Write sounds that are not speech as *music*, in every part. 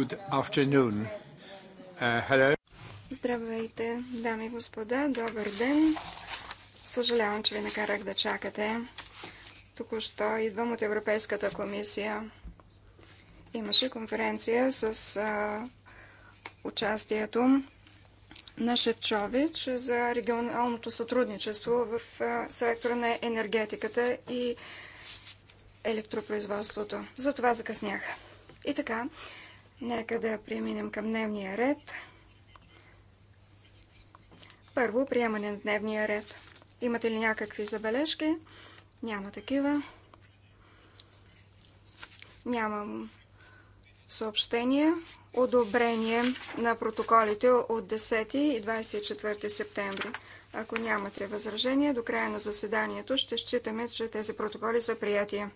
Good afternoon. Uh, hello. Здравейте, дами и господа, добър ден. Съжалявам, че ви накарах да чакате. Току-що идвам от Европейската комисия. Имаше конференция с а, участието на Шевчович за регионалното сътрудничество в а, сектора на енергетиката и електропроизводството. Затова закъснях. И така, Нека да преминем към дневния ред. Първо, приемане на дневния ред. Имате ли някакви забележки? Няма такива. Нямам съобщения. Одобрение на протоколите от 10 и 24 септември. Ако нямате възражение, до края на заседанието ще считаме, че тези протоколи са приятия.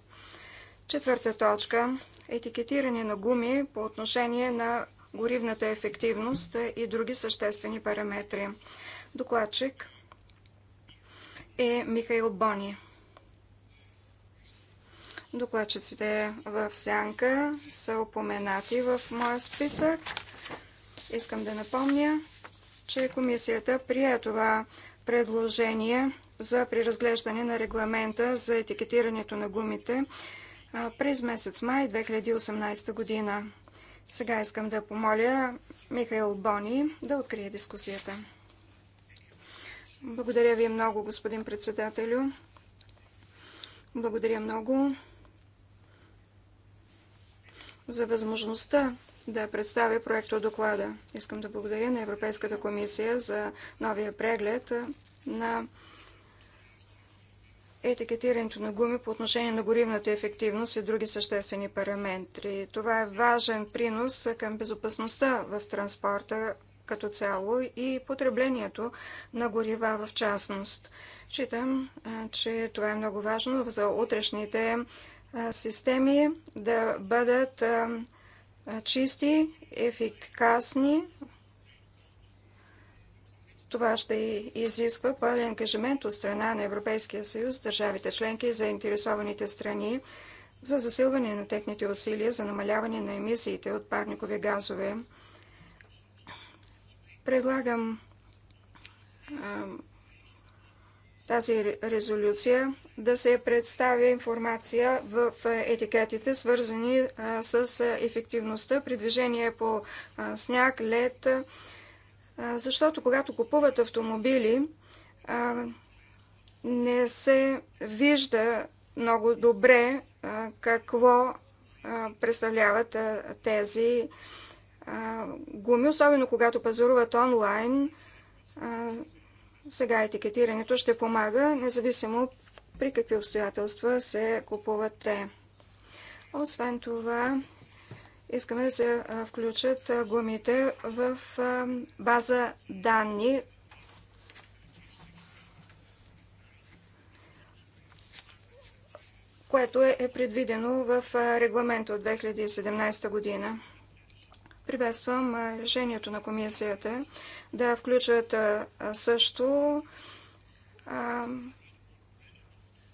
Четвърта точка – етикетиране на гуми по отношение на горивната ефективност и други съществени параметри. Докладчик е Михаил Бони. Докладчиците в сянка са упоменати в моя списък. Искам да напомня, че комисията прие това предложение за преразглеждане на регламента за етикетирането на гумите през месец май 2018 година. Сега искам да помоля Михаил Бони да открие дискусията. Благодаря ви много, господин председателю. Благодаря много за възможността да представя проекта доклада. Искам да благодаря на Европейската комисия за новия преглед на етикетирането на гуми по отношение на горивната ефективност и други съществени параметри. Това е важен принос към безопасността в транспорта като цяло и потреблението на горива в частност. Считам, че това е много важно за утрешните системи да бъдат чисти, ефикасни това ще изисква пълен ангажимент от страна на Европейския съюз, държавите членки и заинтересованите страни за засилване на техните усилия за намаляване на емисиите от парникови газове. Предлагам а, тази резолюция да се представя информация в етикетите, свързани а, с ефективността при движение по а, сняг, лед, защото когато купуват автомобили, не се вижда много добре какво представляват тези гуми, особено когато пазаруват онлайн. Сега етикетирането ще помага, независимо при какви обстоятелства се купуват те. Освен това, Искаме да се включат гумите в база данни. което е, е предвидено в регламента от 2017 година. Приветствам решението на комисията да включат също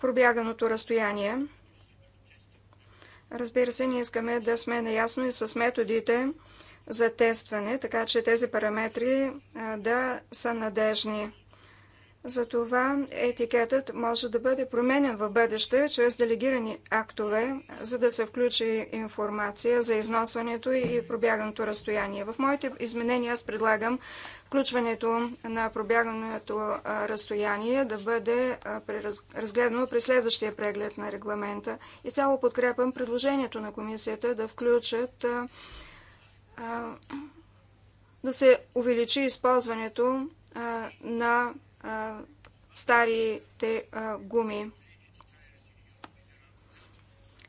пробяганото разстояние. Разбира се, ние искаме да сме наясно и с методите за тестване, така че тези параметри да са надежни. Затова етикетът може да бъде променен в бъдеще чрез делегирани актове, за да се включи информация за износването и пробягането разстояние. В моите изменения аз предлагам включването на пробягането разстояние да бъде разгледано при следващия преглед на регламента. И цяло подкрепям предложението на комисията да включат да се увеличи използването на старите гуми.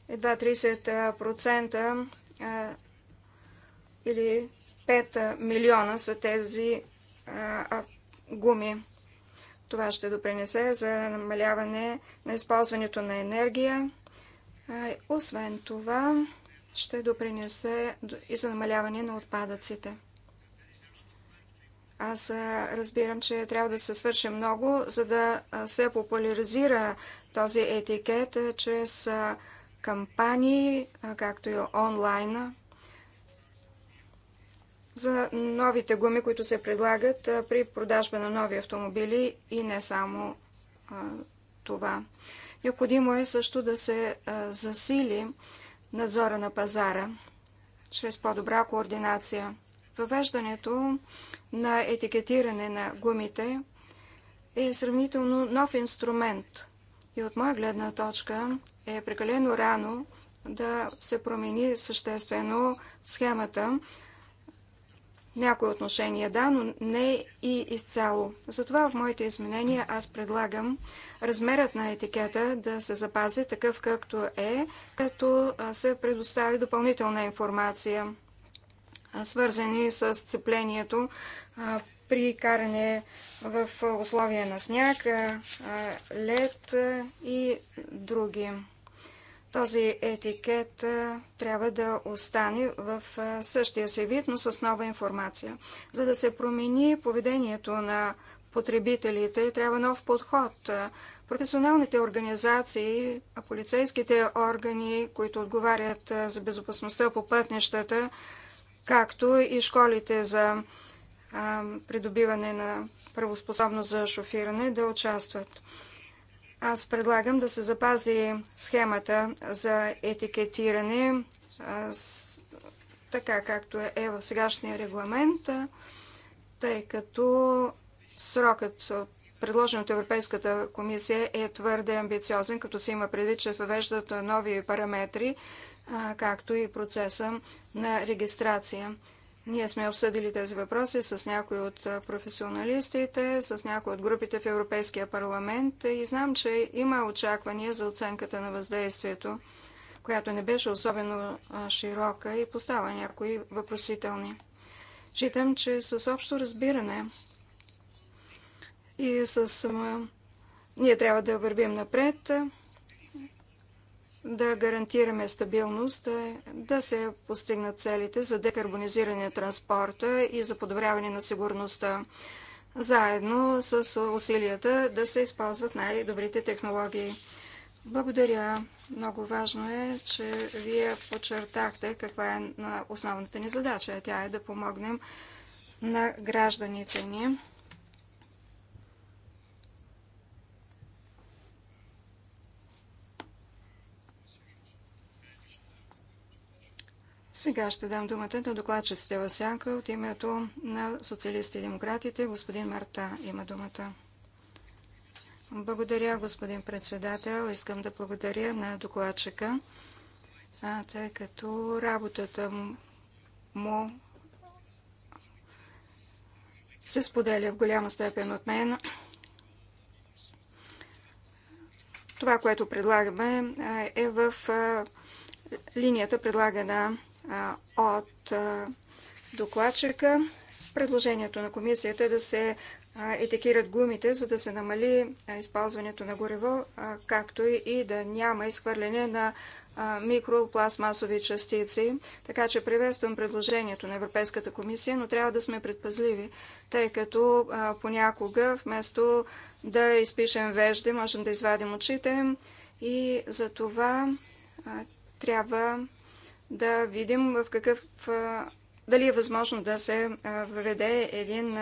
Едва 30% или 5 милиона са тези а, гуми. Това ще допринесе за намаляване на използването на енергия. Освен това, ще допринесе и за намаляване на отпадъците. Аз разбирам, че трябва да се свърши много, за да се популяризира този етикет чрез кампании, както и онлайна за новите гуми, които се предлагат при продажба на нови автомобили и не само това. Необходимо е също да се засили надзора на пазара чрез по-добра координация. Въвеждането на етикетиране на гумите е сравнително нов инструмент и от моя гледна точка е прекалено рано да се промени съществено схемата някои отношения да, но не и изцяло. Затова в моите изменения аз предлагам размерът на етикета да се запази такъв както е, като се предостави допълнителна информация, свързани с цеплението при каране в условия на сняг, лед и други. Този етикет трябва да остане в същия си вид, но с нова информация. За да се промени поведението на потребителите, трябва нов подход. Професионалните организации, полицейските органи, които отговарят за безопасността по пътнищата, както и школите за придобиване на правоспособност за шофиране, да участват. Аз предлагам да се запази схемата за етикетиране така както е в сегашния регламент, тъй като срокът предложен от Европейската комисия е твърде амбициозен, като се има предвид, че въвеждат нови параметри, както и процеса на регистрация. Ние сме обсъдили тези въпроси с някои от професионалистите, с някои от групите в Европейския парламент и знам, че има очаквания за оценката на въздействието, която не беше особено широка и поставя някои въпросителни. Читам, че с общо разбиране и с... Ние трябва да вървим напред да гарантираме стабилност, е да се постигнат целите за декарбонизиране на транспорта и за подобряване на сигурността, заедно с усилията да се използват най-добрите технологии. Благодаря. Много важно е, че вие подчертахте каква е основната ни задача. Тя е да помогнем на гражданите ни Сега ще дам думата на докладчиците Стева сянка от името на социалисти и демократите. Господин Марта има думата. Благодаря, господин председател. Искам да благодаря на докладчика, тъй като работата му се споделя в голяма степен от мен. Това, което предлагаме, е в линията предлагана от докладчика. Предложението на комисията е да се етикират гумите, за да се намали използването на горево, както и да няма изхвърляне на микропластмасови частици. Така че приветствам предложението на Европейската комисия, но трябва да сме предпазливи, тъй като понякога вместо да изпишем вежди, можем да извадим очите и за това трябва да видим в какъв, дали е възможно да се въведе един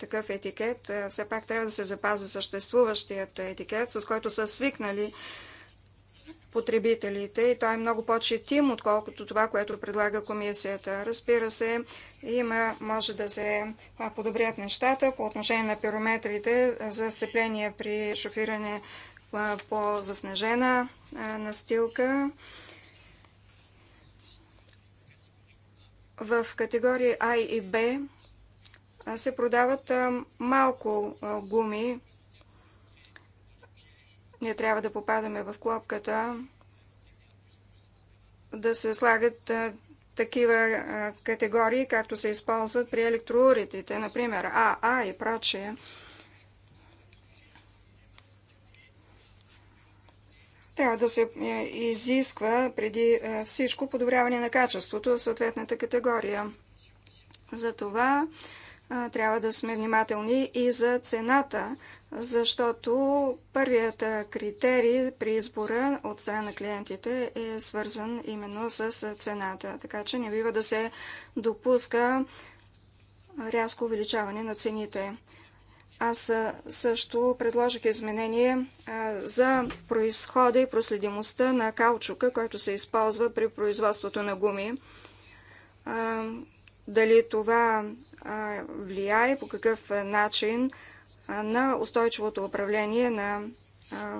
такъв етикет. Все пак трябва да се запази съществуващият етикет, с който са свикнали потребителите и той е много по-четим, отколкото това, което предлага комисията. Разбира се, има, може да се подобрят нещата по отношение на пирометрите за сцепление при шофиране по заснежена настилка. В категории А и Б се продават малко гуми. Ние трябва да попадаме в клопката да се слагат такива категории, както се използват при електроуредите, например АА и прочие. Трябва да се е, изисква преди е, всичко подобряване на качеството в съответната категория. Затова е, трябва да сме внимателни и за цената, защото първият критерий при избора от страна на клиентите е свързан именно с цената. Така че не бива да се допуска рязко увеличаване на цените. Аз също предложих изменение за происхода и проследимостта на каучука, който се използва при производството на гуми. Дали това влияе по какъв начин на устойчивото управление на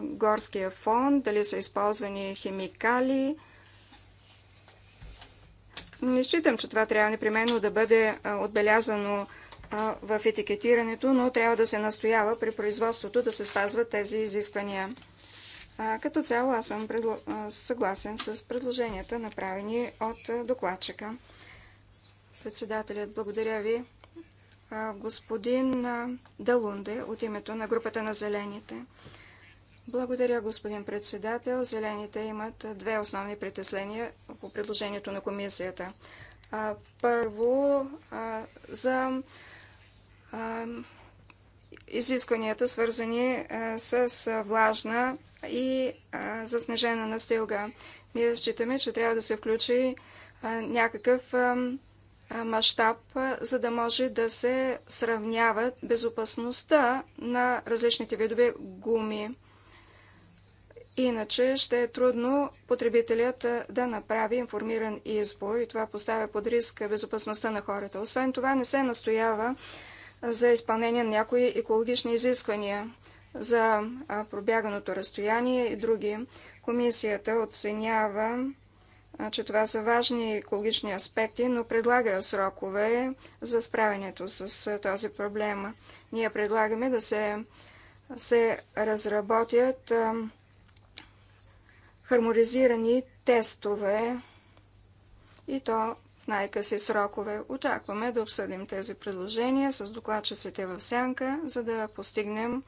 горския фонд, дали са използвани химикали. Не считам, че това трябва непременно да бъде отбелязано в етикетирането, но трябва да се настоява при производството да се спазват тези изисквания. Като цяло аз съм предло... съгласен с предложенията, направени от докладчика. Председателят, благодаря ви. Господин Далунде от името на групата на зелените. Благодаря, господин председател. Зелените имат две основни притеснения по предложението на комисията. Първо, за изискванията, свързани с влажна и заснежена настилга. Ние считаме, че трябва да се включи някакъв мащаб, за да може да се сравнява безопасността на различните видове гуми. Иначе ще е трудно потребителят да направи информиран избор и това поставя под риск безопасността на хората. Освен това не се настоява за изпълнение на някои екологични изисквания за пробяганото разстояние и други. Комисията оценява, че това са важни екологични аспекти, но предлага срокове за справянето с този проблем. Ние предлагаме да се, се разработят хармонизирани тестове и то в най-къси срокове. Очакваме да обсъдим тези предложения с докладчиците в сянка, за да постигнем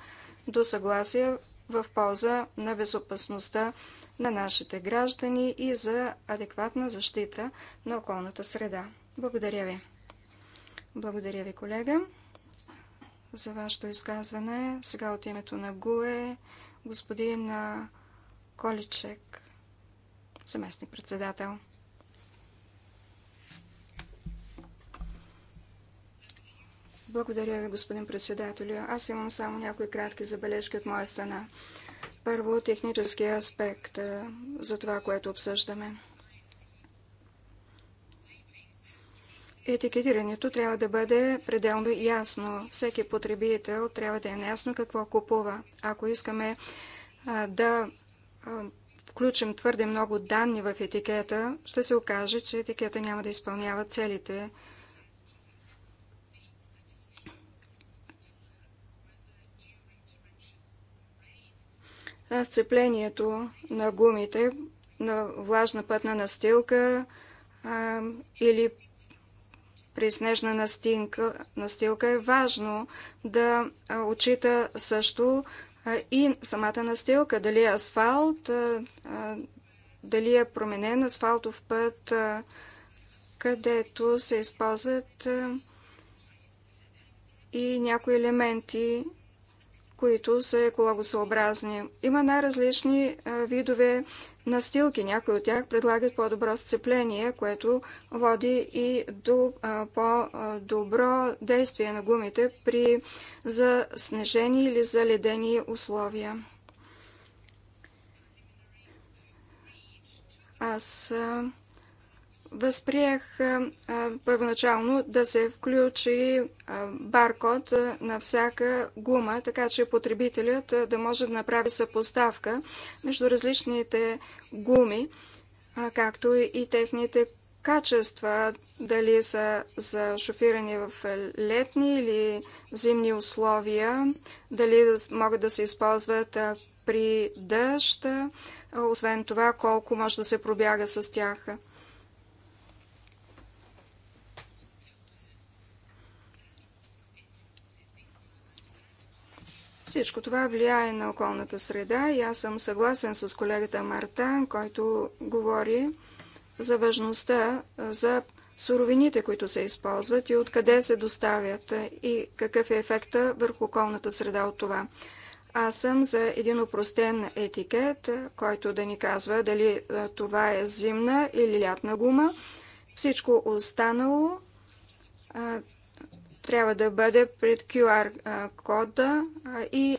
до съгласие в полза на безопасността на нашите граждани и за адекватна защита на околната среда. Благодаря ви. Благодаря ви, колега, за вашето изказване. Сега от името на ГУЕ господин Количек, заместник председател. Благодаря ви, господин председателю. Аз имам само някои кратки забележки от моя страна. Първо, техническия аспект за това, което обсъждаме. Етикетирането трябва да бъде пределно ясно. Всеки потребител трябва да е наясно какво купува. Ако искаме да включим твърде много данни в етикета, ще се окаже, че етикета няма да изпълнява целите, на сцеплението на гумите на влажна пътна настилка а, или при снежна настилка, настилка е важно да очита също а, и самата настилка, дали е асфалт, а, дали е променен асфалтов път, а, където се използват а, и някои елементи които са екологосъобразни. Има най-различни видове настилки. Някои от тях предлагат по-добро сцепление, което води и до по-добро действие на гумите при заснежени или заледени условия. Аз възприех първоначално да се включи баркод на всяка гума, така че потребителят да може да направи съпоставка между различните гуми, както и техните качества, дали са за шофиране в летни или зимни условия, дали могат да се използват при дъжд, освен това колко може да се пробяга с тях. Всичко това влияе на околната среда и аз съм съгласен с колегата Марта, който говори за важността за суровините, които се използват и откъде се доставят и какъв е ефекта върху околната среда от това. Аз съм за един опростен етикет, който да ни казва дали това е зимна или лятна гума. Всичко останало трябва да бъде пред QR кода и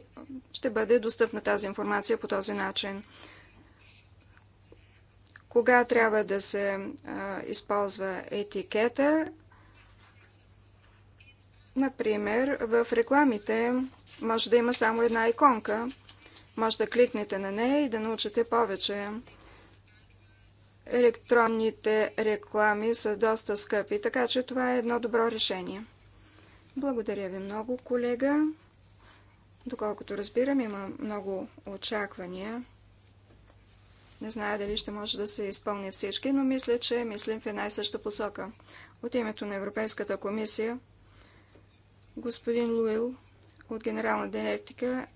ще бъде достъпна тази информация по този начин. Кога трябва да се използва етикета? Например, в рекламите може да има само една иконка. Може да кликнете на нея и да научите повече. Електронните реклами са доста скъпи, така че това е едно добро решение. Благодаря ви много, колега. Доколкото разбирам, има много очаквания. Не зная дали ще може да се изпълни всички, но мисля, че мислим в една и съща посока. От името на Европейската комисия, господин Луил от Генерална директика,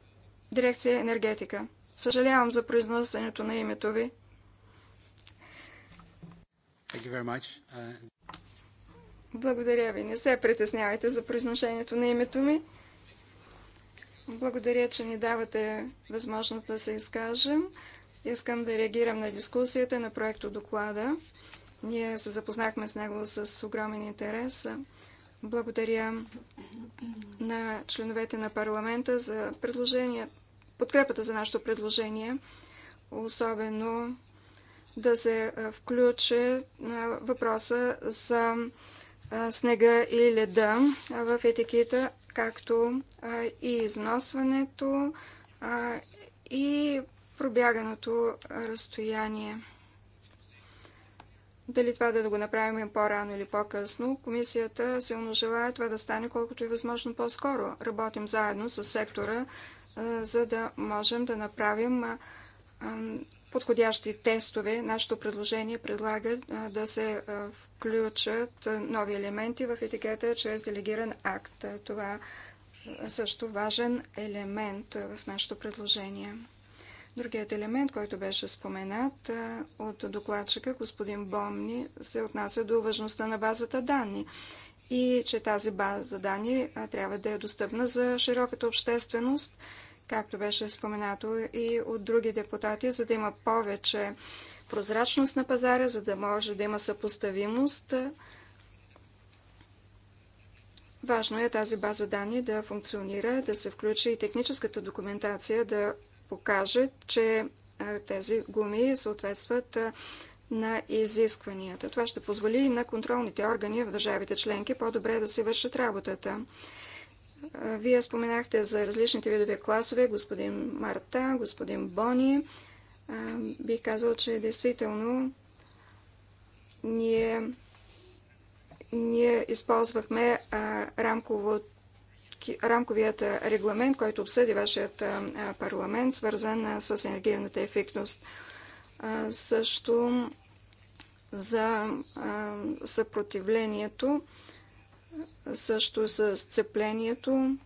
дирекция енергетика. Съжалявам за произносенето на името ви. Uh, благодаря ви. Не се притеснявайте за произношението на името ми. Благодаря, че ни давате възможност да се изкажем. Искам да реагирам на дискусията на проекто доклада. Ние се запознахме с него с огромен интерес. Благодаря на членовете на парламента за предложение, подкрепата за нашето предложение, особено да се включи въпроса за снега и леда в етикета, както и износването и пробяганото разстояние. Дали това да го направим по-рано или по-късно, комисията силно желая това да стане колкото и е възможно по-скоро. Работим заедно с сектора, за да можем да направим подходящи тестове. Нашето предложение предлага да се включат нови елементи в етикета чрез делегиран акт. Това е също важен елемент в нашето предложение. Другият елемент, който беше споменат от докладчика, господин Бомни, се отнася до важността на базата данни и че тази база данни трябва да е достъпна за широката общественост, както беше споменато и от други депутати, за да има повече прозрачност на пазара, за да може да има съпоставимост. Важно е тази база данни да функционира, да се включи и техническата документация да покаже, че е, тези гуми съответстват е, на изискванията. Това ще позволи и на контролните органи в държавите членки по-добре да си вършат работата. Е, вие споменахте за различните видове класове, господин Марта, господин Бони бих казал, че действително ние, ние използвахме а, рамково, рамковият регламент, който обсъди вашият а, парламент, свързан а, с енергийната ефектност. А, също за а, съпротивлението, също с сцеплението,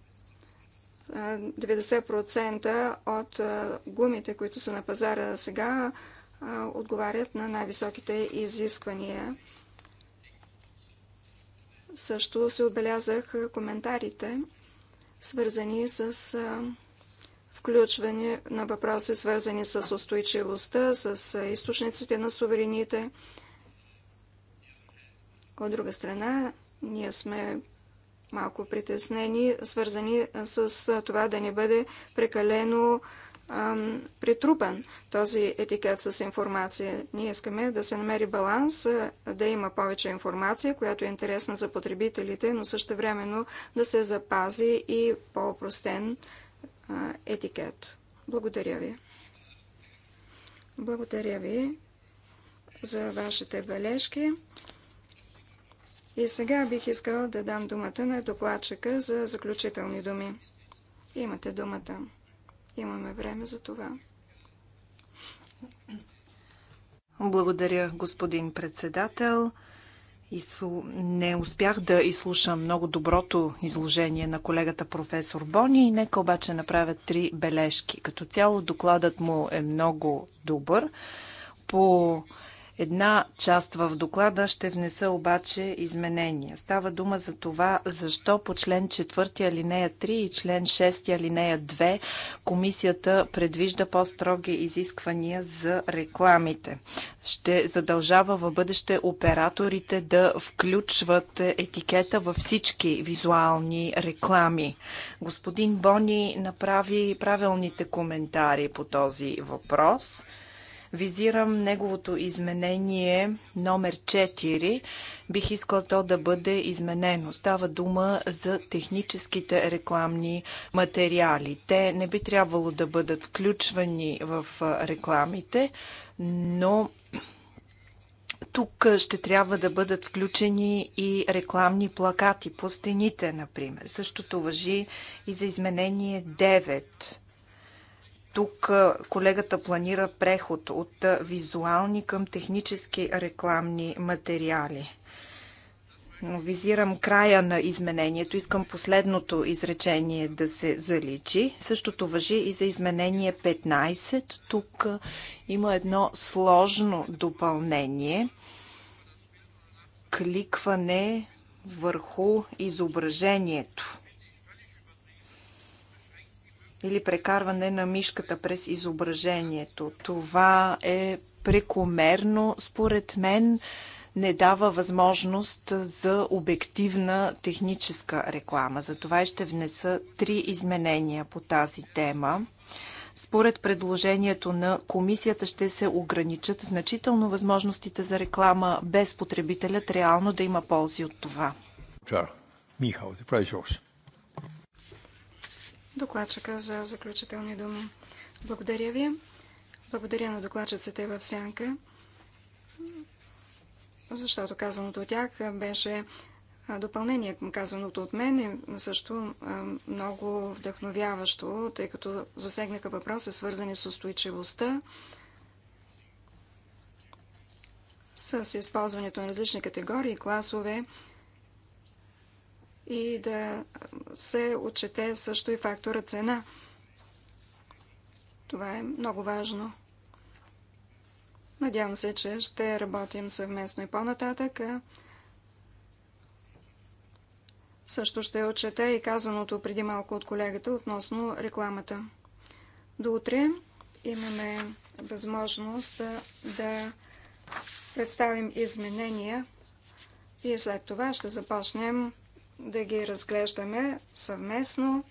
90% от гумите, които са на пазара сега, отговарят на най-високите изисквания. Също се отбелязах коментарите, свързани с включване на въпроси, свързани с устойчивостта, с източниците на суверените. От друга страна, ние сме малко притеснени, свързани с това да не бъде прекалено ам, притрупан този етикет с информация. Ние искаме да се намери баланс, да има повече информация, която е интересна за потребителите, но също времено да се запази и по-опростен етикет. Благодаря ви. Благодаря ви за вашите бележки. И сега бих искал да дам думата на докладчика за заключителни думи. Имате думата. Имаме време за това. Благодаря, господин председател. Не успях да изслушам много доброто изложение на колегата професор Бони. Нека обаче направя три бележки. Като цяло докладът му е много добър. По една част в доклада ще внеса обаче изменения. Става дума за това, защо по член 4 алинея 3 и член 6 алинея 2 комисията предвижда по-строги изисквания за рекламите. Ще задължава в бъдеще операторите да включват етикета във всички визуални реклами. Господин Бони направи правилните коментари по този въпрос. Визирам неговото изменение номер 4. Бих искал то да бъде изменено. Става дума за техническите рекламни материали. Те не би трябвало да бъдат включвани в рекламите, но тук ще трябва да бъдат включени и рекламни плакати по стените, например. Същото въжи и за изменение 9. Тук колегата планира преход от визуални към технически рекламни материали. Визирам края на изменението. Искам последното изречение да се заличи. Същото въжи и за изменение 15. Тук има едно сложно допълнение. Кликване върху изображението или прекарване на мишката през изображението. Това е прекомерно, според мен, не дава възможност за обективна техническа реклама. Затова ще внеса три изменения по тази тема. Според предложението на комисията ще се ограничат значително възможностите за реклама без потребителят реално да има ползи от това. Михал, the още докладчика за заключителни думи. Благодаря ви. Благодаря на докладчиците в Сянка, защото казаното от тях беше допълнение към казаното от мен и също много вдъхновяващо, тъй като засегнаха въпроса, свързани с устойчивостта, с използването на различни категории, класове и да се отчете също и фактора цена. Това е много важно. Надявам се, че ще работим съвместно и по-нататък. Също ще отчета и казаното преди малко от колегата относно рекламата. До утре имаме възможност да, да представим изменения и след това ще започнем да ги разглеждаме съвместно,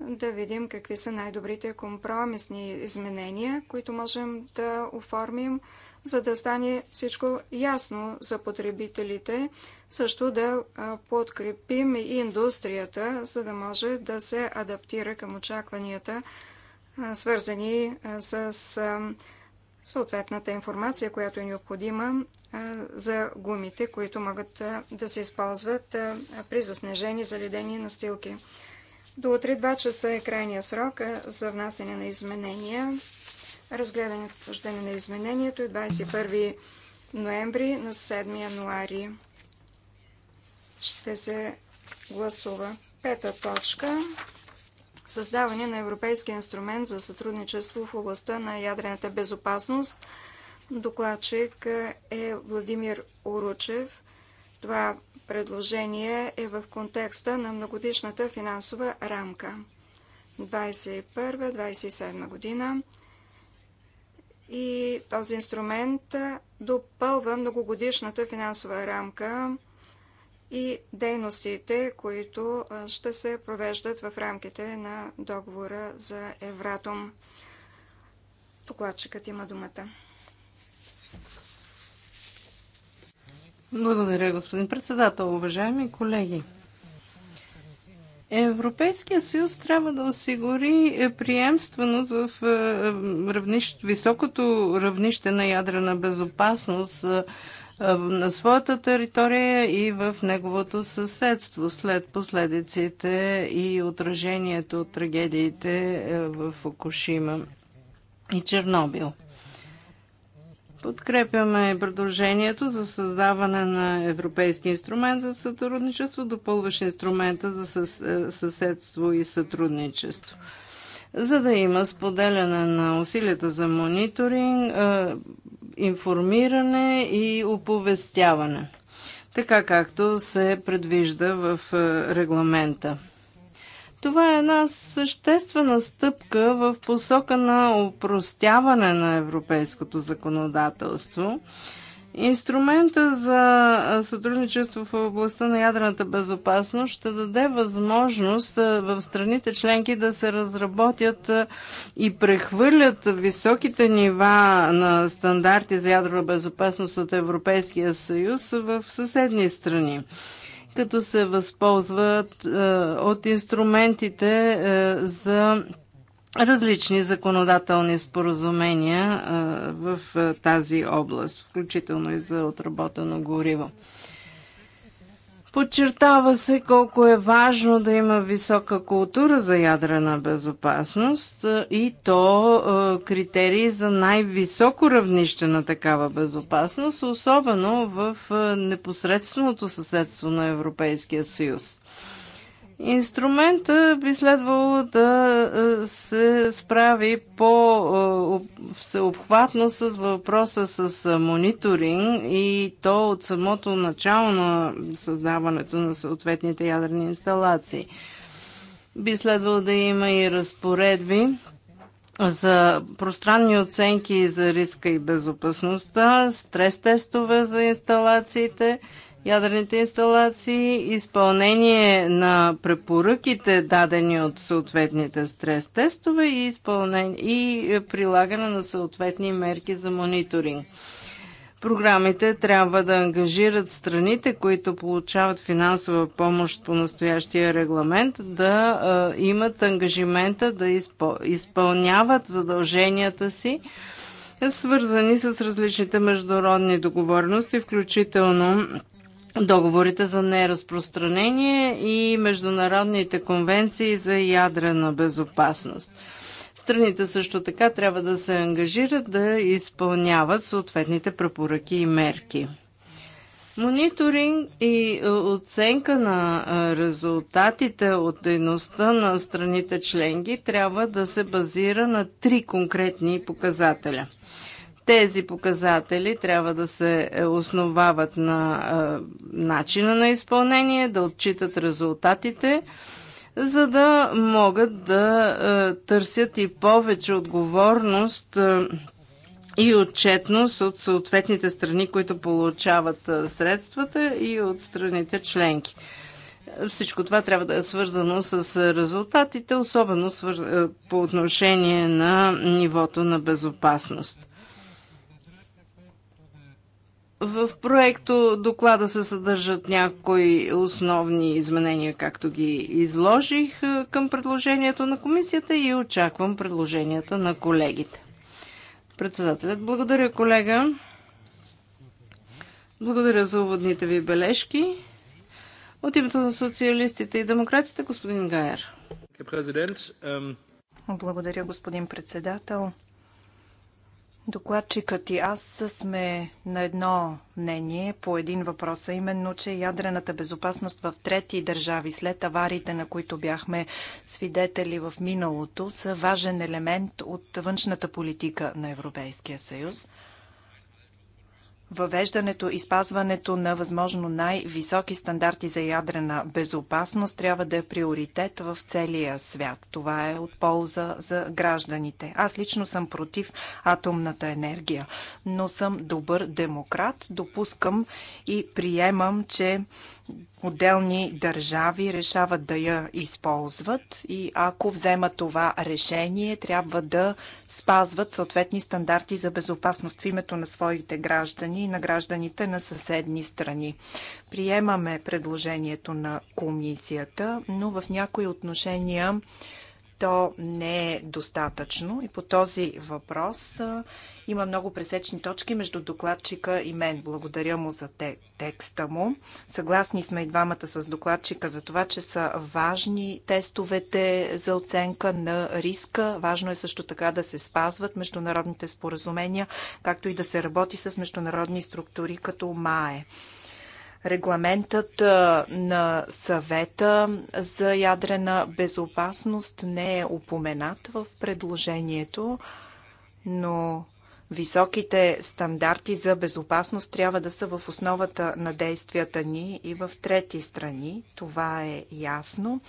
да видим какви са най-добрите компромисни изменения, които можем да оформим, за да стане всичко ясно за потребителите, също да подкрепим и индустрията, за да може да се адаптира към очакванията, свързани с съответната информация, която е необходима за гумите, които могат да се използват при заснежени, заледени настилки. До утре 2 часа е крайния срок за внасене на изменения. Разгледане и на изменението е 21 ноември на 7 януари. Ще се гласува пета точка създаване на Европейски инструмент за сътрудничество в областта на ядрената безопасност. Докладчик е Владимир Уручев. Това предложение е в контекста на многодишната финансова рамка 21-27 година. И този инструмент допълва многогодишната финансова рамка и дейностите, които ще се провеждат в рамките на договора за Евратом. Докладчикът има думата. Благодаря, господин председател. Уважаеми колеги, Европейския съюз трябва да осигури приемственост в равнище, високото равнище на ядрена безопасност на своята територия и в неговото съседство след последиците и отражението от трагедиите е, в Фукушима и Чернобил. Подкрепяме предложението за създаване на Европейски инструмент за сътрудничество, допълващ инструмента за е, съседство и сътрудничество. За да има споделяне на усилията за мониторинг, е, информиране и оповестяване, така както се предвижда в е, регламента. Това е една съществена стъпка в посока на опростяване на европейското законодателство – Инструмента за сътрудничество в областта на ядрената безопасност ще даде възможност в страните членки да се разработят и прехвърлят високите нива на стандарти за ядрена безопасност от Европейския съюз в съседни страни като се възползват от инструментите за различни законодателни споразумения в тази област, включително и за отработено гориво. Подчертава се колко е важно да има висока култура за ядрена безопасност и то критерии за най-високо равнище на такава безопасност, особено в непосредственото съседство на Европейския съюз. Инструмента би следвало да е, се справи по-всеобхватно е, с въпроса с е, мониторинг и то от самото начало на създаването на съответните ядрени инсталации. Би следвало да има и разпоредби за пространни оценки за риска и безопасността, стрес-тестове за инсталациите – ядрените инсталации, изпълнение на препоръките, дадени от съответните стрес тестове и, изпълнение, и прилагане на съответни мерки за мониторинг. Програмите трябва да ангажират страните, които получават финансова помощ по настоящия регламент, да а, имат ангажимента да изпъл... изпълняват задълженията си, свързани с различните международни договорености, включително договорите за неразпространение и международните конвенции за ядрена безопасност. Страните също така трябва да се ангажират да изпълняват съответните препоръки и мерки. Мониторинг и е, оценка на е, резултатите от дейността на страните членки трябва да се базира на три конкретни показателя – тези показатели трябва да се е, основават на е, начина на изпълнение, да отчитат резултатите, за да могат да е, търсят и повече отговорност и отчетност от съответните страни, които получават средствата и от страните членки. Всичко това трябва да е свързано с резултатите, особено по отношение на нивото на безопасност. В проекто доклада се съдържат някои основни изменения, както ги изложих е, към предложението на комисията и очаквам предложенията на колегите. Председателят, благодаря колега. Благодаря за уводните ви бележки. От името на социалистите и демократите, господин Гайер. Благодаря, господин председател. Докладчикът и аз сме на едно мнение по един въпрос, а именно, че ядрената безопасност в трети държави след авариите, на които бяхме свидетели в миналото, са важен елемент от външната политика на Европейския съюз. Въвеждането и спазването на възможно най-високи стандарти за ядрена безопасност трябва да е приоритет в целия свят. Това е от полза за гражданите. Аз лично съм против атомната енергия, но съм добър демократ. Допускам и приемам, че отделни държави решават да я използват и ако вземат това решение, трябва да спазват съответни стандарти за безопасност в името на своите граждани и на гражданите на съседни страни. Приемаме предложението на комисията, но в някои отношения то не е достатъчно. И по този въпрос има много пресечни точки между докладчика и мен. Благодаря му за те, текста му. Съгласни сме и двамата с докладчика за това, че са важни тестовете за оценка на риска. Важно е също така да се спазват международните споразумения, както и да се работи с международни структури като МАЕ. Регламентът на съвета за ядрена безопасност не е упоменат в предложението, но високите стандарти за безопасност трябва да са в основата на действията ни и в трети страни. Това е ясно.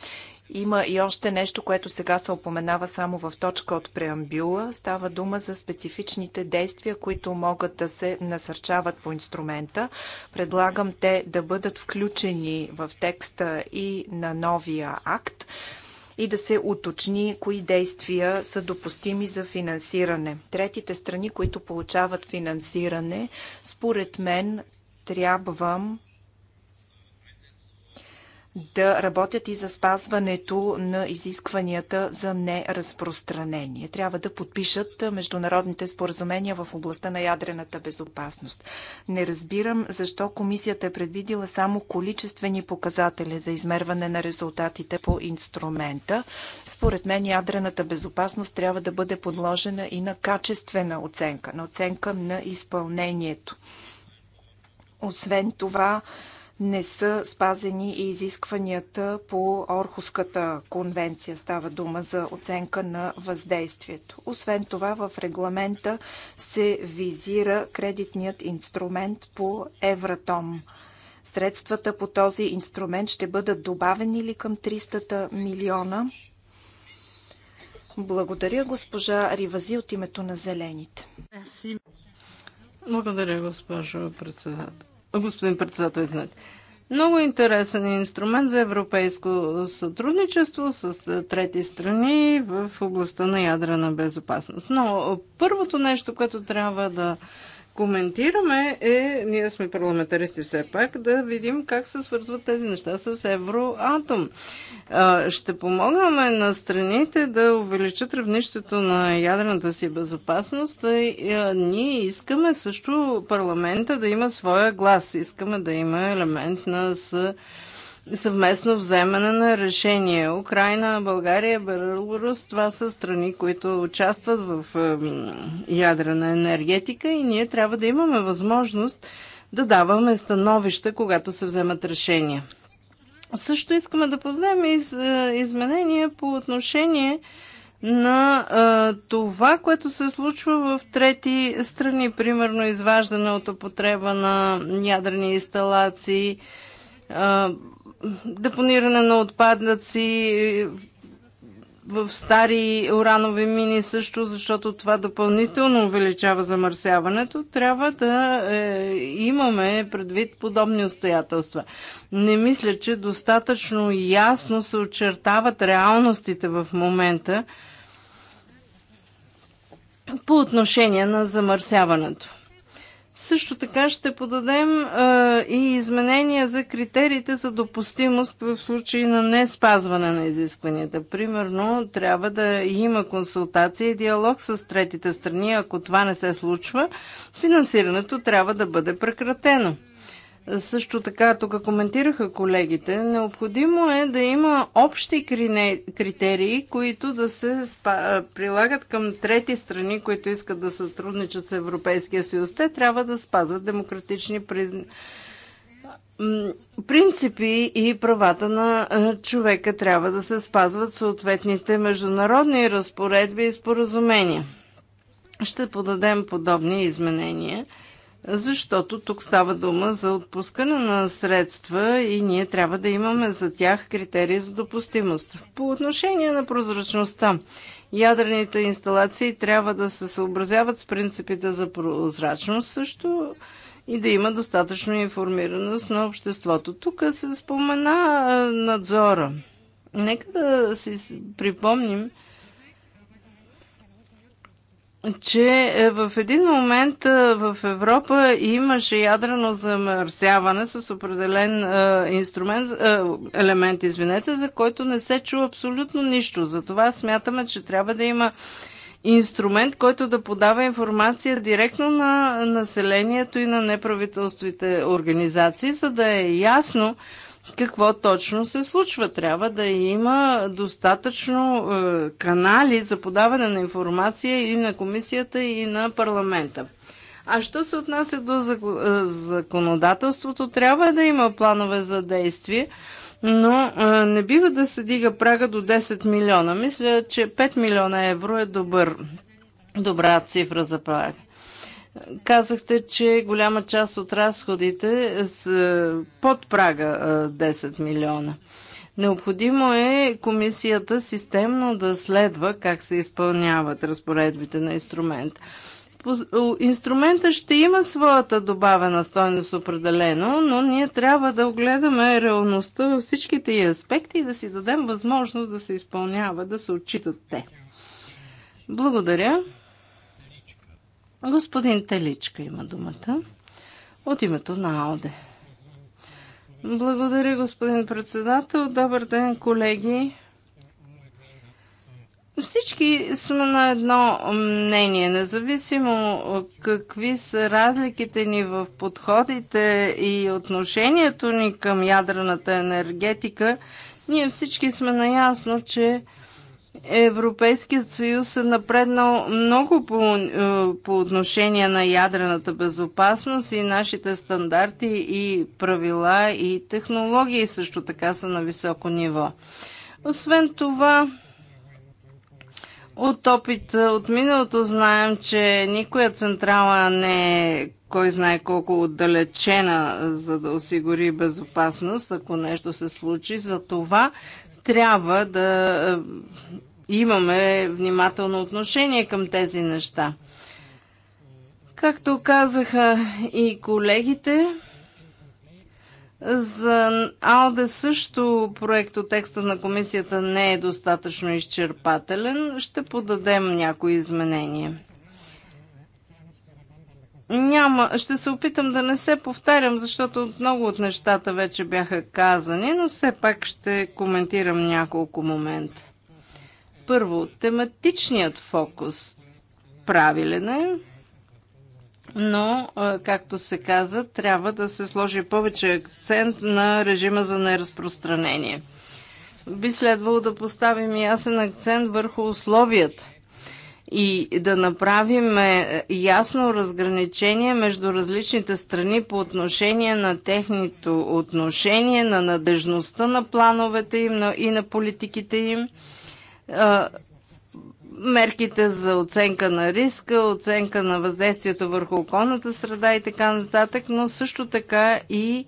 Има и още нещо, което сега се опоменава само в точка от преамбюла. Става дума за специфичните действия, които могат да се насърчават по инструмента. Предлагам те да бъдат включени в текста и на новия акт и да се уточни кои действия са допустими за финансиране. Третите страни, които получават финансиране, според мен трябва да работят и за спазването на изискванията за неразпространение. Трябва да подпишат международните споразумения в областта на ядрената безопасност. Не разбирам защо комисията е предвидила само количествени показатели за измерване на резултатите по инструмента. Според мен ядрената безопасност трябва да бъде подложена и на качествена оценка, на оценка на изпълнението. Освен това, не са спазени и изискванията по Орхуската конвенция. Става дума за оценка на въздействието. Освен това, в регламента се визира кредитният инструмент по Евратом. Средствата по този инструмент ще бъдат добавени ли към 300 милиона? Благодаря, госпожа Ривази, от името на Зелените. Благодаря, госпожо председател господин председател, извинете. Много интересен инструмент за европейско сътрудничество с трети страни в областта на ядрена безопасност. Но първото нещо, което трябва да коментираме е, ние сме парламентаристи все пак, да видим как се свързват тези неща с Евроатом. Ще помогнаме на страните да увеличат равнището на ядрената си безопасност. Ние искаме също парламента да има своя глас. Искаме да има елемент на съ съвместно вземане на решение. Украина, България, Беларус, това са страни, които участват в ядрена енергетика и ние трябва да имаме възможност да даваме становища, когато се вземат решения. Също искаме да подадем из, е, изменения по отношение на а, е, това, което се случва в трети страни, примерно изваждане от употреба на ядрени инсталации, а, е, депониране на отпадъци в стари уранови мини също, защото това допълнително увеличава замърсяването, трябва да е, имаме предвид подобни обстоятелства. Не мисля, че достатъчно ясно се очертават реалностите в момента по отношение на замърсяването. Също така ще подадем а, и изменения за критериите за допустимост в случай на не спазване на изискванията. Примерно, трябва да има консултация и диалог с третите страни. Ако това не се случва, финансирането трябва да бъде прекратено. Също така, тук коментираха колегите, необходимо е да има общи критерии, които да се прилагат към трети страни, които искат да сътрудничат с Европейския съюз. Те трябва да спазват демократични принципи и правата на човека трябва да се спазват съответните международни разпоредби и споразумения. Ще подадем подобни изменения защото тук става дума за отпускане на средства и ние трябва да имаме за тях критерии за допустимост. По отношение на прозрачността, ядрените инсталации трябва да се съобразяват с принципите за прозрачност също и да има достатъчно информираност на обществото. Тук се спомена надзора. Нека да си припомним, че е, в един момент е, в Европа имаше ядрено замърсяване с определен е, инструмент, елемент, извинете, за който не се чу абсолютно нищо. Затова смятаме, че трябва да има инструмент, който да подава информация директно на населението и на неправителствените организации, за да е ясно, какво точно се случва. Трябва да има достатъчно е, канали за подаване на информация и на комисията, и на парламента. А що се отнася до е, законодателството, трябва да има планове за действие, но е, не бива да се дига прага до 10 милиона. Мисля, че 5 милиона евро е добър, добра цифра за прага. Казахте, че голяма част от разходите са под прага 10 милиона. Необходимо е комисията системно да следва как се изпълняват разпоредбите на инструмента. Инструмента ще има своята добавена стойност определено, но ние трябва да огледаме реалността във всичките и аспекти и да си дадем възможност да се изпълнява, да се отчитат те. Благодаря. Господин Теличка има думата от името на АОДЕ. Благодаря, господин председател. Добър ден, колеги. Всички сме на едно мнение, независимо какви са разликите ни в подходите и отношението ни към ядрената енергетика, ние всички сме наясно, че Европейският съюз е напреднал много по, е, по отношение на ядрената безопасност и нашите стандарти и правила и технологии също така са на високо ниво. Освен това, от опит от миналото знаем, че никоя централа не е кой знае колко отдалечена, за да осигури безопасност, ако нещо се случи. За това трябва да е, имаме внимателно отношение към тези неща. Както казаха и колегите, за АЛДЕ също проекто текста на комисията не е достатъчно изчерпателен. Ще подадем някои изменения. Няма. Ще се опитам да не се повтарям, защото много от нещата вече бяха казани, но все пак ще коментирам няколко момента. Първо, тематичният фокус правилен е, но, както се каза, трябва да се сложи повече акцент на режима за неразпространение. Би следвало да поставим ясен акцент върху условията и да направим е, ясно разграничение между различните страни по отношение на техните отношение, на надежността на плановете им и на политиките им мерките за оценка на риска, оценка на въздействието върху околната среда и така нататък, но също така и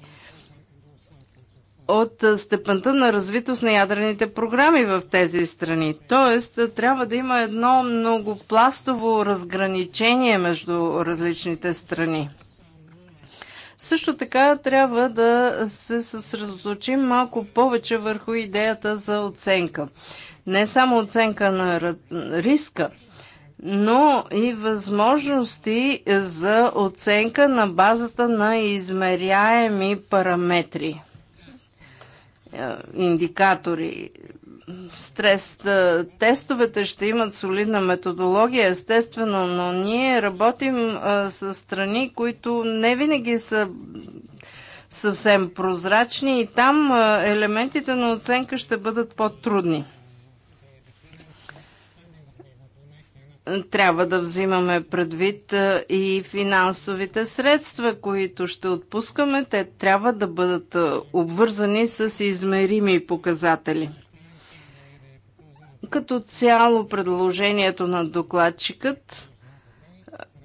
от степента на развитост на ядрените програми в тези страни. Тоест, трябва да има едно многопластово разграничение между различните страни. Също така трябва да се съсредоточим малко повече върху идеята за оценка не само оценка на риска, но и възможности за оценка на базата на измеряеми параметри, е, индикатори. Стрес е, тестовете ще имат солидна методология, естествено, но ние работим е, с страни, които не винаги са съвсем прозрачни и там елементите на оценка ще бъдат по-трудни. трябва да взимаме предвид и финансовите средства, които ще отпускаме. Те трябва да бъдат обвързани с измерими показатели. Като цяло предложението на докладчикът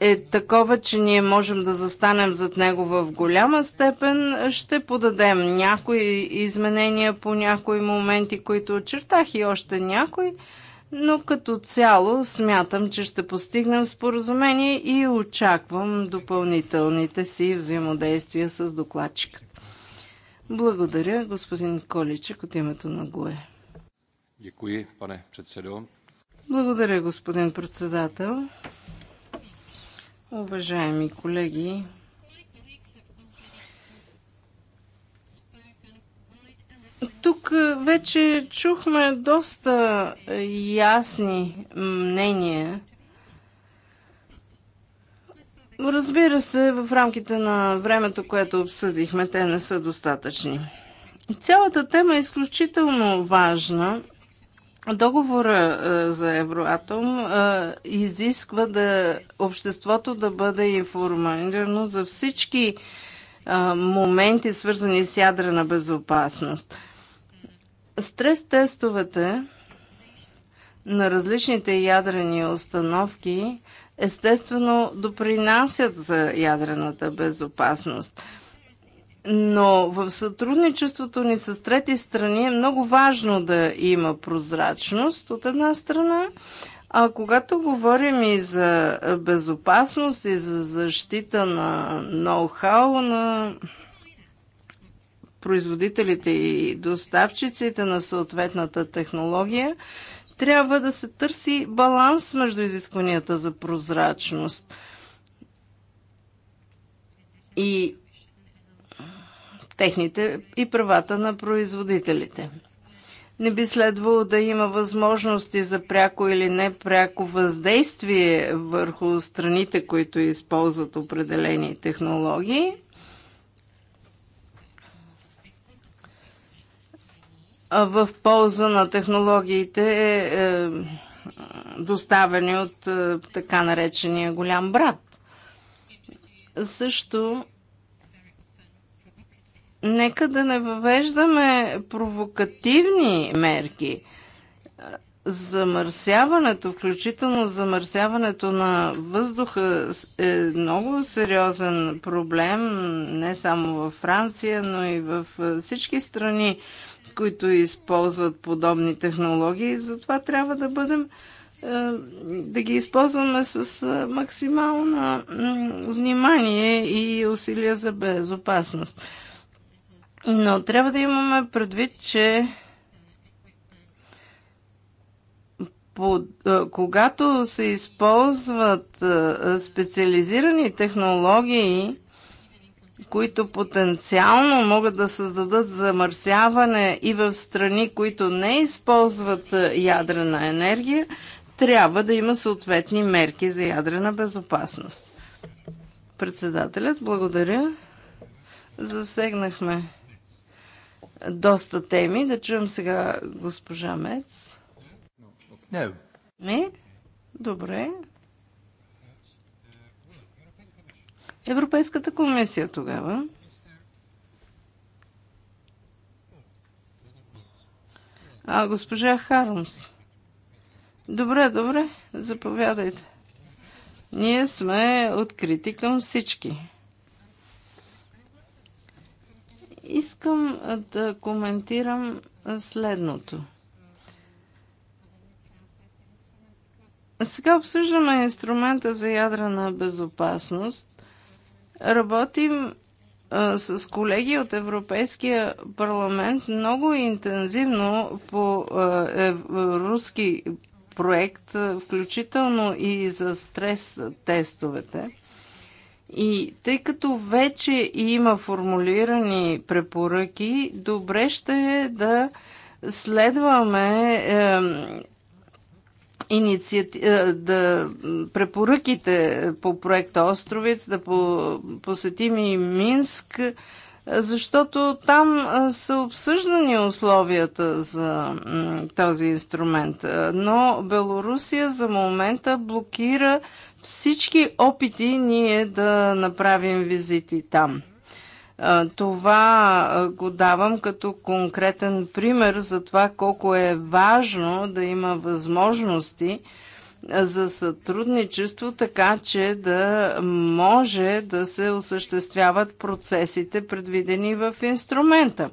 е такова, че ние можем да застанем зад него в голяма степен. Ще подадем някои изменения по някои моменти, които очертах и още някои но като цяло смятам, че ще постигнем споразумение и очаквам допълнителните си взаимодействия с докладчика. Благодаря, господин Количек, от името на ГУЕ. Děkuji, pane předsedo. Благодаря, господин председател. Уважаеми колеги, Тук вече чухме доста ясни мнения. Разбира се, в рамките на времето, което обсъдихме, те не са достатъчни. Цялата тема е изключително важна. Договора за Евроатом изисква да обществото да бъде информирано за всички моменти, свързани с ядрена безопасност – Стрес-тестовете на различните ядрени установки естествено допринасят за ядрената безопасност. Но в сътрудничеството ни с трети страни е много важно да има прозрачност от една страна, а когато говорим и за безопасност и за защита на ноу-хау на производителите и доставчиците на съответната технология, трябва да се търси баланс между изискванията за прозрачност. И техните и правата на производителите. Не би следвало да има възможности за пряко или непряко въздействие върху страните, които използват определени технологии. в полза на технологиите, е, е доставени от е, така наречения голям брат. Също нека да не въвеждаме провокативни мерки. Замърсяването, включително замърсяването на въздуха е много сериозен проблем, не само във Франция, но и в е, всички страни които използват подобни технологии. Затова трябва да бъдем е, да ги използваме с е, максимално внимание и усилия за безопасност. Но трябва да имаме предвид, че е, когато се използват специализирани технологии, които потенциално могат да създадат замърсяване и в страни, които не използват е, ядрена енергия, трябва да има съответни мерки за ядрена безопасност. Председателят, благодаря. Засегнахме доста теми. Да чуем сега госпожа Мец. Не. No. Не? Добре. Европейската комисия тогава. А, госпожа Хармс. Добре, добре, заповядайте. Ние сме открити към всички. Искам да коментирам следното. Сега обсъждаме инструмента за ядрена безопасност Работим а, с колеги от Европейския парламент много интензивно по а, е, руски проект, включително и за стрес тестовете. И тъй като вече има формулирани препоръки, добре ще е да следваме е, инициати... Е, да препоръките по проекта Островец, да по... посетим и Минск, е, защото там е, са обсъждани условията за този инструмент. Но Белорусия за момента блокира всички опити ние да направим визити там. Това го давам като конкретен пример за това колко е важно да има възможности за сътрудничество, така че да може да се осъществяват процесите, предвидени в инструмента.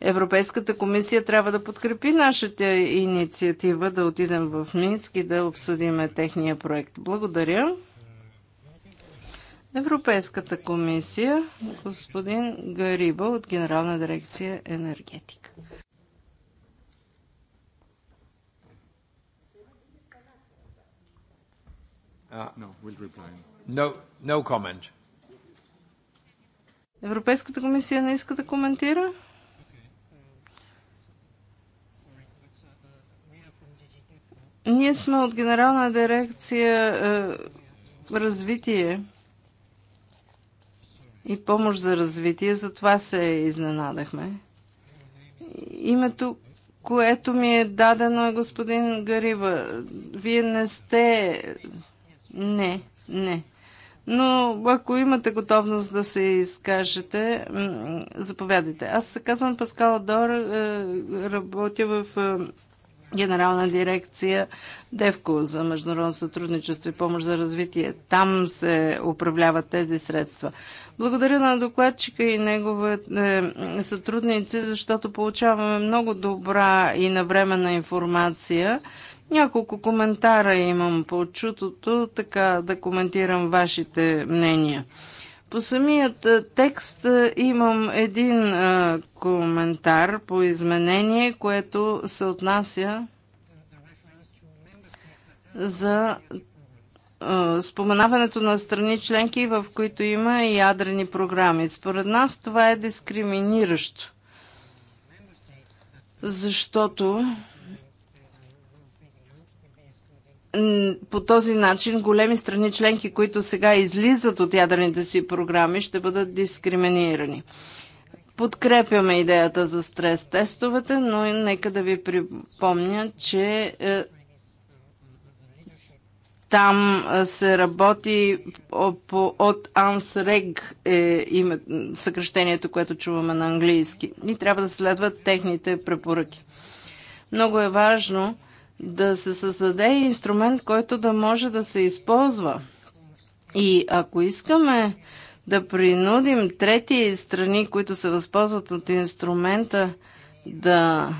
Европейската комисия трябва да подкрепи нашата инициатива да отидем в Минск и да обсъдим техния проект. Благодаря. Европейската комисия, господин Гариба от Генерална дирекция енергетика. Uh, no, no, comment. Европейската комисия не иска да коментира? Ние сме от Генерална дирекция е, развитие и помощ за развитие, затова се изненадахме. Името, което ми е дадено е господин Гариба. Вие не сте... Не, не. Но ако имате готовност да се изкажете, заповядайте. Аз се казвам Паскал Дор, е, работя в е, Генерална дирекция ДЕВКО за международно сътрудничество и помощ за развитие. Там се управляват тези средства. Благодаря на докладчика и неговите сътрудници, защото получаваме много добра и навременна информация. Няколко коментара имам по чутото, така да коментирам вашите мнения. По самият е, текст е, имам един а, е, коментар по изменение, което се отнася за споменаването на страни членки, в които има ядрени програми. Според нас това е дискриминиращо, защото по този начин големи страни членки, които сега излизат от ядрените си програми, ще бъдат дискриминирани. Подкрепяме идеята за стрес тестовете, но нека да ви припомня, че е, там се работи по, от ANSREG е съкрещението, съкръщението, което чуваме на английски. И трябва да следват техните препоръки. Много е важно да се създаде инструмент, който да може да се използва. И ако искаме да принудим трети страни, които се възползват от инструмента, да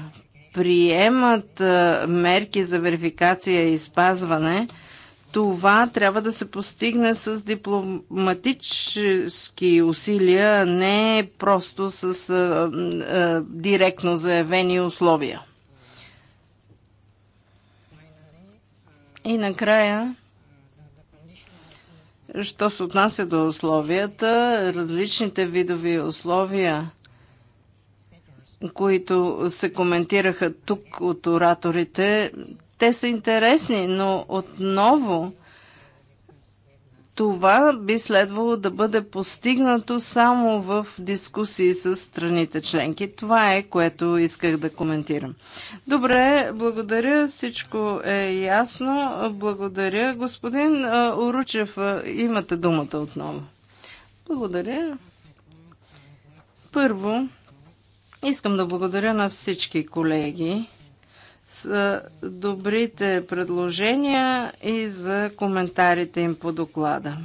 приемат мерки за верификация и спазване – това трябва да се постигне с дипломатически усилия, не просто с а, а, директно заявени условия. И накрая, що се отнася до условията, различните видови условия, които се коментираха тук от ораторите, те са интересни, но отново това би следвало да бъде постигнато само в дискусии с страните членки. Това е, което исках да коментирам. Добре, благодаря. Всичко е ясно. Благодаря. Господин Оручев, имате думата отново. Благодаря. Първо, искам да благодаря на всички колеги с добрите предложения и за коментарите им по доклада.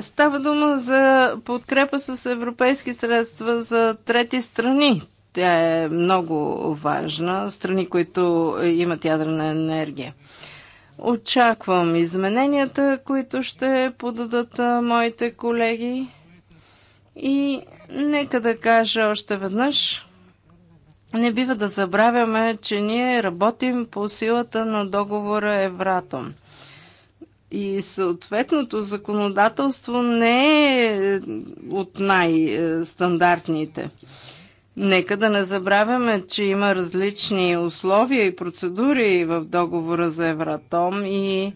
Става дума за подкрепа с европейски средства за трети страни. Тя е много важна. Страни, които имат ядрена енергия. Очаквам измененията, които ще подадат моите колеги. И нека да кажа още веднъж, не бива да забравяме, че ние работим по силата на договора Евратом. И съответното законодателство не е от най-стандартните. Нека да не забравяме, че има различни условия и процедури в договора за Евратом и,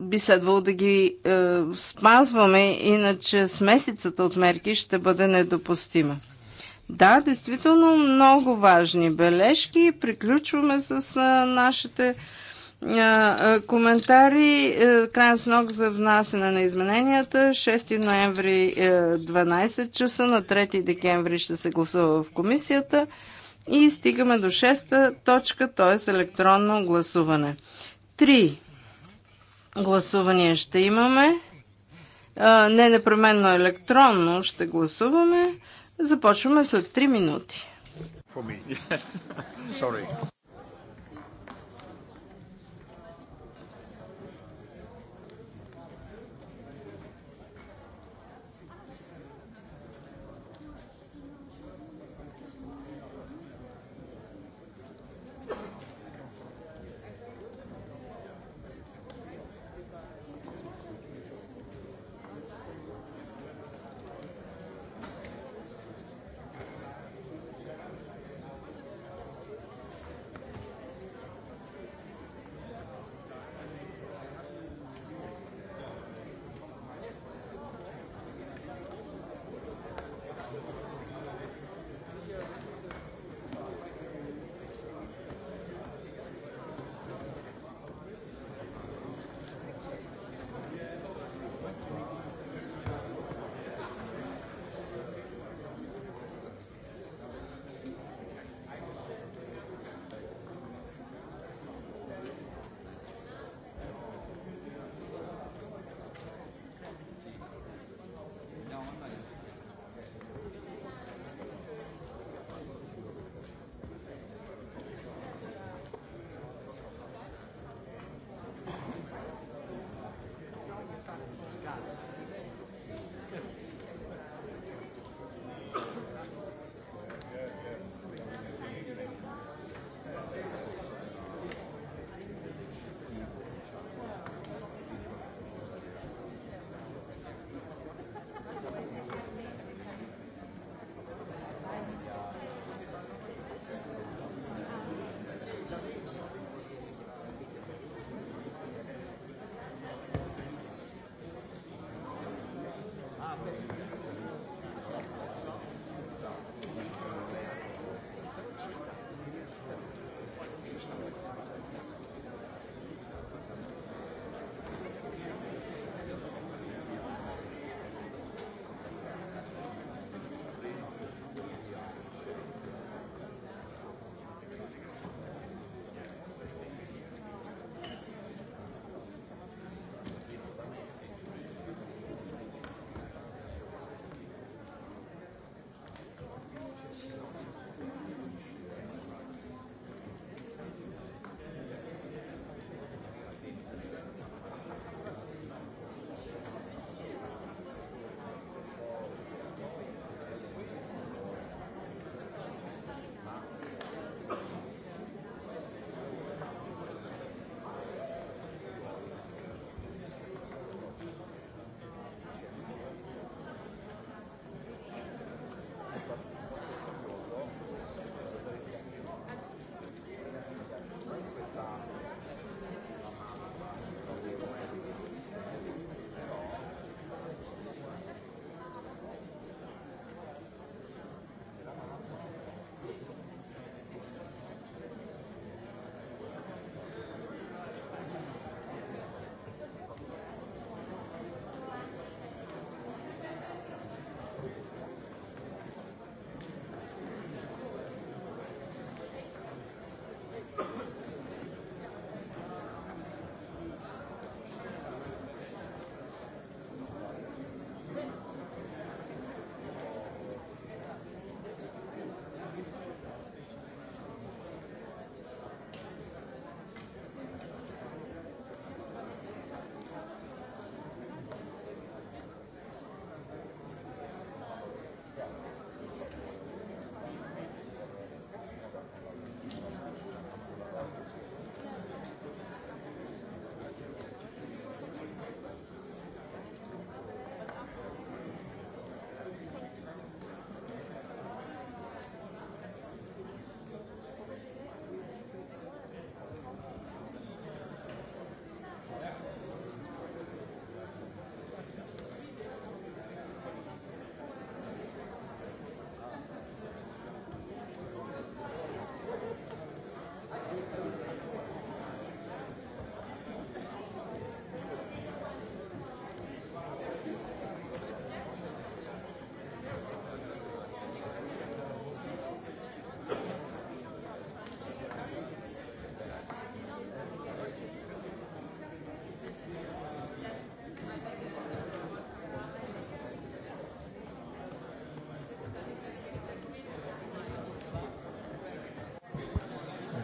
би следвало да ги е, спазваме, иначе смесицата от мерки ще бъде недопустима. Да, действително много важни бележки. Приключваме с нашите коментари. Е, крайен срок за внасене на измененията 6 ноември 12 е, часа, на 3 декември ще се гласува в комисията и стигаме до 6 точка, т.е. електронно гласуване. Три гласувания ще имаме. Е, не непременно електронно ще гласуваме. Започваме след 3 минути. *laughs*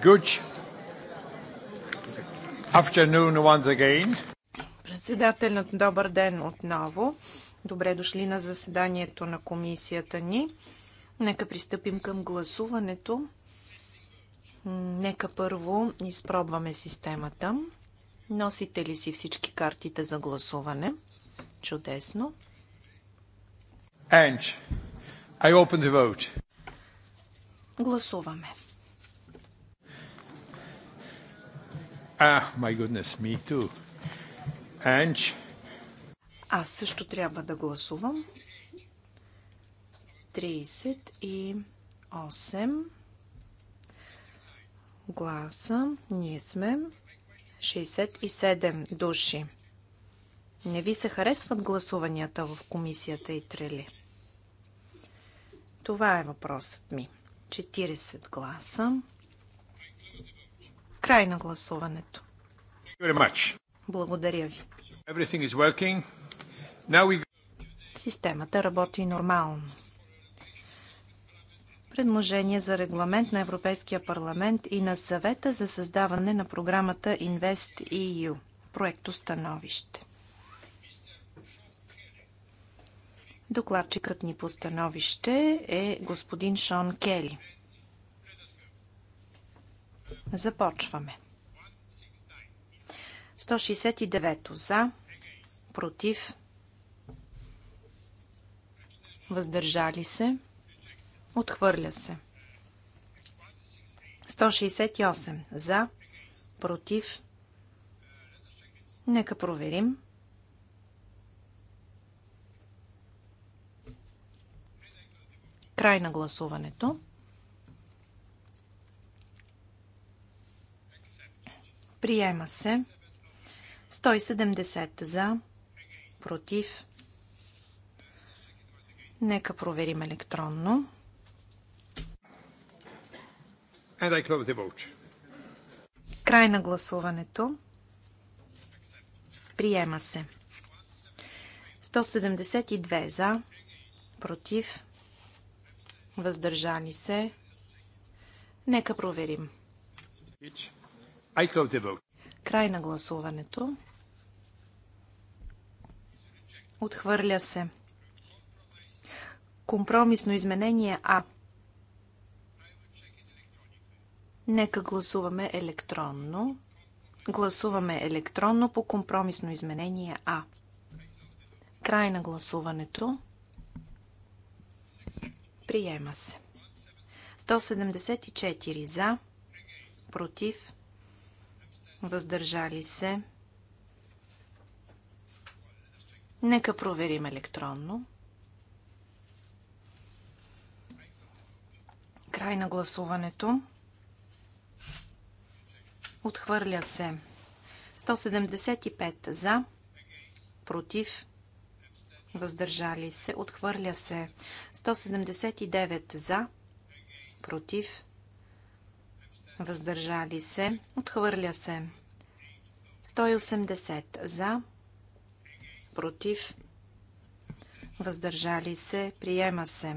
Good afternoon once again. Председателят, добър ден отново. Добре дошли на заседанието на комисията ни. Нека пристъпим към гласуването. Нека първо изпробваме системата. Носите ли си всички картите за гласуване? Чудесно. And I open the vote. Гласуваме. Ah, my goodness, me too. And... Аз също трябва да гласувам. 38 гласа. Ние сме 67 души. Не ви се харесват гласуванията в комисията и трели? Това е въпросът ми. 40 гласа. Край на гласуването. Благодаря ви. Системата работи нормално. Предложение за регламент на Европейския парламент и на съвета за създаване на програмата Invest EU. Проекто становище. Докладчикът ни по становище е господин Шон Кели. Започваме. 169 за, против, въздържали се, отхвърля се. 168 за, против. Нека проверим. Край на гласуването. Приема се. 170 за, против. Нека проверим електронно. Край на гласуването. Приема се. 172 за, против, въздържани се. Нека проверим. I close the vote. Край на гласуването. Отхвърля се. Компромисно изменение А. Нека гласуваме електронно. Гласуваме електронно по компромисно изменение А. Край на гласуването. Приема се. 174 за, против, въздържали се. Нека проверим електронно. Край на гласуването. Отхвърля се. 175 за, против, въздържали се. Отхвърля се. 179 за, против, въздържали се, отхвърля се. 180 за, против, въздържали се, приема се.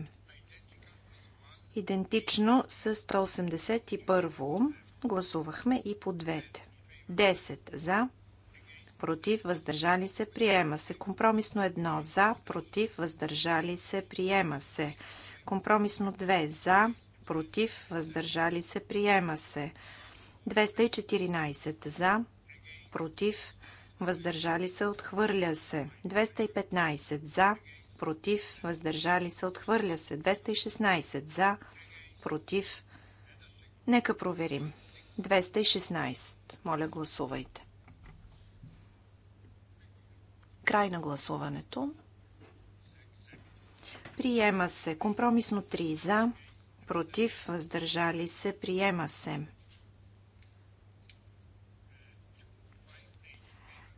Идентично с 181 гласувахме и по двете. 10 за, против, въздържали се, приема се. Компромисно 1 за, против, въздържали се, приема се. Компромисно 2 за, против, въздържали се, приема се. 214 за, против, въздържали се, отхвърля се. 215 за, против, въздържали се, отхвърля се. 216 за, против. Нека проверим. 216. Моля, гласувайте. Край на гласуването. Приема се компромисно 3 за, против, въздържали се, приема се.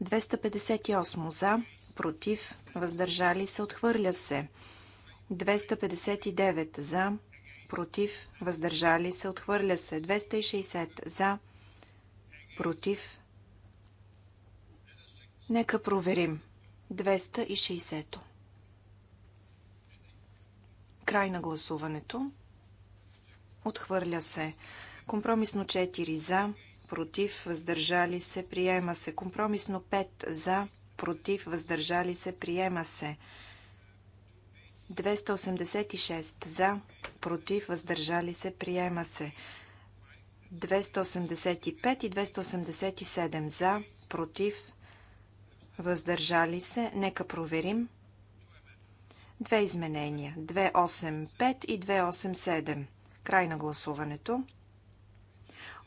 258 за, против, въздържали се, отхвърля се. 259 за, против, въздържали се, отхвърля се. 260 за, против. Нека проверим. 260. Край на гласуването. Отхвърля се. Компромисно 4 за, против, въздържали се, приема се. Компромисно 5 за, против, въздържали се, приема се. 286 за, против, въздържали се, приема се. 285 и 287 за, против, въздържали се. Нека проверим. Две изменения. 285 и 287. Край на гласуването.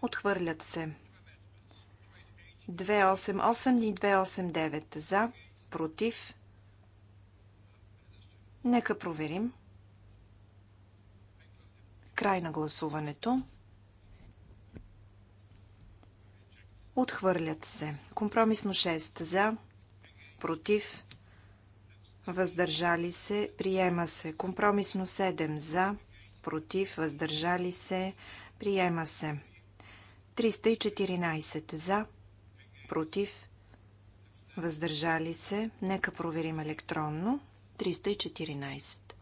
Отхвърлят се. 288 и 289 за, против. Нека проверим. Край на гласуването. Отхвърлят се. Компромисно 6 за, против, въздържали се, приема се. Компромисно 7 за, против против, въздържали се, приема се. 314 за, против, въздържали се. Нека проверим електронно. 314.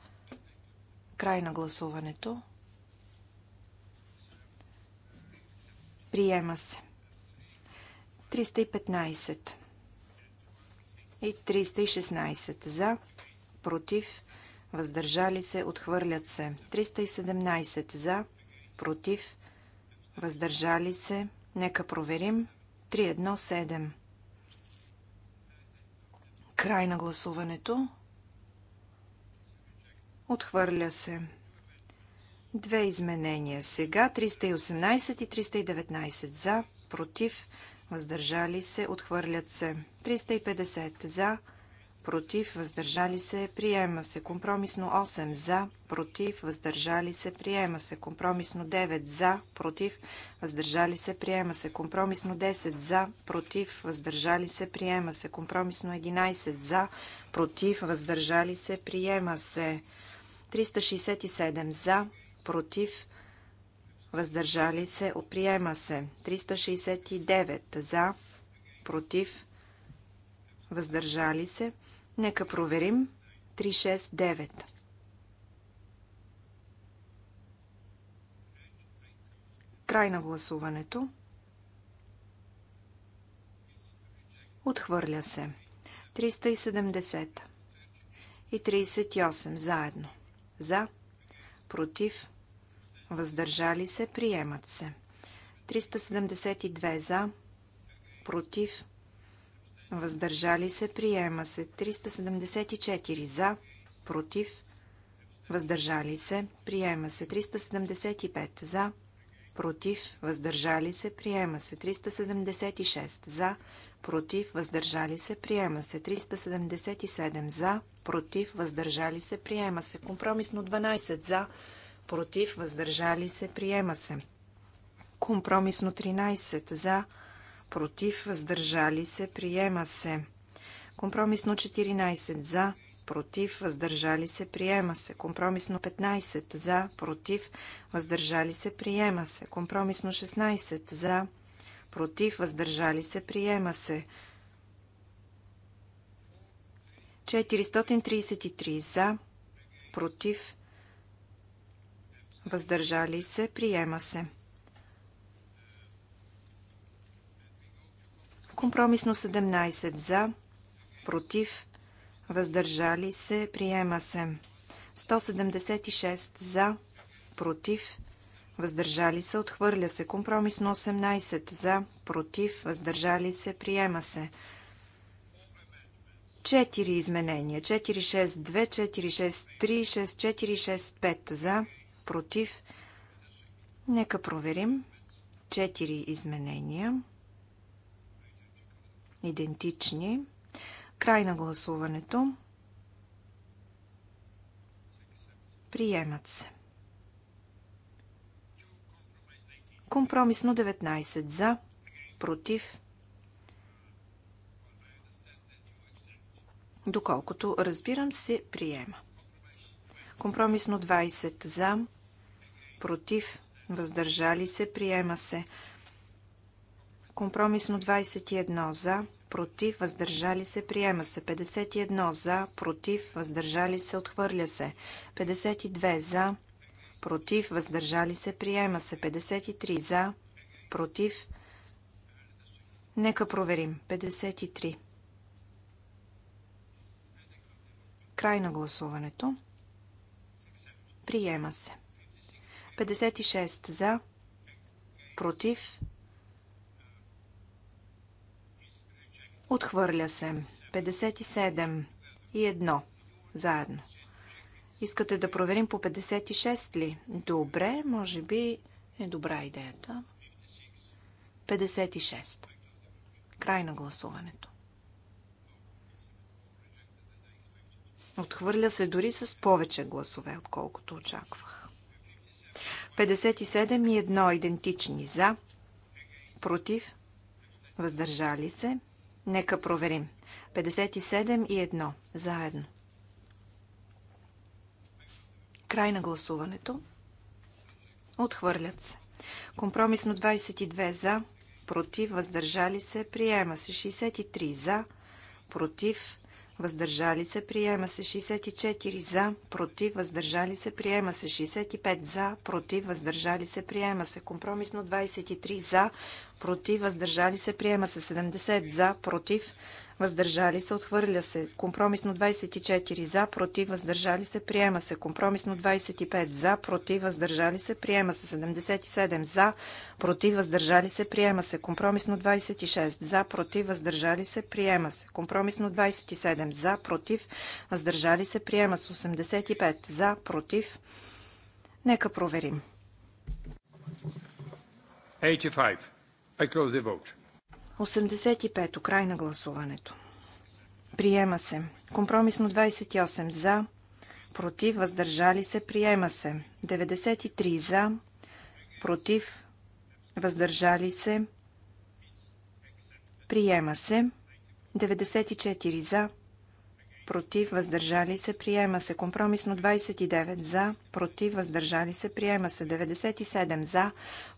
Край на гласуването. Приема се. 315 и 316 за, против, въздържали се, отхвърлят се. 317 за, против, въздържали се. Нека проверим. 317. Край на гласуването. Отхвърля се. Две изменения. Сега 318 и 319 за, против, въздържали се, отхвърлят се. 350 за, против, против, въздържали се, приема се. Компромисно 8 за, против, въздържали се, приема се. Компромисно 9 за, против, въздържали се, приема се. Компромисно 10 за, против, въздържали се, приема се. Компромисно 11 за, против, въздържали се, приема се. 367 за, против, въздържали се, приема се. 369 за, против, въздържали се, Нека проверим. 369. Край на гласуването. Отхвърля се. 370 и 38 заедно. За, против, въздържали се, приемат се. 372 за, против, въздържали се, приема се. 374 за, против, въздържали се, приема се. 375 за, против, въздържали се, приема се. 376 за, против, въздържали се, приема се. 377 за, против, въздържали се, приема се. Компромисно 12 за, против, въздържали се, приема се. Компромисно 13 за, против, против, въздържали се, приема се. Компромисно 14 за, против, въздържали се, приема се. Компромисно 15 за, против, въздържали се, приема се. Компромисно 16 за, против, въздържали се, приема се. 433 за, против, въздържали се, приема се. Компромисно 17 за, против, въздържали се, приема се. 176 за, против, въздържали се, отхвърля се. Компромисно 18 за, против, въздържали се, приема се. 4 изменения. 462, 463, 6465 за, против. Нека проверим. 4 изменения идентични. Край на гласуването. Приемат се. Компромисно 19 за, против. Доколкото разбирам се, приема. Компромисно 20 за, против, въздържали се, приема се. Компромисно 21 за, против, въздържали се, приема се. 51 за, против, въздържали се, отхвърля се. 52 за, против, въздържали се, приема се. 53 за, против. Нека проверим. 53. Край на гласуването. Приема се. 56 за, против, Отхвърля се. 57 и 1 заедно. Искате да проверим по 56 ли? Добре, може би е добра идеята. 56. Край на гласуването. Отхвърля се дори с повече гласове, отколкото очаквах. 57 и 1 идентични за, против, въздържали се, Нека проверим. 57 и 1. Заедно. Край на гласуването. Отхвърлят се. Компромисно 22 за, против, въздържали се, приема се 63 за, против, въздържали се, приема се 64 за, против, въздържали се, приема се 65 за, против, въздържали се, приема се компромисно 23 за, против, въздържали се, приема се 70 за, против, въздържали се, отхвърля се. Компромисно 24 за, против, въздържали се, приема се. Компромисно 25 за, против, въздържали се, приема се. 77 за, против, въздържали се, приема се. Компромисно 26 за, против, въздържали се, приема се. Компромисно 27 за, против, въздържали се, приема се. 85 за, против. Нека проверим. 85. 85. Край на гласуването. Приема се. Компромисно 28 за, против, въздържали се, приема се. 93 за, против, въздържали се, приема се. 94 за, против, въздържали се, приема се. Компромисно 29 за, против, въздържали се, приема се. 97 за,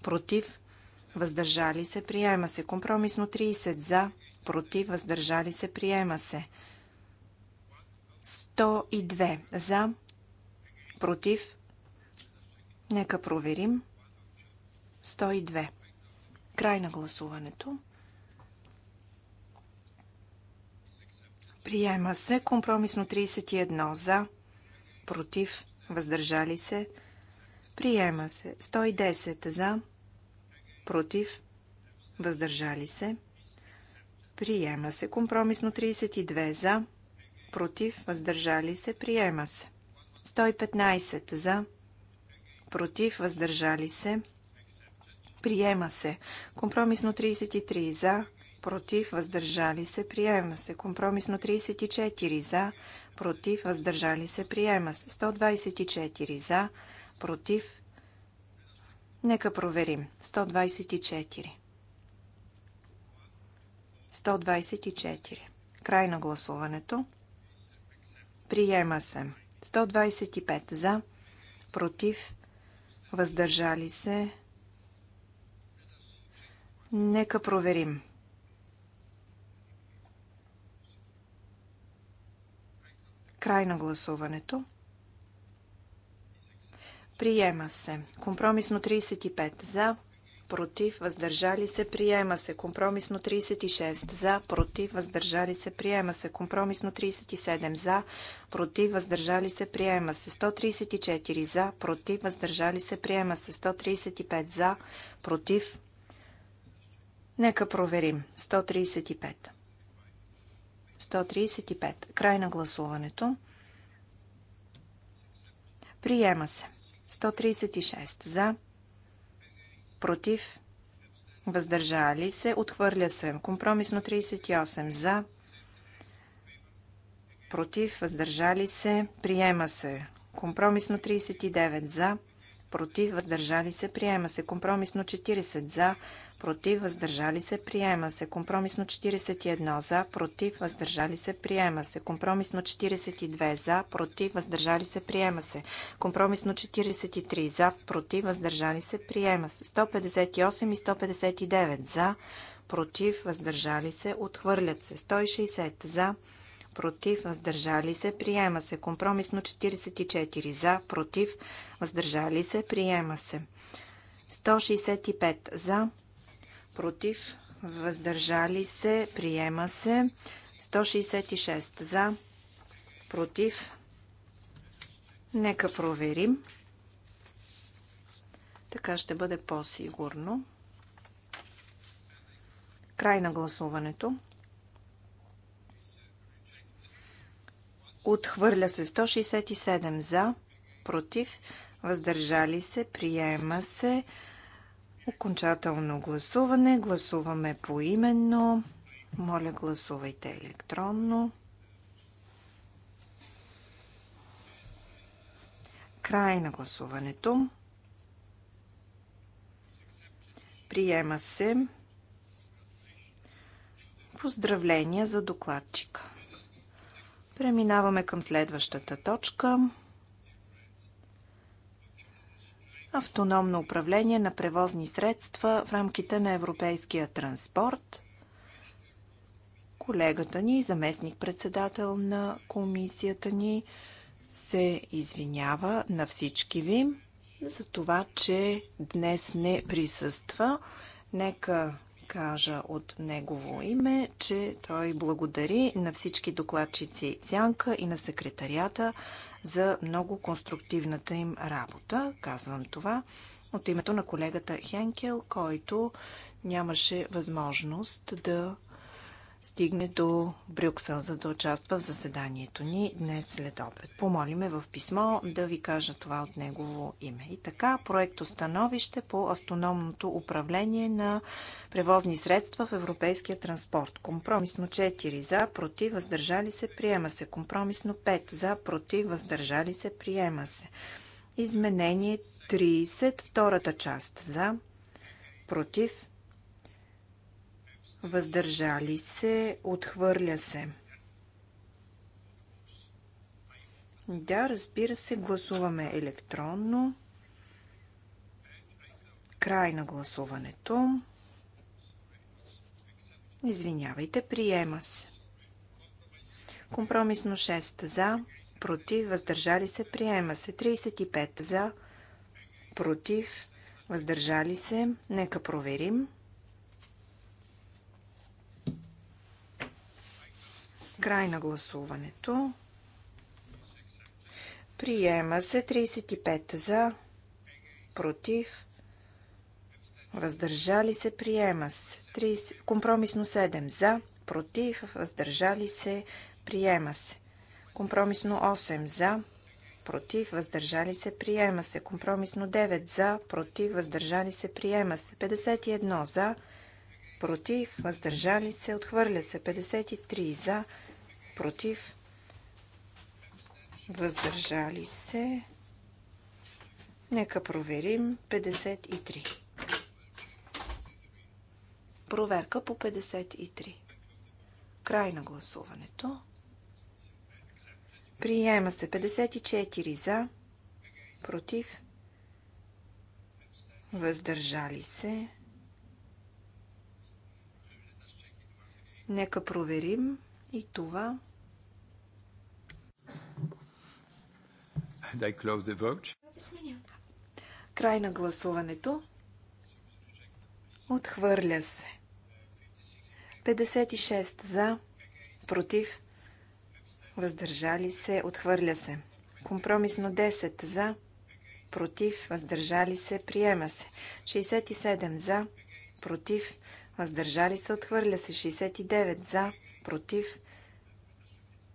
против, въздържали се, приема се. Компромисно 30 за, против, въздържали се, приема се. 102 за, против. Нека проверим. 102. Край на гласуването. Приема се компромисно 31 за, против, въздържали се. Приема се 110 за, против, въздържали се. Приема се. Компромисно 32 за, против, въздържали се. Приема се. 115 за, против, въздържали се. Приема се. Компромисно 33 за, против, въздържали се, приема се. Компромисно 34 за, против, въздържали се, приема се. 124 за, против, Нека проверим. 124. 124. Край на гласуването. Приема се. 125 за, против, въздържали се. Нека проверим. Край на гласуването. Приема се. Компромисно 35 за, против, въздържали се, приема се. Компромисно 36 за, против, въздържали се, приема се. Компромисно 37 за, против, въздържали се, приема се. 134 за, против, въздържали се, приема се. 135 за, против. Нека проверим. 135. 135. Край на гласуването. Приема се. 136 за, против, въздържали се, отхвърля се. Компромисно 38 за, против, въздържали се, приема се. Компромисно 39 за, против, против, въздържали се, приема се. Компромисно 40 за, против, въздържали се, приема се. Компромисно 41 за, против, въздържали се, приема се. Компромисно 42 за, против, въздържали се, приема се. Компромисно 43 за, против, въздържали се, приема се. 158 и 159 за, против, въздържали се, отхвърлят се. 160 за, против, против, въздържали се, приема се. Компромисно 44 за, против, въздържали се, приема се. 165 за, против, въздържали се, приема се. 166 за, против. Нека проверим. Така ще бъде по-сигурно. Край на гласуването. Отхвърля се 167 за, против, въздържали се, приема се. Окончателно гласуване. Гласуваме поименно. Моля, гласувайте електронно. Край на гласуването. Приема се. Поздравления за докладчика. Преминаваме към следващата точка. Автономно управление на превозни средства в рамките на европейския транспорт. Колегата ни, заместник-председател на комисията ни, се извинява на всички ви за това, че днес не присъства. Нека кажа от негово име, че той благодари на всички докладчици Сянка и на секретарията за много конструктивната им работа. Казвам това от името на колегата Хенкел, който нямаше възможност да стигне до Брюксел, за да участва в заседанието ни днес след обед. Помолиме в писмо да ви кажа това от негово име. И така, проекто становище по автономното управление на превозни средства в европейския транспорт. Компромисно 4 за, против, въздържали се, приема се. Компромисно 5 за, против, въздържали се, приема се. Изменение 30, втората част за, против, въздържали се, отхвърля се. Да, разбира се, гласуваме електронно. Край на гласуването. Извинявайте, приема се. Компромисно 6 за, против, въздържали се, приема се. 35 за, против, въздържали се. Нека проверим. Край на гласуването. Приема се 35 за, против, въздържали се, приема се. 30, компромисно 7 за, против, въздържали се, приема се. Компромисно 8 за, против, въздържали се, приема се. Компромисно 9 за, против, въздържали се, приема се. 51 за, против, въздържали се, отхвърля се. 53 за, против, въздържали се. Нека проверим 53. Проверка по 53. Край на гласуването. Приема се 54 за, против, въздържали се. Нека проверим и това. close the vote. Край на гласуването. Отхвърля се. 56 за, против, въздържали се, отхвърля се. Компромисно 10 за, против, въздържали се, приема се. 67 за, против, въздържали се, отхвърля се. 69 за, против.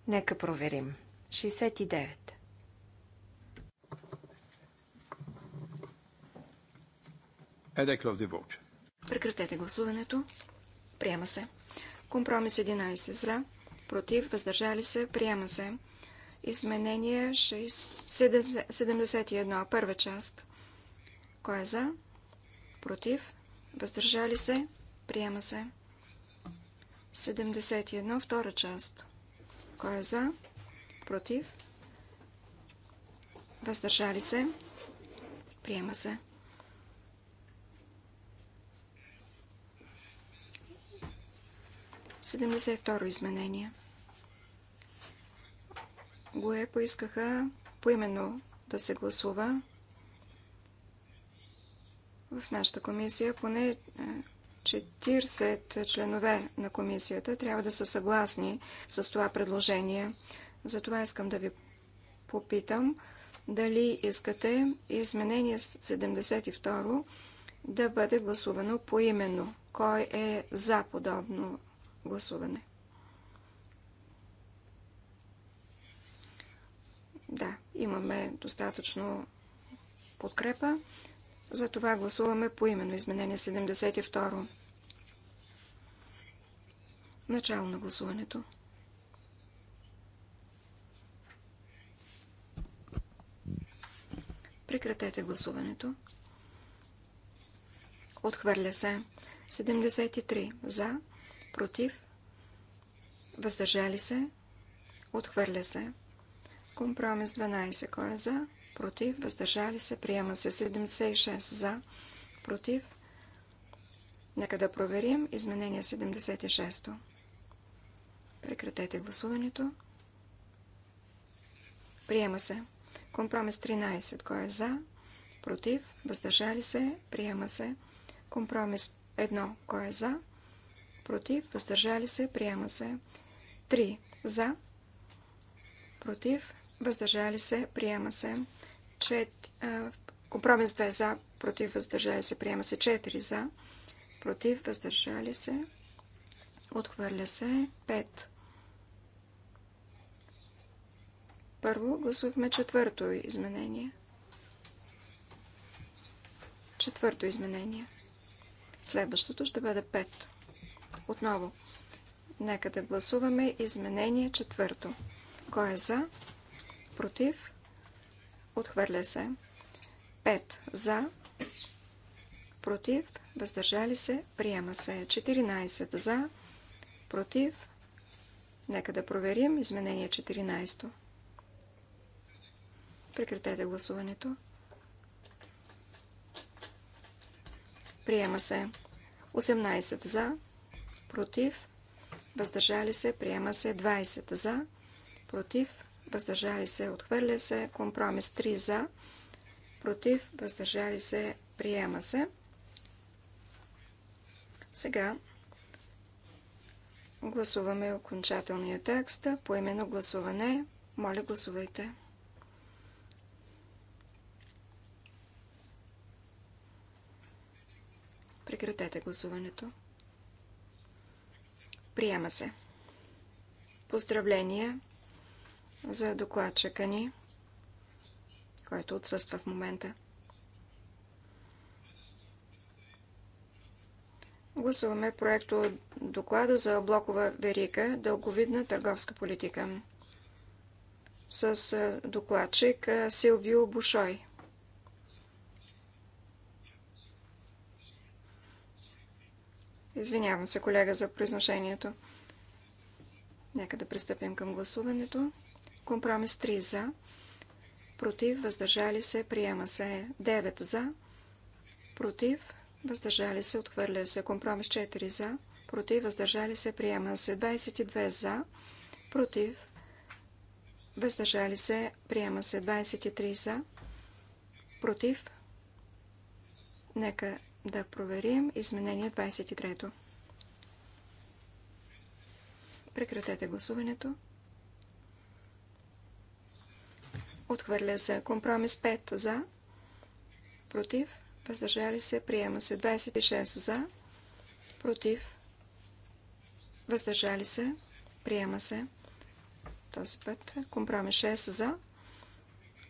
Нека проверим. 69. Прекратете гласуването. Приема се. Компромис 11 за, против, въздържали се, приема се. Изменение 6, 71, първа част. Кой е за? Против, въздържали се, приема се. 71, втора част. Кой е за? Против, въздържали се, приема се. 72 изменение. Гое поискаха поименно да се гласува. В нашата комисия поне 40 е, членове на комисията трябва да са съгласни с това предложение. Затова искам да ви попитам дали искате изменение 72 да бъде гласувано поименно. Кой е за подобно гласуване. Да, имаме достатъчно подкрепа. За това гласуваме по именно изменение 72. Начало на гласуването. Прекратете гласуването. Отхвърля се. 73 за против, въздържали се, отхвърля се. Компромис 12, кой е за, против, въздържали се, приема се 76 за, против. Нека да проверим изменение 76-то. Прекратете гласуването. Приема се. Компромис 13. Кой е за? Против? Въздържали се? Приема се. Компромис 1. Кой е за? против, въздържали се, приема се. 3. За, против, въздържали се, приема се. 4, компромис 2 за, против, въздържали се, приема се. 4 за, против, въздържали се, отхвърля се. 5. Първо гласувахме четвърто изменение. Четвърто изменение. Следващото ще бъде 5. Отново. Нека да гласуваме изменение четвърто. Кой е за? Против? Отхвърля се. 5 за. Против? Въздържали се? Приема се. 14 за. Против? Нека да проверим изменение 14. Прекратете гласуването. Приема се. 18 за против, въздържали се, приема се 20 за, против, въздържали се, отхвърля се, компромис 3 за, против, въздържали се, приема се. Сега гласуваме окончателния текст по именно гласуване. Моля, гласувайте. Прекратете гласуването. Приема се. Поздравления за докладчика ни, който отсъства в момента. Гласуваме от доклада за блокова верига дълговидна търговска политика с докладчик Силвио Бушой. Извинявам се, колега, за произношението. Нека да пристъпим към гласуването. Компромис 3 за. Против, въздържали се, приема се 9 за. Против, въздържали се, отхвърля се. Компромис 4 за. Против, въздържали се, приема се 22 за. Против, въздържали се, приема се 23 за. Против, нека да проверим изменение 23-то. Прекратете гласуването. Отхвърля се компромис 5 за, против, въздържали се, приема се 26 за, против, въздържали се, приема се. Този път компромис 6 за,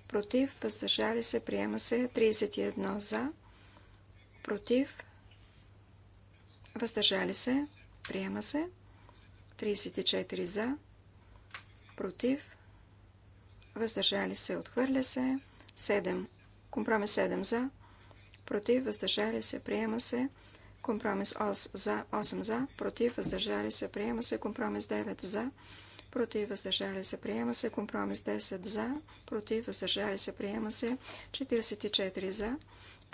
против, въздържали се, приема се 31 за, против, въздържали се, приема се, 34 за, против, въздържали се, отхвърля се, 7, компромис 7 за, против, въздържали се, приема се, компромис 8 за, 8 за, против, въздържали се, приема се, компромис 9 за, против, въздържали се, приема се, компромис 10 за, против, въздържали се, приема се, 44 за,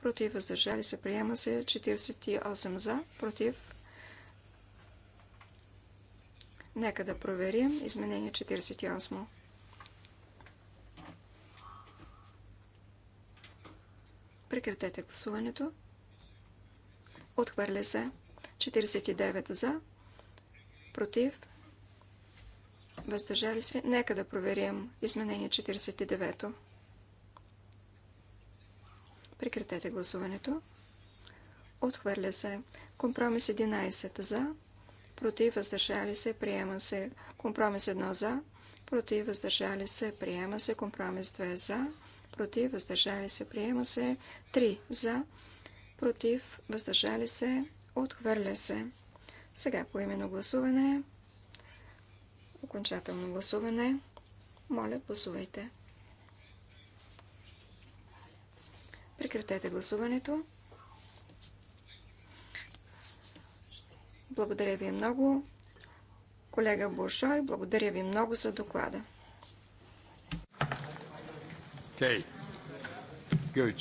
против, въздържали се, приема се 48 за, против. Нека да проверим изменение 48. Прекратете гласуването. Отхвърля се 49 за, против, въздържали се. Нека да проверим изменение 49. Прекратете гласуването. Отхвърля се. Компромис 11 за. Против въздържали се. Приема се. Компромис 1 за. Против въздържали се. Приема се. Компромис 2 за. Против въздържали се. Приема се. 3 за. Против въздържали се. Отхвърля се. Сега по именно гласуване. Окончателно гласуване. Моля, гласувайте. Прекратете гласуването. Благодаря ви много, колега Буршой. Благодаря ви много за доклада. Okay. Good.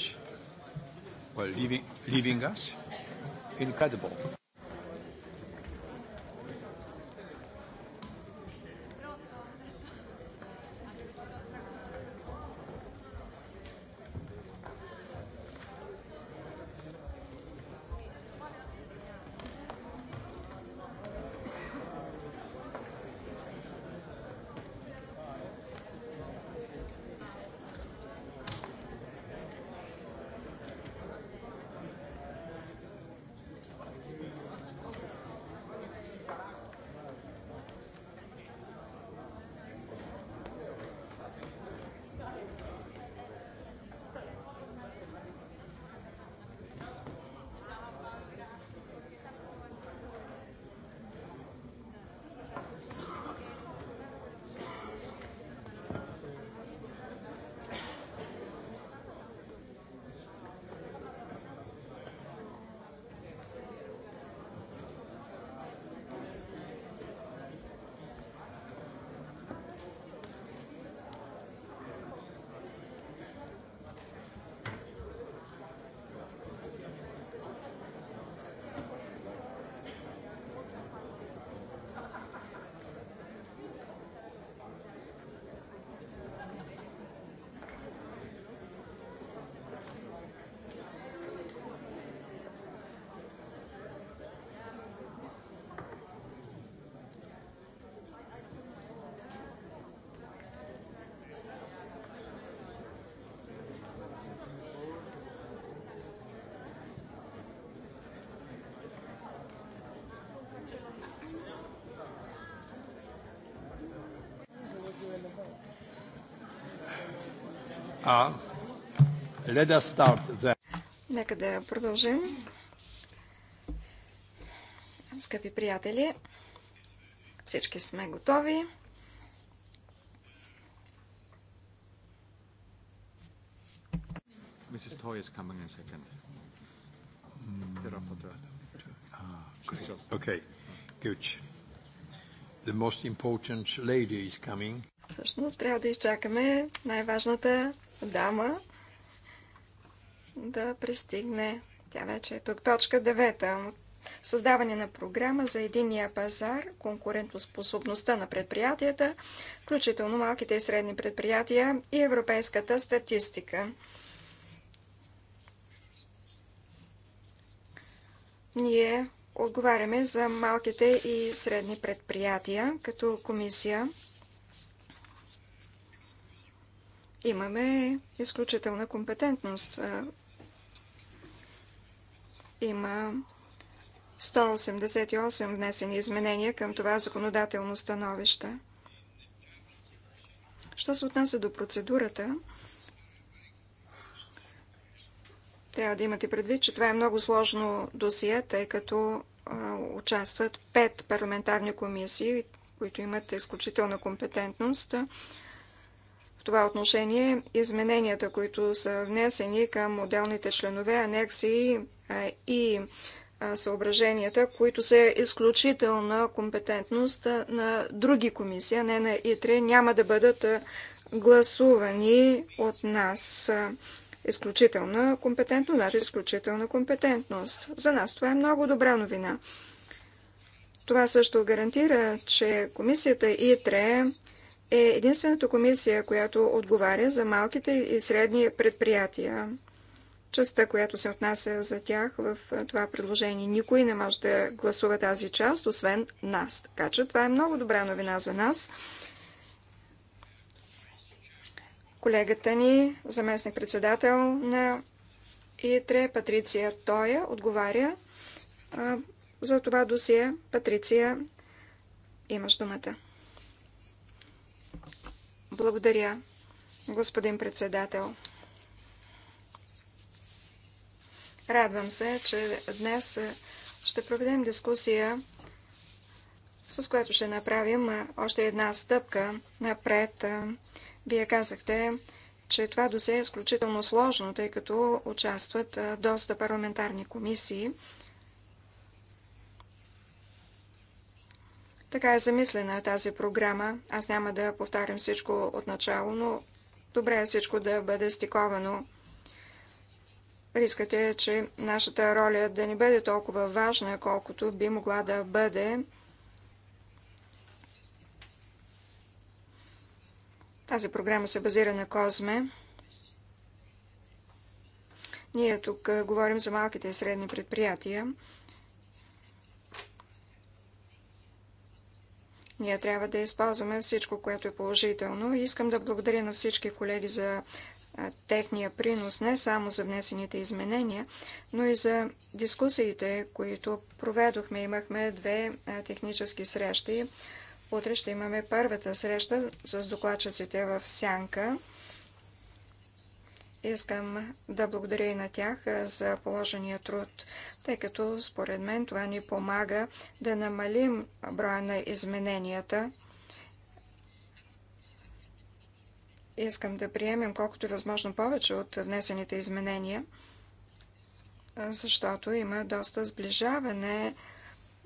Well, leaving, leaving us? Incredible. А. Let us start then. Нека да продължим. Скъпи приятели, всички сме готови. Mrs. Toy is coming in a second. The rapporteur. Ah, great. Okay, good. The most important lady is coming. Всъщност трябва да изчакаме най-важната дама да пристигне. Тя вече е тук. Точка 9. Създаване на програма за единия пазар, конкурентоспособността на предприятията, включително малките и средни предприятия и европейската статистика. Ние отговаряме за малките и средни предприятия като комисия. Имаме изключителна компетентност. Е, има 188 внесени изменения към това законодателно становище. Що се отнася до процедурата, трябва да имате предвид, че това е много сложно досие, тъй като участват пет парламентарни комисии, които имат изключителна компетентност. В това отношение измененията, които са внесени към отделните членове, анекси и съображенията, които са изключителна компетентност на други комисии, а не на ИТРЕ, няма да бъдат гласувани от нас. Изключителна компетентност, значи изключителна компетентност. За нас това е много добра новина. Това също гарантира, че комисията ИТРЕ е единствената комисия, която отговаря за малките и средни предприятия. Частта, която се отнася за тях в това предложение. Никой не може да гласува тази част, освен нас. Така че това е много добра новина за нас. Колегата ни, заместник-председател на ИТРЕ, Патриция Тоя, отговаря за това досие. Патриция, имаш думата. Благодаря, господин председател. Радвам се, че днес ще проведем дискусия, с която ще направим още една стъпка напред. Вие казахте, че това досе е изключително сложно, тъй като участват доста парламентарни комисии – Така е замислена тази програма. Аз няма да повтарям всичко от начало, но добре е всичко да бъде стиковано. Рискът е, че нашата роля да не бъде толкова важна, колкото би могла да бъде. Тази програма се базира на Козме. Ние тук говорим за малките и средни предприятия. Ние трябва да използваме всичко, което е положително. И искам да благодаря на всички колеги за техния принос не само за внесените изменения, но и за дискусиите, които проведохме. Имахме две технически срещи. Утре ще имаме първата среща с докладчиците в Сянка. Искам да благодаря и на тях за положения труд, тъй като според мен това ни помага да намалим броя на измененията. Искам да приемем колкото е възможно повече от внесените изменения, защото има доста сближаване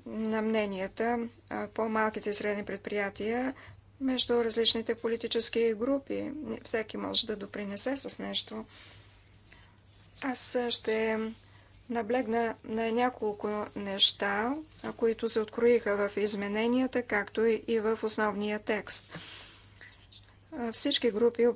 на мненията по малките и средни предприятия между различните политически групи. Всеки може да допринесе с нещо. Аз ще наблегна на няколко неща, които се откроиха в измененията, както и в основния текст. Всички групи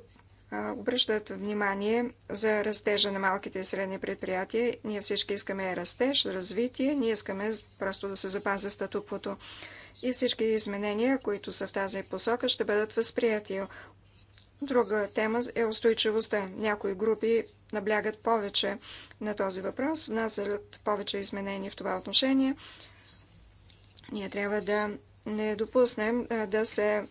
обръщат внимание за растежа на малките и средни предприятия. Ние всички искаме растеж, развитие, ние искаме просто да се запази статуквото и всички изменения, които са в тази посока, ще бъдат възприяти. Друга тема е устойчивостта. Някои групи наблягат повече на този въпрос, внасят повече изменения в това отношение. Ние трябва да не допуснем да се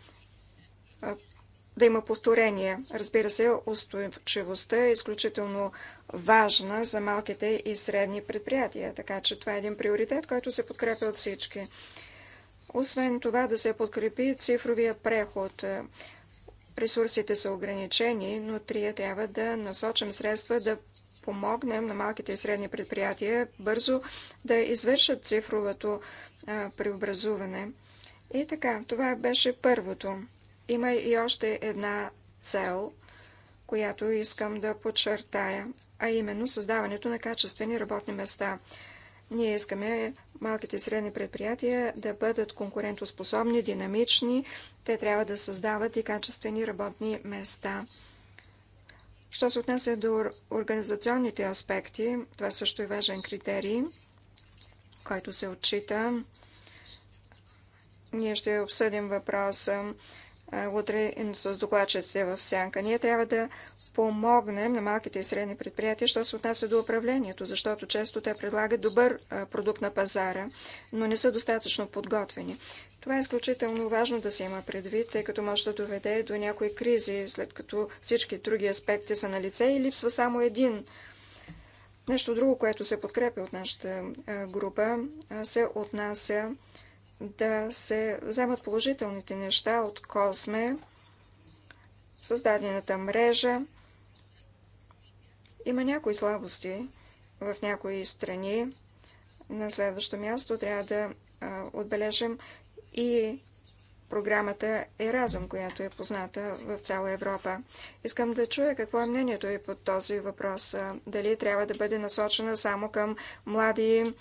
да има повторение. Разбира се, устойчивостта е изключително важна за малките и средни предприятия, така че това е един приоритет, който се подкрепя от всички. Освен това да се подкрепи цифровия преход. Ресурсите са ограничени, но трия трябва да насочим средства да помогнем на малките и средни предприятия бързо да извършат цифровото преобразуване. И така, това беше първото. Има и още една цел, която искам да подчертая, а именно създаването на качествени работни места. Ние искаме малките и средни предприятия да бъдат конкурентоспособни, динамични. Те трябва да създават и качествени работни места. Що се отнася до организационните аспекти, това също е важен критерий, който се отчита. Ние ще обсъдим въпроса утре с докладчиците в сянка. Ние трябва да помогнем на малките и средни предприятия, що се отнася до управлението, защото често те предлагат добър продукт на пазара, но не са достатъчно подготвени. Това е изключително важно да се има предвид, тъй като може да доведе до някои кризи, след като всички други аспекти са на лице и липсва само един. Нещо друго, което се подкрепя от нашата група, се отнася да се вземат положителните неща от Косме, създадената мрежа, има някои слабости в някои страни. На следващо място трябва да отбележим и програмата Еразъм, която е позната в цяла Европа. Искам да чуя какво е мнението ви под този въпрос. Дали трябва да бъде насочена само към млади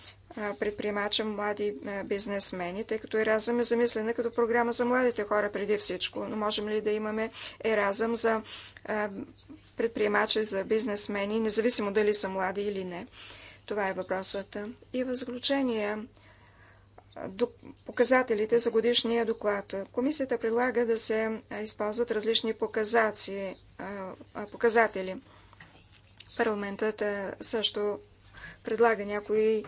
предприемачи, млади бизнесмени, тъй като Еразъм е замислена като програма за младите хора преди всичко. Но можем ли да имаме Еразъм за предприемачи, за бизнесмени, независимо дали са млади или не. Това е въпросът. И в заключение, показателите за годишния доклад. Комисията предлага да се използват различни показатели. Парламентът също предлага някои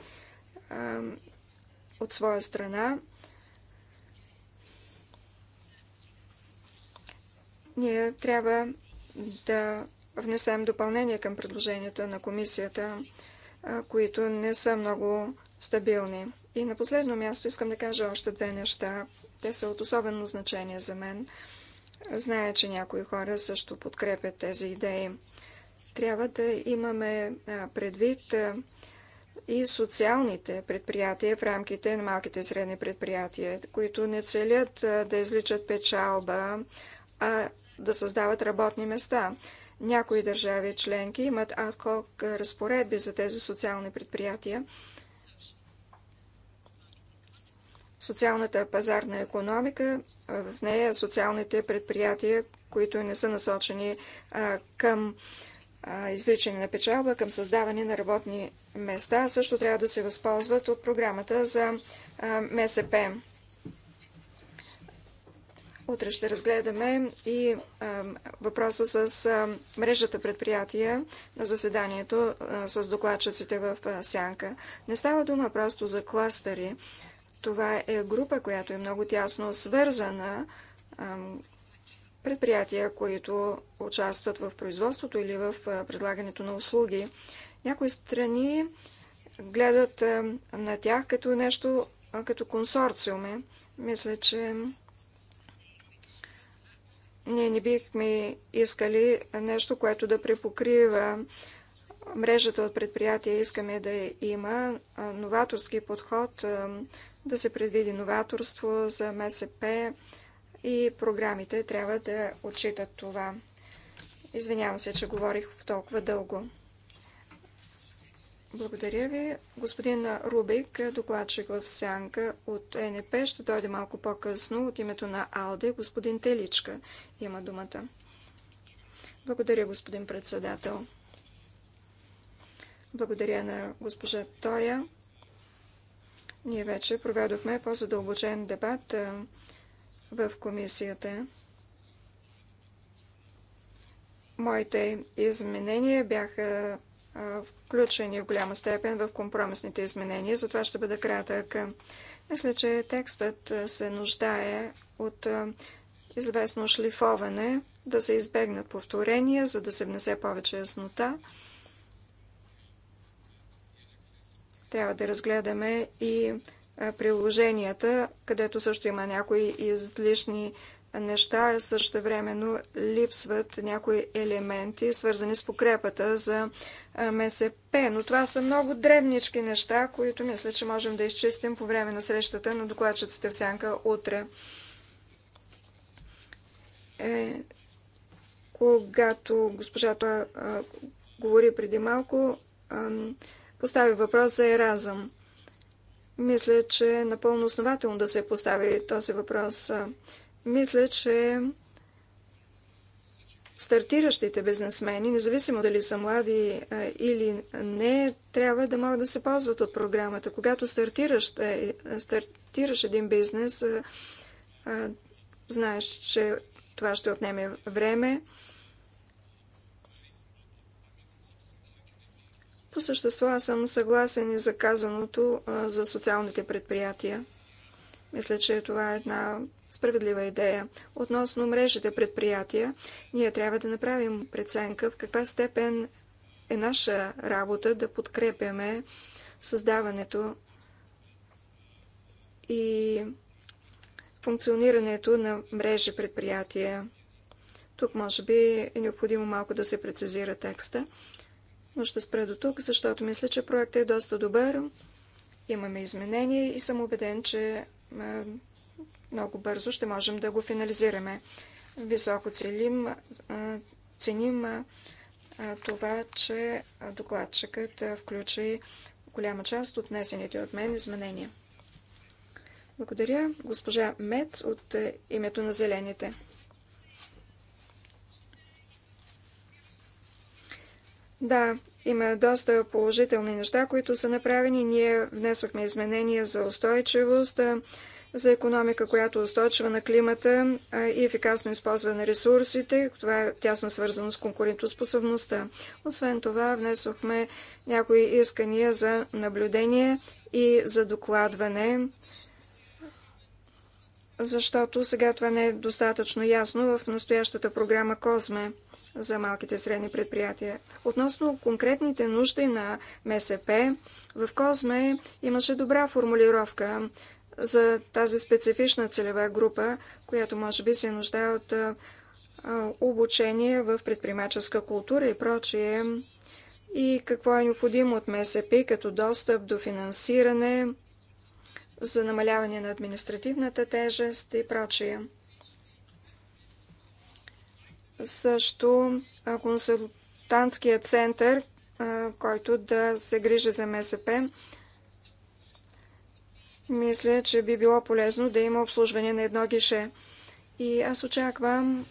от своя страна. Ние трябва да внесем допълнение към предложенията на комисията, които не са много стабилни. И на последно място искам да кажа още две неща. Те са от особено значение за мен. Зная, че някои хора също подкрепят тези идеи. Трябва да имаме предвид и социалните предприятия в рамките на малките и средни предприятия, които не целят да изличат печалба, а да създават работни места. Някои държави членки имат адхок разпоредби за тези социални предприятия. Социалната пазарна економика, в нея социалните предприятия, които не са насочени а, към извличане на печалба към създаване на работни места. Също трябва да се възползват от програмата за МСП. Утре ще разгледаме и въпроса с мрежата предприятия на заседанието с докладчиците в Сянка. Не става дума просто за кластъри. Това е група, която е много тясно свързана. Предприятия, които участват в производството или в предлагането на услуги. Някои страни гледат на тях като нещо, като консорциуме. Мисля, че ние не бихме искали нещо, което да препокрива мрежата от предприятия. Искаме да има новаторски подход, да се предвиди новаторство за МСП и програмите трябва да отчитат това. Извинявам се, че говорих толкова дълго. Благодаря ви. Господин Рубик, докладчик в Сянка от НП, ще дойде малко по-късно от името на АЛДЕ. Господин Теличка има думата. Благодаря, господин председател. Благодаря на госпожа Тоя. Ние вече проведохме по-задълбочен дебат в комисията. Моите изменения бяха включени в голяма степен в компромисните изменения, затова ще бъда кратък. Мисля, че текстът се нуждае от известно шлифоване, да се избегнат повторения, за да се внесе повече яснота. Трябва да разгледаме и приложенията, където също има някои излишни неща, а също времено липсват някои елементи, свързани с покрепата за МСП. Но това са много древнички неща, които мисля, че можем да изчистим по време на срещата на докладчиците в Сянка утре. Е, когато госпожата говори преди малко, а, постави въпрос за еразъм. Мисля, че е напълно основателно да се постави този въпрос. Мисля, че стартиращите бизнесмени, независимо дали са млади е, или не, трябва да могат да се ползват от програмата. Когато стартираш, е, стартираш един бизнес, е, знаеш, че това ще отнеме време. По същество аз съм съгласен и за казаното за социалните предприятия. Мисля, че това е една справедлива идея. Относно мрежите предприятия, ние трябва да направим преценка в каква степен е наша работа да подкрепяме създаването и функционирането на мрежи предприятия. Тук може би е необходимо малко да се прецизира текста, но ще спра до тук, защото мисля, че проектът е доста добър. Имаме изменения и съм убеден, че е, много бързо ще можем да го финализираме. Високо целим, е, ценим е, това, че докладчикът включи голяма част от внесените от мен изменения. Благодаря, госпожа Мец от името на Зелените. Да, има доста положителни неща, които са направени. Ние внесохме изменения за устойчивост, за економика, която устойчива на климата и ефикасно използване на ресурсите. Това е тясно свързано с конкурентоспособността. Освен това, внесохме някои искания за наблюдение и за докладване, защото сега това не е достатъчно ясно в настоящата програма Козме за малките и средни предприятия. Относно конкретните нужди на МСП, в Козме имаше добра формулировка за тази специфична целева група, която може би се нуждае от обучение в предприемаческа култура и прочие и какво е необходимо от МСП като достъп до финансиране за намаляване на административната тежест и прочие също консултантския център, който да се грижи за МСП. Мисля, че би било полезно да има обслужване на едно гише. И аз очаквам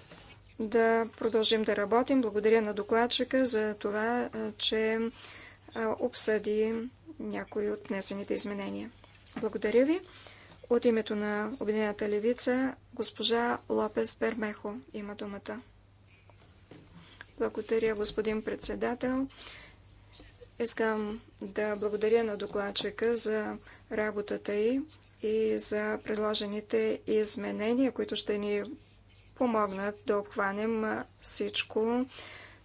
да продължим да работим. Благодаря на докладчика за това, че обсъди някои от внесените изменения. Благодаря ви. От името на Обединената левица госпожа Лопес Бермехо има думата. Благодаря, господин председател. Искам да благодаря на докладчика за работата й и за предложените изменения, които ще ни помогнат да обхванем всичко.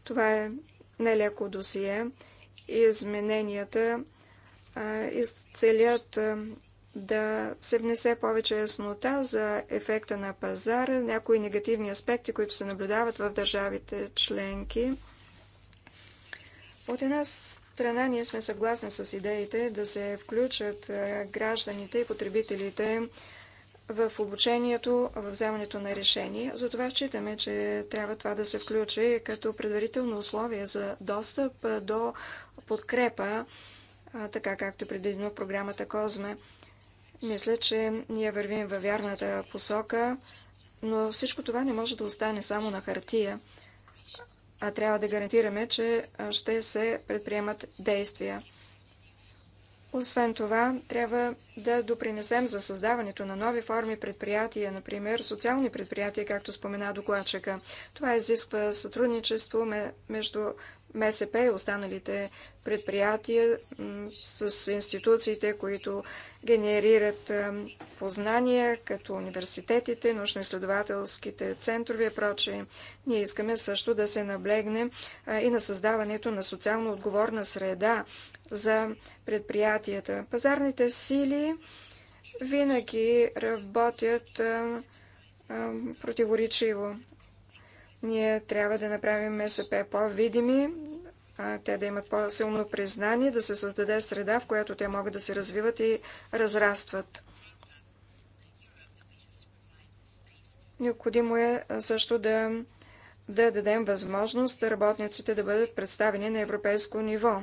Това е нелеко досие. Измененията изцелят да се внесе повече яснота за ефекта на пазара, някои негативни аспекти, които се наблюдават в държавите членки. От една страна ние сме съгласни с идеите да се включат гражданите и потребителите в обучението, в вземането на решения. Затова считаме, че трябва това да се включи като предварително условие за достъп до подкрепа, така както е предвидено в програмата Козме. Мисля, че ние вървим във вярната посока, но всичко това не може да остане само на хартия, а трябва да гарантираме, че ще се предприемат действия. Освен това, трябва да допринесем за създаването на нови форми предприятия, например социални предприятия, както спомена докладчика. Това изисква сътрудничество между МСП и останалите предприятия с институциите, които генерират познания, като университетите, научно-изследователските центрове и прочее. Ние искаме също да се наблегне и на създаването на социално отговорна среда за предприятията. Пазарните сили винаги работят противоречиво. Ние трябва да направим МСП по-видими, те да имат по-силно признание, да се създаде среда, в която те могат да се развиват и разрастват. Необходимо е също да, да дадем възможност да работниците да бъдат представени на европейско ниво,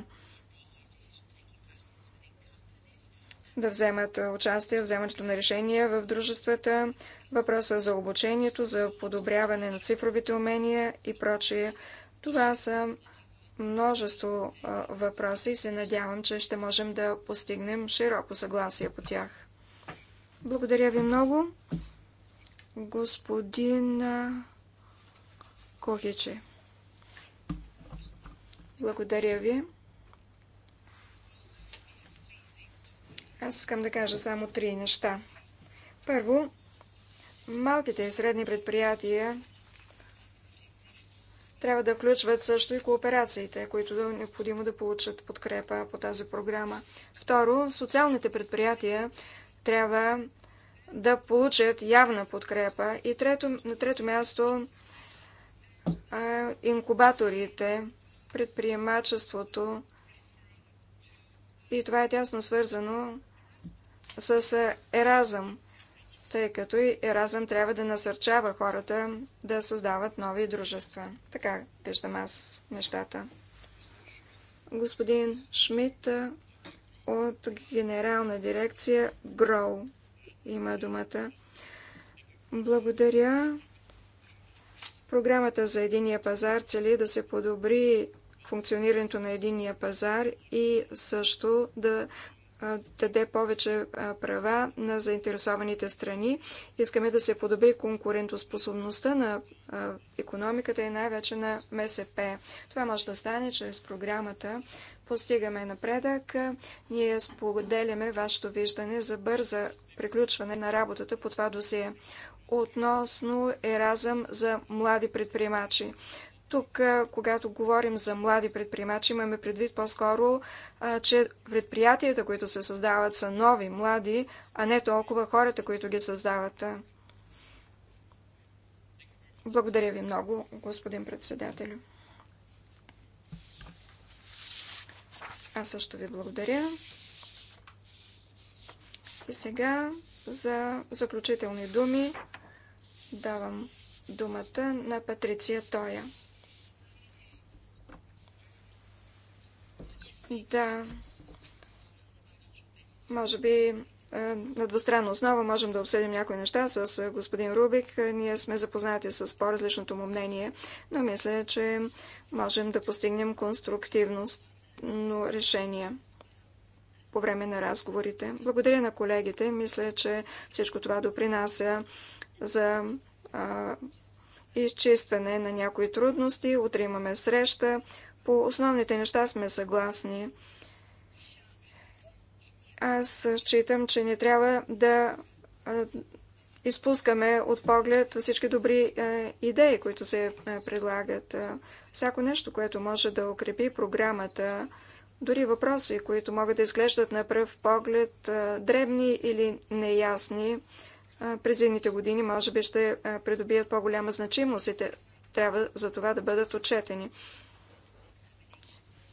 да вземат участие в вземането на решения в дружествата, въпроса за обучението, за подобряване на цифровите умения и прочие. Това са множество въпроси и се надявам, че ще можем да постигнем широко съгласие по тях. Благодаря ви много, господин Кохиче. Благодаря ви. Аз искам да кажа само три неща. Първо, малките и средни предприятия трябва да включват също и кооперациите, които е необходимо да получат подкрепа по тази програма. Второ, социалните предприятия трябва да получат явна подкрепа. И трето, на трето място инкубаторите, предприемачеството. И това е тясно свързано с еразъм тъй като и Еразъм трябва да насърчава хората да създават нови дружества. Така виждам аз нещата. Господин Шмидт от Генерална дирекция ГРОУ има думата. Благодаря. Програмата за единия пазар цели да се подобри функционирането на единия пазар и също да даде повече права на заинтересованите страни. Искаме да се подобри конкурентоспособността на економиката и най-вече на МСП. Това може да стане чрез програмата. Постигаме напредък. Ние споделяме вашето виждане за бърза приключване на работата по това досие относно еразъм за млади предприемачи. Тук, когато говорим за млади предприемачи, имаме предвид по-скоро, че предприятията, които се създават, са нови, млади, а не толкова хората, които ги създават. Благодаря ви много, господин председателю. Аз също ви благодаря. И сега за заключителни думи давам думата на Патриция Тоя. Да. Може би е, на двустранна основа можем да обсъдим някои неща с е, господин Рубик. Е, ние сме запознати с по-различното му мнение, но мисля, че можем да постигнем конструктивно решение по време на разговорите. Благодаря на колегите. Мисля, че всичко това допринася за а, изчистване на някои трудности. Утре имаме среща. По основните неща сме съгласни. Аз считам, че не трябва да изпускаме от поглед всички добри идеи, които се предлагат. Всяко нещо, което може да укрепи програмата, дори въпроси, които могат да изглеждат на пръв поглед дребни или неясни, през едните години може би ще придобият по-голяма значимост и те трябва за това да бъдат отчетени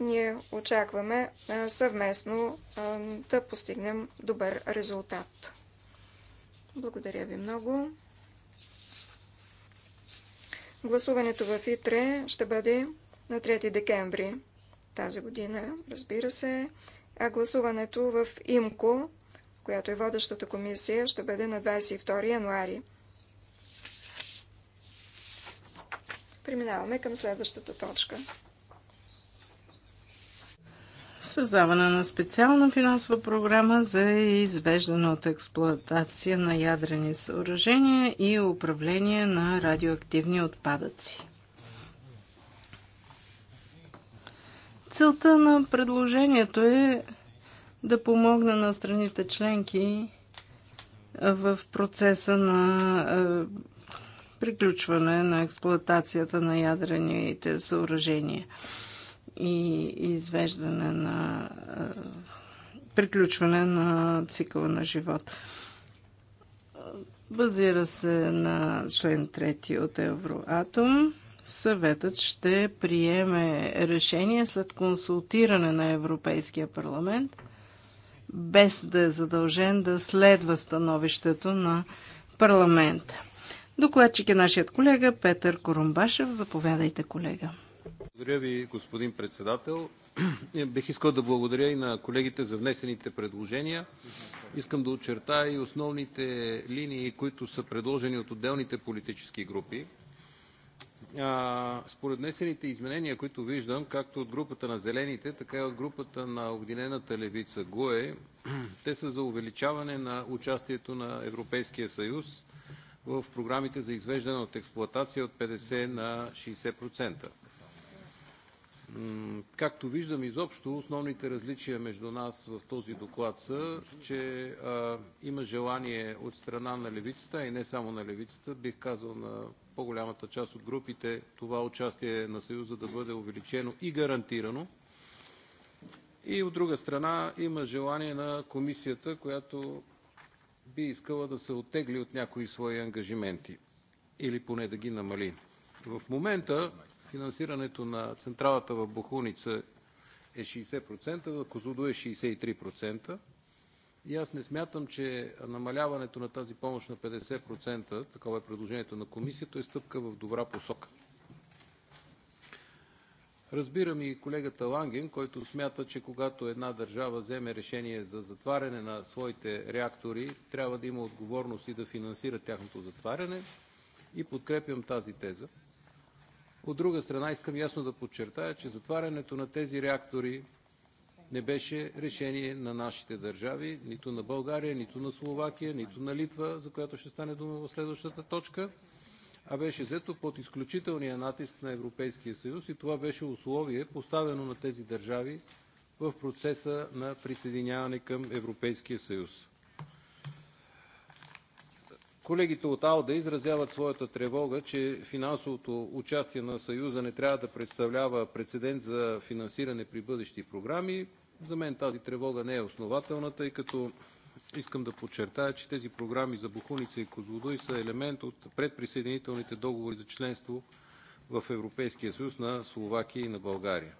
ние очакваме съвместно да постигнем добър резултат. Благодаря ви много. Гласуването в ИТРЕ ще бъде на 3 декември тази година, разбира се, а гласуването в ИМКО, която е водещата комисия, ще бъде на 22 януари. Преминаваме към следващата точка. Създаване на специална финансова програма за извеждане от експлоатация на ядрени съоръжения и управление на радиоактивни отпадъци. Целта на предложението е да помогне на страните членки в процеса на е, приключване на експлоатацията на ядрените съоръжения и извеждане на е, приключване на цикъла на живот. Базира се на член 3 от Евроатом. Съветът ще приеме решение след консултиране на Европейския парламент, без да е задължен да следва становището на парламента. Докладчик е нашият колега Петър Корумбашев. Заповядайте, колега. Благодаря ви, господин председател. *clears throat* Бих искал да благодаря и на колегите за внесените предложения. Искам да очертая и основните линии, които са предложени от отделните политически групи. Според внесените изменения, които виждам, както от групата на Зелените, така и от групата на Обединената левица ГУЕ, *clears throat* те са за увеличаване на участието на Европейския съюз в програмите за извеждане от експлоатация от 50 на 60%. Както виждам изобщо, основните различия между нас в този доклад са, че а, има желание от страна на левицата, и не само на левицата, бих казал на по-голямата част от групите, това участие на Съюза да бъде увеличено и гарантирано. И от друга страна има желание на комисията, която би искала да се оттегли от някои свои ангажименти или поне да ги намали. В момента финансирането на централата в Бухуница е 60%, в Козлодо е 63%. И аз не смятам, че намаляването на тази помощ на 50%, такова е предложението на комисията, е стъпка в добра посока. Разбирам и колегата Ланген, който смята, че когато една държава вземе решение за затваряне на своите реактори, трябва да има отговорност и да финансира тяхното затваряне. И подкрепям тази теза. От друга страна, искам ясно да подчертая, че затварянето на тези реактори не беше решение на нашите държави, нито на България, нито на Словакия, нито на Литва, за която ще стане дума в следващата точка, а беше взето под изключителния натиск на Европейския съюз и това беше условие, поставено на тези държави в процеса на присъединяване към Европейския съюз. Колегите от АЛДЕ изразяват своята тревога, че финансовото участие на Съюза не трябва да представлява прецедент за финансиране при бъдещи програми. За мен тази тревога не е основателна, тъй като искам да подчертая, че тези програми за бухуница и Козлодуй са елемент от предприсъединителните договори за членство в Европейския съюз на Словакия и на България.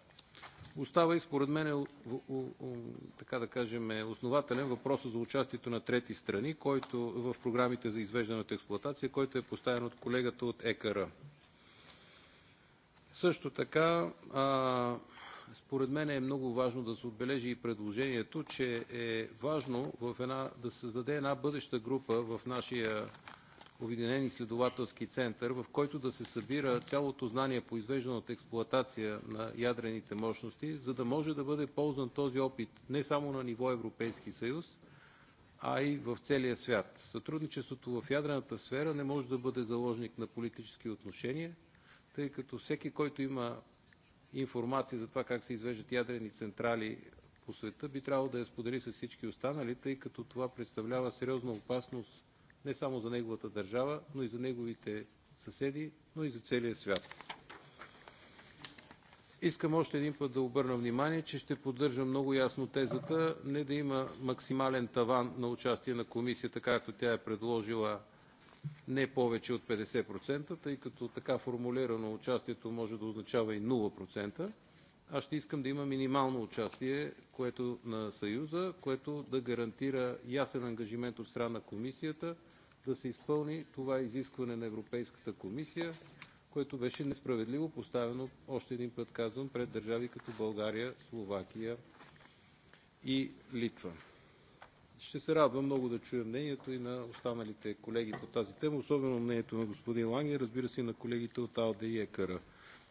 Остава и според мен, е, така да кажем, е основателен въпрос за участието на трети страни, който в програмите за извеждане от експлоатация, който е поставен от колегата от ЕКР. Също така, според мен е много важно да се отбележи и предложението, че е важно в една, да се създаде една бъдеща група в нашия обединен изследователски център, в който да се събира цялото знание, произвеждано от експлоатация на ядрените мощности, за да може да бъде ползван този опит не само на ниво Европейски съюз, а и в целия свят. Сътрудничеството в ядрената сфера не може да бъде заложник на политически отношения, тъй като всеки, който има информация за това как се извеждат ядрени централи по света, би трябвало да я сподели с всички останали, тъй като това представлява сериозна опасност не само за неговата държава, но и за неговите съседи, но и за целия свят. Искам още един път да обърна внимание, че ще поддържам много ясно тезата не да има максимален таван на участие на комисията, както тя е предложила не повече от 50%, тъй като така формулирано участието може да означава и 0% аз ще искам да има минимално участие което на Съюза, което да гарантира ясен ангажимент от страна на комисията да се изпълни това изискване на Европейската комисия, което беше несправедливо поставено, още един път казвам, пред държави като България, Словакия и Литва. Ще се радвам много да чуя мнението и на останалите колеги по тази тема, особено мнението на господин Ланге, разбира се и на колегите от АЛДЕ и Екара.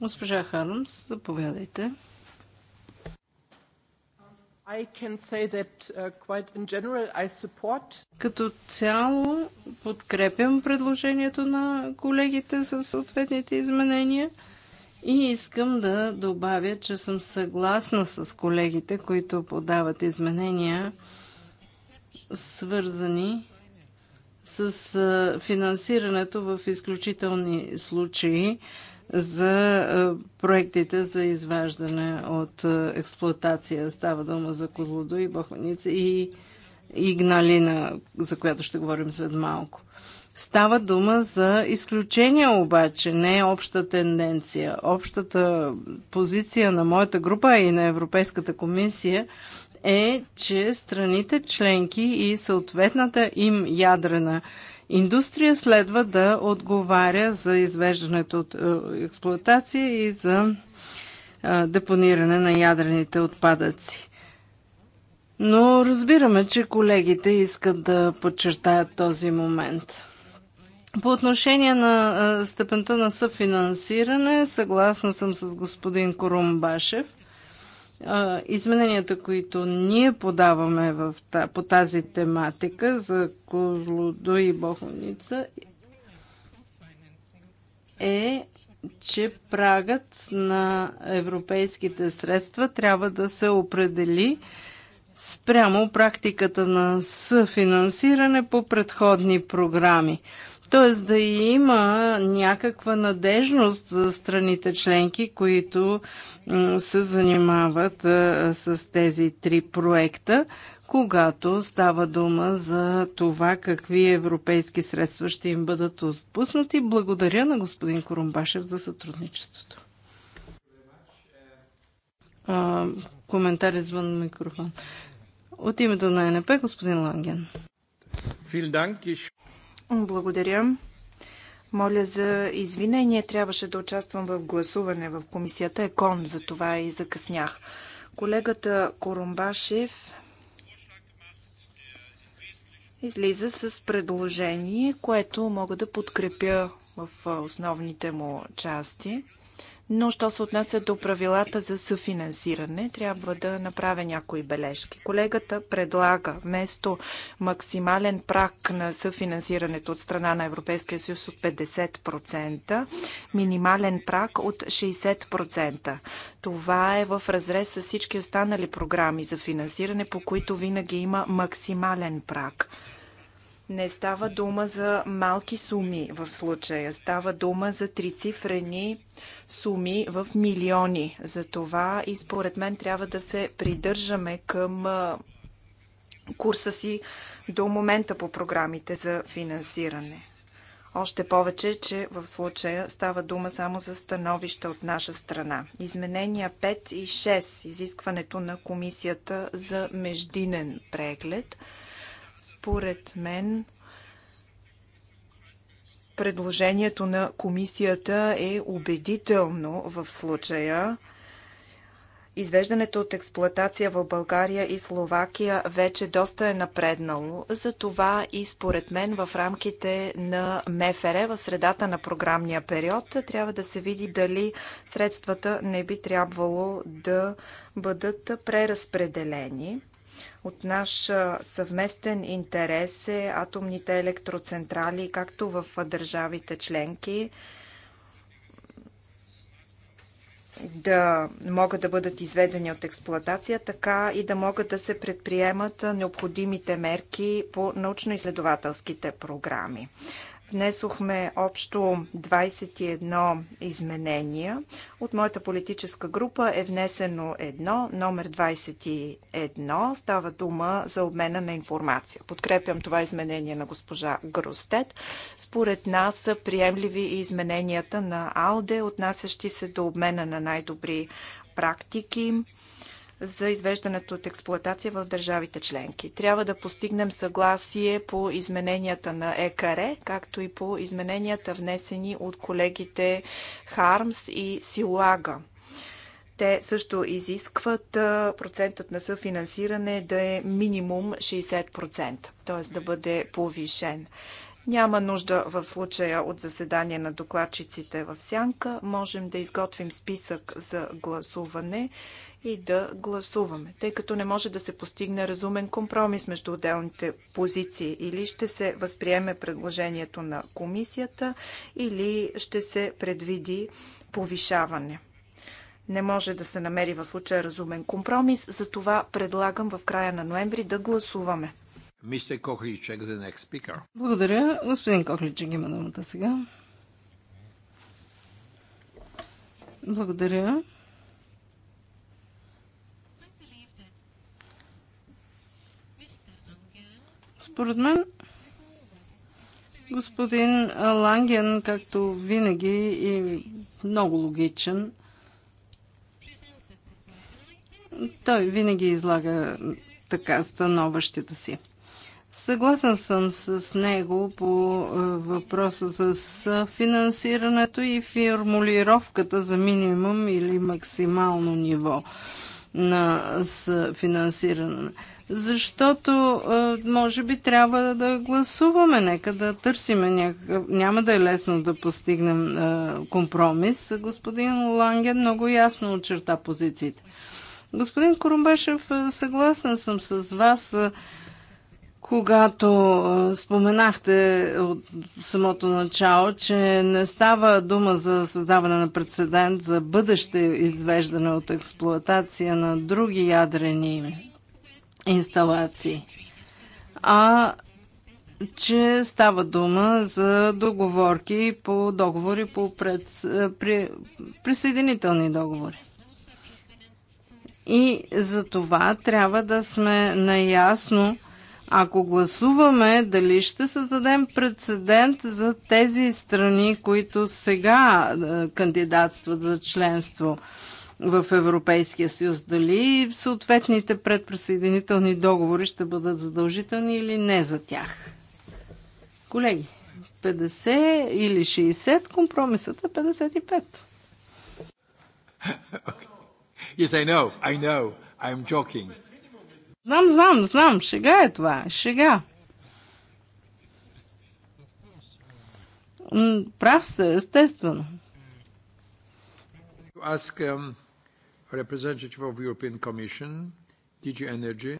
Госпожа Хармс, заповядайте. That, uh, general, support... Като цяло подкрепям предложението на колегите за съответните изменения и искам да добавя, че съм съгласна с колегите, които подават изменения, свързани с финансирането в изключителни случаи за е, проектите за изваждане от е, експлоатация. Става дума за Козлодо и Бахоница и Игналина, за която ще говорим след малко. Става дума за изключения обаче, не обща тенденция. Общата позиция на моята група и на Европейската комисия е, че страните членки и съответната им ядрена индустрия следва да отговаря за извеждането от е, експлуатация и за е, депониране на ядрените отпадъци. Но разбираме, че колегите искат да подчертаят този момент. По отношение на е, степента на съфинансиране, съгласна съм с господин Корумбашев – измененията, които ние подаваме в, по тази тематика за Козлодо и Бохоница е, че прагът на европейските средства трябва да се определи спрямо практиката на съфинансиране по предходни програми. Тоест да има някаква надежност за страните членки, които се занимават с тези три проекта, когато става дума за това какви европейски средства ще им бъдат отпуснати. Благодаря на господин Корумбашев за сътрудничеството. А, коментар извън микрофон. От името на НП, господин Ланген. Благодаря. Моля за извинение. Трябваше да участвам в гласуване в комисията ЕКОН, за това и закъснях. Колегата Корумбашев излиза с предложение, което мога да подкрепя в основните му части. Но, що се отнася до правилата за съфинансиране, трябва да направя някои бележки. Колегата предлага вместо максимален прак на съфинансирането от страна на Европейския съюз от 50%, минимален прак от 60%. Това е в разрез с всички останали програми за финансиране, по които винаги има максимален прак. Не става дума за малки суми в случая. Става дума за трицифрени суми в милиони. За това и според мен трябва да се придържаме към курса си до момента по програмите за финансиране. Още повече, че в случая става дума само за становища от наша страна. Изменения 5 и 6, изискването на комисията за междинен преглед – според мен предложението на комисията е убедително в случая. Извеждането от експлоатация в България и Словакия вече доста е напреднало. Затова и според мен в рамките на МФР, в средата на програмния период, трябва да се види дали средствата не би трябвало да бъдат преразпределени. От наш съвместен интерес е атомните електроцентрали, както в държавите членки, да могат да бъдат изведени от експлоатация, така и да могат да се предприемат необходимите мерки по научно-изследователските програми. Внесохме общо 21 изменения. От моята политическа група е внесено едно, номер 21. Става дума за обмена на информация. Подкрепям това изменение на госпожа Гростет. Според нас са приемливи и измененията на АЛДЕ, отнасящи се до обмена на най-добри практики, за извеждането от експлоатация в държавите членки. Трябва да постигнем съгласие по измененията на ЕКАРЕ, както и по измененията внесени от колегите Хармс и Силага. Те също изискват процентът на съфинансиране да е минимум 60%, т.е. да бъде повишен. Няма нужда в случая от заседание на докладчиците в Сянка. Можем да изготвим списък за гласуване и да гласуваме, тъй като не може да се постигне разумен компромис между отделните позиции. Или ще се възприеме предложението на комисията, или ще се предвиди повишаване. Не може да се намери в случая разумен компромис, затова предлагам в края на ноември да гласуваме. Мистер Kohlíček, the next speaker. Благодаря. Господин Кохличек има думата сега. Благодаря. Според мен, господин Ланген, както винаги, е много логичен. Той винаги излага така становищите си. Съгласен съм с него по е, въпроса за финансирането и формулировката за минимум или максимално ниво на финансиране. Защото е, може би трябва да гласуваме, нека да търсиме някакъв... Няма да е лесно да постигнем е, компромис. Господин Ланген много ясно очерта позициите. Господин Корумбашев, съгласен съм с вас. Когато споменахте от самото начало, че не става дума за създаване на прецедент за бъдеще извеждане от експлоатация на други ядрени инсталации, а че става дума за договорки по договори по пред, при, присъединителни договори. И за това трябва да сме наясно, ако гласуваме, дали ще създадем прецедент за тези страни, които сега кандидатстват за членство в Европейския съюз, дали съответните предприсъединителни договори ще бъдат задължителни или не за тях. Колеги, 50 или 60, компромисът е 55. *laughs* Okay. Yes, I I know, I'm joking. Знам, знам, знам. Шега е това. Шега. Прав сте, естествено. Um,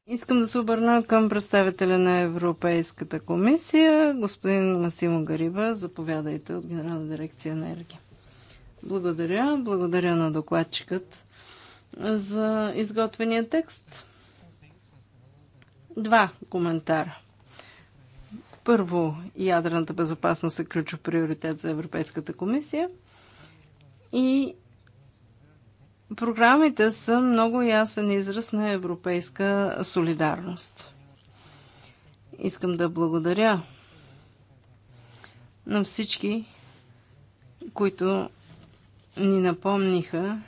Искам да се обърна към представителя на Европейската комисия, господин Масимо Гариба. Заповядайте от Генерална дирекция енергия. Благодаря. Благодаря на докладчикът за изготвения текст. Два коментара. Първо, ядрената безопасност е ключов приоритет за Европейската комисия и програмите са много ясен израз на европейска солидарност. Искам да благодаря на всички, които ни напомниха,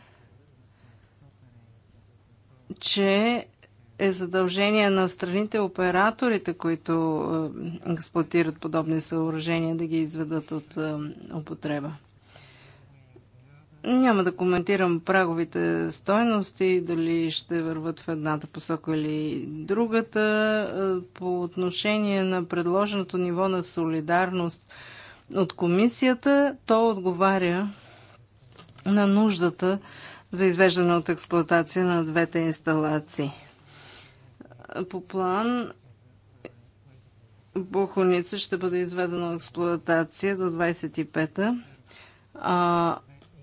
че е задължение на страните операторите, които е, експлуатират подобни съоръжения, да ги изведат от е, употреба. Няма да коментирам праговите стойности, дали ще върват в едната посока или другата. Е, по отношение на предложеното ниво на солидарност от комисията, то отговаря на нуждата за извеждане от експлоатация на двете инсталации по план Бохоница ще бъде изведена експлуатация до 25-та, а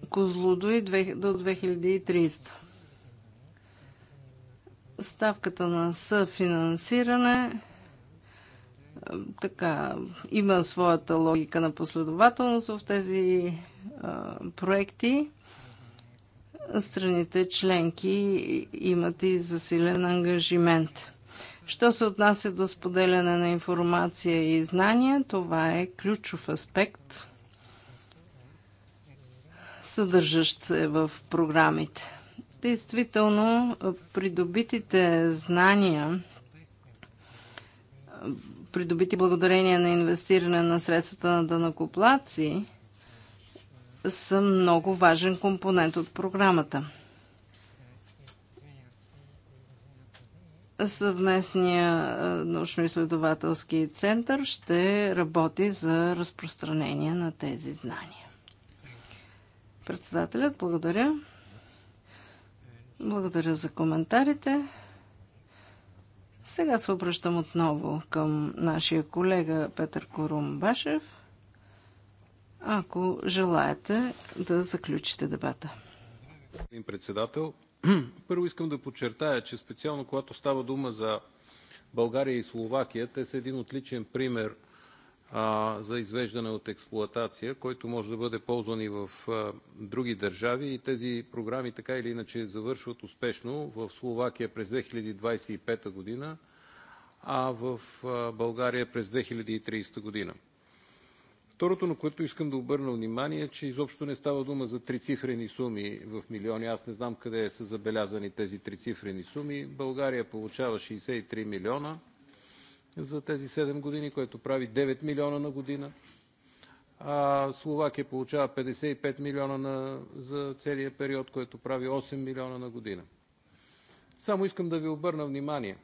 Козлодой до 2300. Ставката на съфинансиране така, има своята логика на последователност в тези а, проекти. Страните членки имат и засилен ангажимент. Що се отнася до споделяне на информация и знания, това е ключов аспект, съдържащ се в програмите. Действително, придобитите знания, придобити благодарение на инвестиране на средствата на данакоплаци, са много важен компонент от програмата. съвместния научно-изследователски център ще работи за разпространение на тези знания. Председателят, благодаря. Благодаря за коментарите. Сега се обръщам отново към нашия колега Петър Корум Башев. Ако желаете да заключите дебата. Господин председател, *clears throat* Първо искам да подчертая, че специално когато става дума за България и Словакия, те са един отличен пример а, за извеждане от експлоатация, който може да бъде ползван и в а, други държави. И тези програми така или иначе завършват успешно. В Словакия през 2025 година, а в а, България през 2030 година. Второто, на което искам да обърна внимание, е, че изобщо не става дума за трицифрени суми в милиони. Аз не знам къде са забелязани тези трицифрени суми. България получава 63 милиона за тези 7 години, което прави 9 милиона на година. А Словакия получава 55 милиона на, за целия период, което прави 8 милиона на година. Само искам да ви обърна внимание,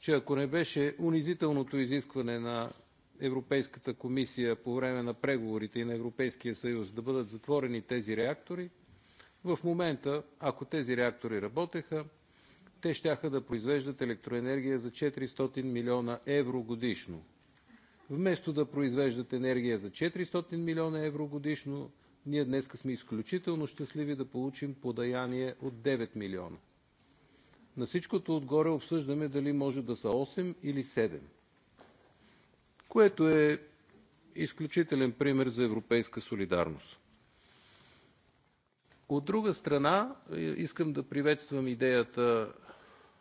че ако не беше унизителното изискване на Европейската комисия по време на преговорите и на Европейския съюз да бъдат затворени тези реактори, в момента, ако тези реактори работеха, те щяха да произвеждат електроенергия за 400 милиона евро годишно. Вместо да произвеждат енергия за 400 милиона евро годишно, ние днес сме изключително щастливи да получим подаяние от 9 милиона. На всичкото отгоре обсъждаме дали може да са 8 или 7 което е изключителен пример за европейска солидарност. От друга страна, е, искам да приветствам идеята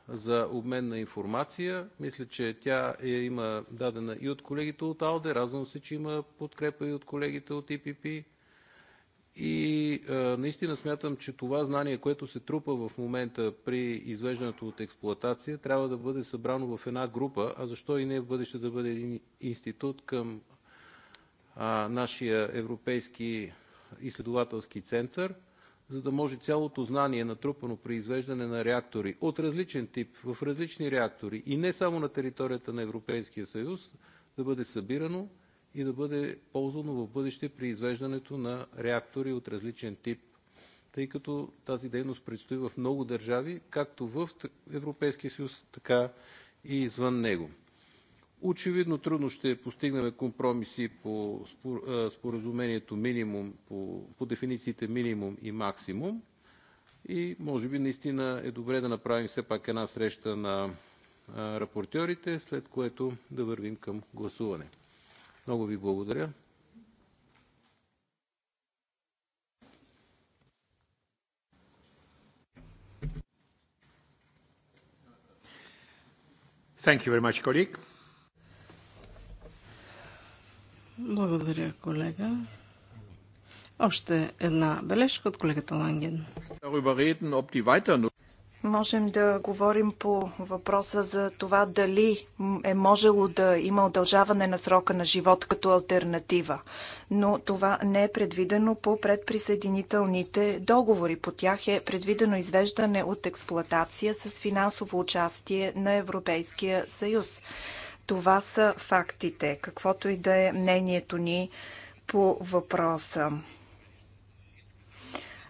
за обмен на информация. Мисля, че тя е, има дадена и от колегите от АЛДЕ. Радвам се, че има подкрепа и от колегите от ИПП. И а, наистина смятам, че това знание, което се трупа в момента при извеждането от експлоатация, трябва да бъде събрано в една група, а защо и не в бъдеще да бъде един институт към а, нашия европейски изследователски център, за да може цялото знание, натрупано при извеждане на реактори от различен тип, в различни реактори и не само на територията на Европейския съюз, да бъде събирано и да бъде ползвано в бъдеще при извеждането на реактори от различен тип, тъй като тази дейност предстои в много държави, както в Европейския съюз, така и извън него. Очевидно трудно ще постигнем компромиси по споразумението минимум, по, по дефинициите минимум и максимум. И може би наистина е добре да направим все пак една среща на рапортьорите, след което да вървим към гласуване. Много ви благодаря. Thank you very much, colleague. Благодаря, колега. Още една бележка от колегата Ланген. Darüber reden, ob die weiter Можем да говорим по въпроса за това дали е можело да има удължаване на срока на живот като альтернатива, но това не е предвидено по предприсъединителните договори. По тях е предвидено извеждане от експлоатация с финансово участие на Европейския съюз. Това са фактите, каквото и да е мнението ни по въпроса.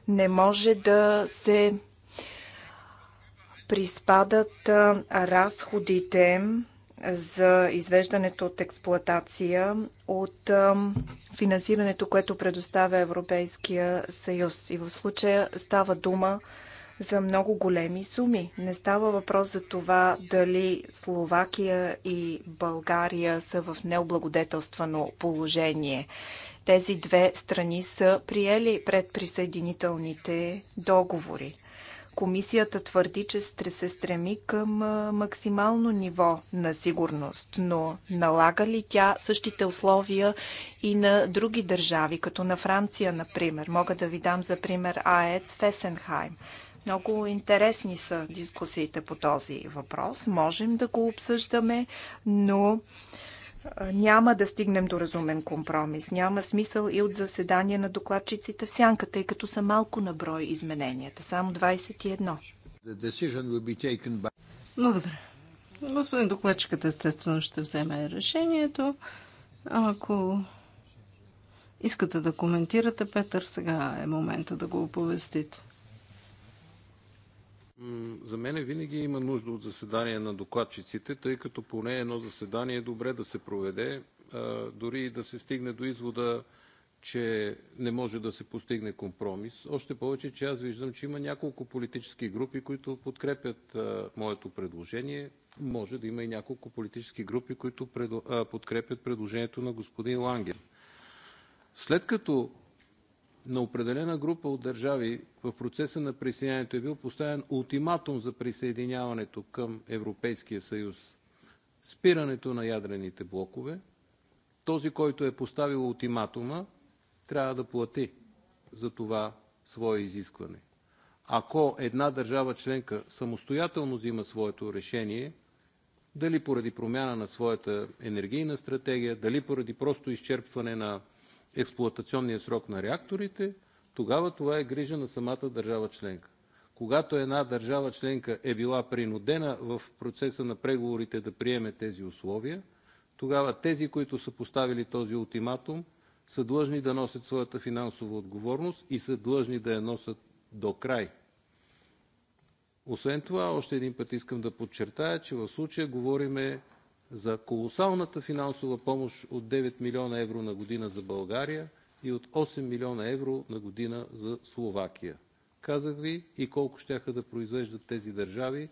Не може да се приспадат разходите за извеждането от експлоатация от финансирането, което предоставя Европейския съюз. И в случая става дума за много големи суми. Не става въпрос за това дали Словакия и България са в необлагодетелствано положение. Тези две страни са приели предприсъединителните договори. Комисията твърди, че се стреми към максимално ниво на сигурност, но налага ли тя същите условия и на други държави, като на Франция, например? Мога да ви дам за пример АЕЦ Фесенхайм. Много интересни са дискусиите по този въпрос. Можем да го обсъждаме, но няма да стигнем до разумен компромис. Няма смисъл и от заседание на докладчиците в сянка, тъй като са малко на брой измененията. Само 21. Благодаря. Господин докладчикът естествено ще вземе решението. Ако искате да коментирате, Петър, сега е момента да го оповестите. За мен винаги има нужда от заседание на докладчиците, тъй като поне едно заседание е добре да се проведе, дори и да се стигне до извода, че не може да се постигне компромис. Още повече, че аз виждам, че има няколко политически групи, които подкрепят моето предложение. Може да има и няколко политически групи, които подкрепят предложението на господин Ланген. След като на определена група от държави в процеса на присъединяването е бил поставен ултиматум за присъединяването към Европейския съюз, спирането на ядрените блокове, този, който е поставил ултиматума, трябва да плати за това свое изискване. Ако една държава членка самостоятелно взима своето решение, дали поради промяна на своята енергийна стратегия, дали поради просто изчерпване на експлоатационния срок на реакторите, тогава това е грижа на самата държава членка. Когато една държава членка е била принудена в процеса на преговорите да приеме тези условия, тогава тези, които са поставили този ултиматум, са длъжни да носят своята финансова отговорност и са длъжни да я носят до край. Освен това, още един път искам да подчертая, че в случая говориме за колосалната финансова помощ от 9 милиона евро на година за България и от 8 милиона евро на година за Словакия. Казах ви и колко щяха да произвеждат тези държави,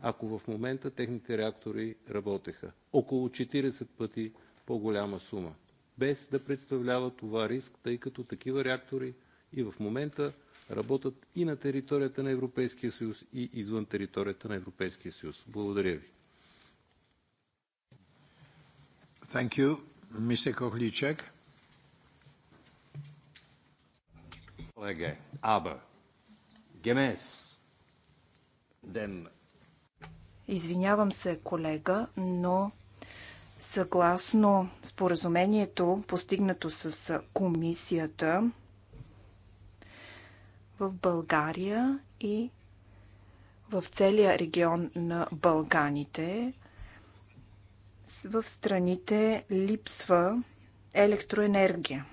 ако в момента техните реактори работеха. Около 40 пъти по-голяма сума. Без да представлява това риск, тъй като такива реактори и в момента работят и на територията на Европейския съюз, и извън територията на Европейския съюз. Благодаря ви. Thank you. Mr. Kohliček. Kollege, Извинявам се, колега, но съгласно споразумението, постигнато с комисията в България и в целия регион на Балканите, в страните липсва електроенергия.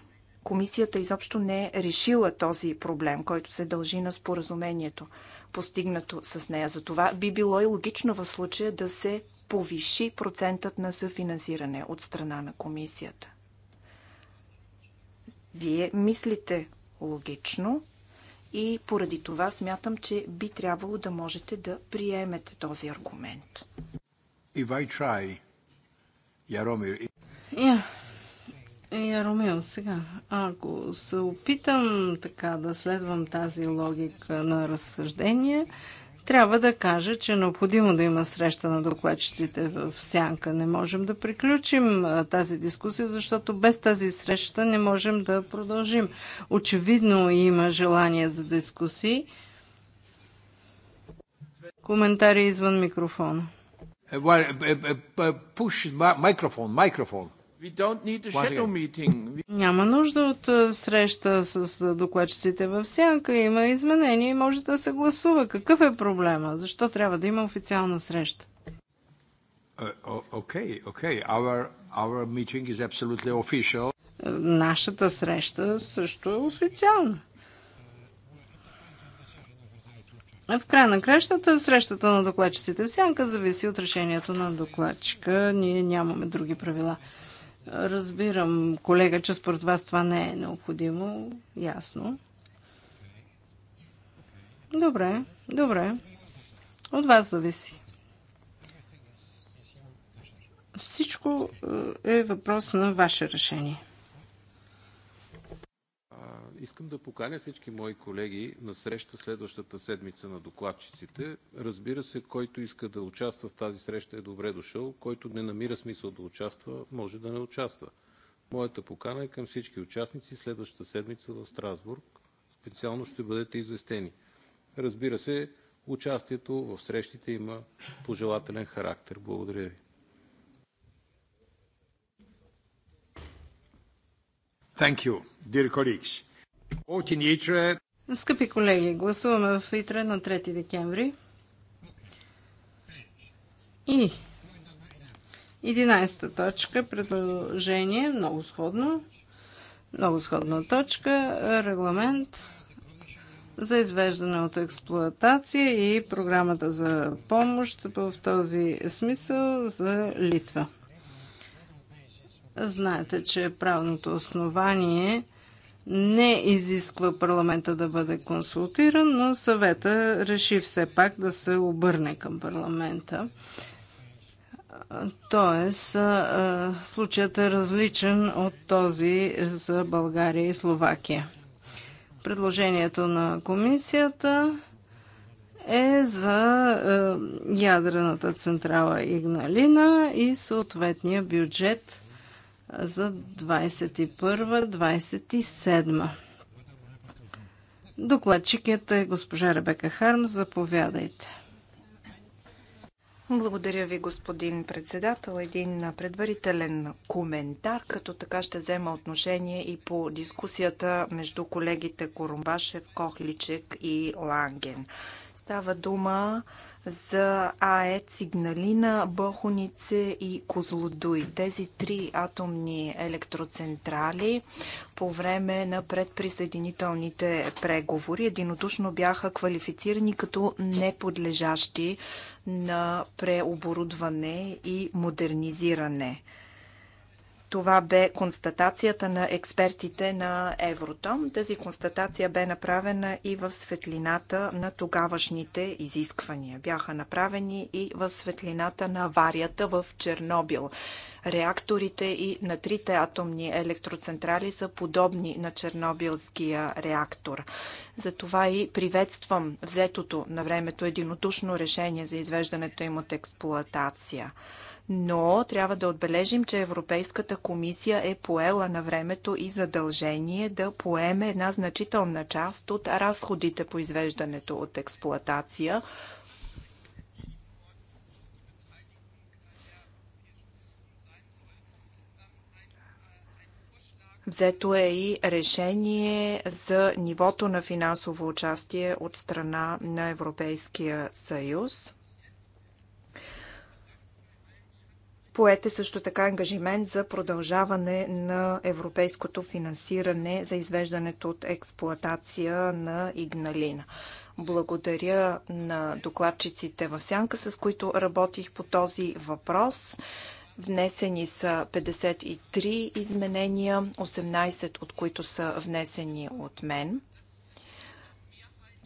Комисията изобщо не е решила този проблем, който се дължи на споразумението, постигнато с нея. Затова би било и логично в случая да се повиши процентът на съфинансиране от страна на комисията. Вие мислите логично и поради това смятам, че би трябвало да можете да приемете този аргумент. If I try Яромир. Я, Яромил, сега, ако се опитам така да следвам тази логика на разсъждение, трябва да кажа, че е необходимо да има среща на докладчиците в Сянка. Не можем да приключим тази дискусия, защото без тази среща не можем да продължим. Очевидно има желание за дискусии. Коментари извън микрофона. Uh, well, uh, uh, uh, uh push microphone, microphone. We don't need a shadow meeting. Няма нужда от среща с докладчиците в сянка. Има изменения и може да се гласува. Какъв е проблема? Защо трябва да има официална среща? Окей, uh, окей. Okay, okay. Our, our meeting is absolutely official. Е, нашата среща също е официална. В края на кращата, срещата на докладчиците в сянка зависи от решението на докладчика. Ние нямаме други правила. Разбирам, колега, че според вас това не е необходимо. Ясно. Добре, добре. От вас зависи. Всичко е, е въпрос на ваше решение искам да поканя всички мои колеги на среща следващата седмица на докладчиците. Разбира се, който иска да участва в тази среща е добре дошъл, който не намира смисъл да участва, може да не участва. Моята покана е към всички участници следващата седмица в Страсбург. Специално ще бъдете известени. Разбира се, участието в срещите има пожелателен характер. Благодаря ви. Thank you, dear colleagues. Itre... Скъпи колеги, гласуваме в ИТРЕ на 3 декември. И 11-та точка, предложение, много сходно, много сходна точка, регламент за извеждане от експлоатация и програмата за помощ в този смисъл за Литва. Знаете, че правното основание не изисква парламента да бъде консултиран, но съвета реши все пак да се обърне към парламента. Тоест, случаят е различен от този за България и Словакия. Предложението на комисията е за ядрената централа Игналина и съответния бюджет – за 2021-2027. Докладчикът е госпожа Ребека Харм. Заповядайте. Благодаря ви, господин председател. Един предварителен коментар, като така ще взема отношение и по дискусията между колегите Корумбашев, Кохличек и Ланген. Става дума за АЕЦ Сигналина, Бохунице и Козлодуй. Тези три атомни електроцентрали по време на предприсъединителните преговори единодушно бяха квалифицирани като неподлежащи на преоборудване и модернизиране. Това бе констатацията на експертите на Евротом. Тази констатация бе направена и в светлината на тогавашните изисквания. Бяха направени и в светлината на аварията в Чернобил. Реакторите и на трите атомни електроцентрали са подобни на чернобилския реактор. Затова и приветствам взетото на времето единодушно решение за извеждането им от експлоатация но трябва да отбележим, че Европейската комисия е поела на времето и задължение да поеме една значителна част от разходите по извеждането от експлоатация. Взето е и решение за нивото на финансово участие от страна на Европейския съюз. Поете също така ангажимент за продължаване на европейското финансиране за извеждането от експлоатация на Игналина. Благодаря на докладчиците в Сянка, с които работих по този въпрос. Внесени са 53 изменения, 18 от които са внесени от мен.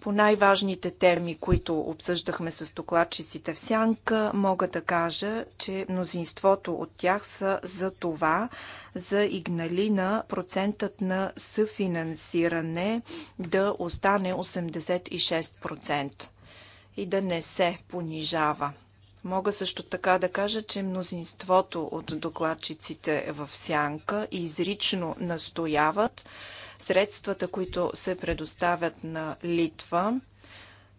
По най-важните терми, които обсъждахме с докладчиците в Сянка, мога да кажа, че мнозинството от тях са за това, за Игналина процентът на съфинансиране да остане 86% и да не се понижава. Мога също така да кажа, че мнозинството от докладчиците в Сянка изрично настояват средствата, които се предоставят на Литва,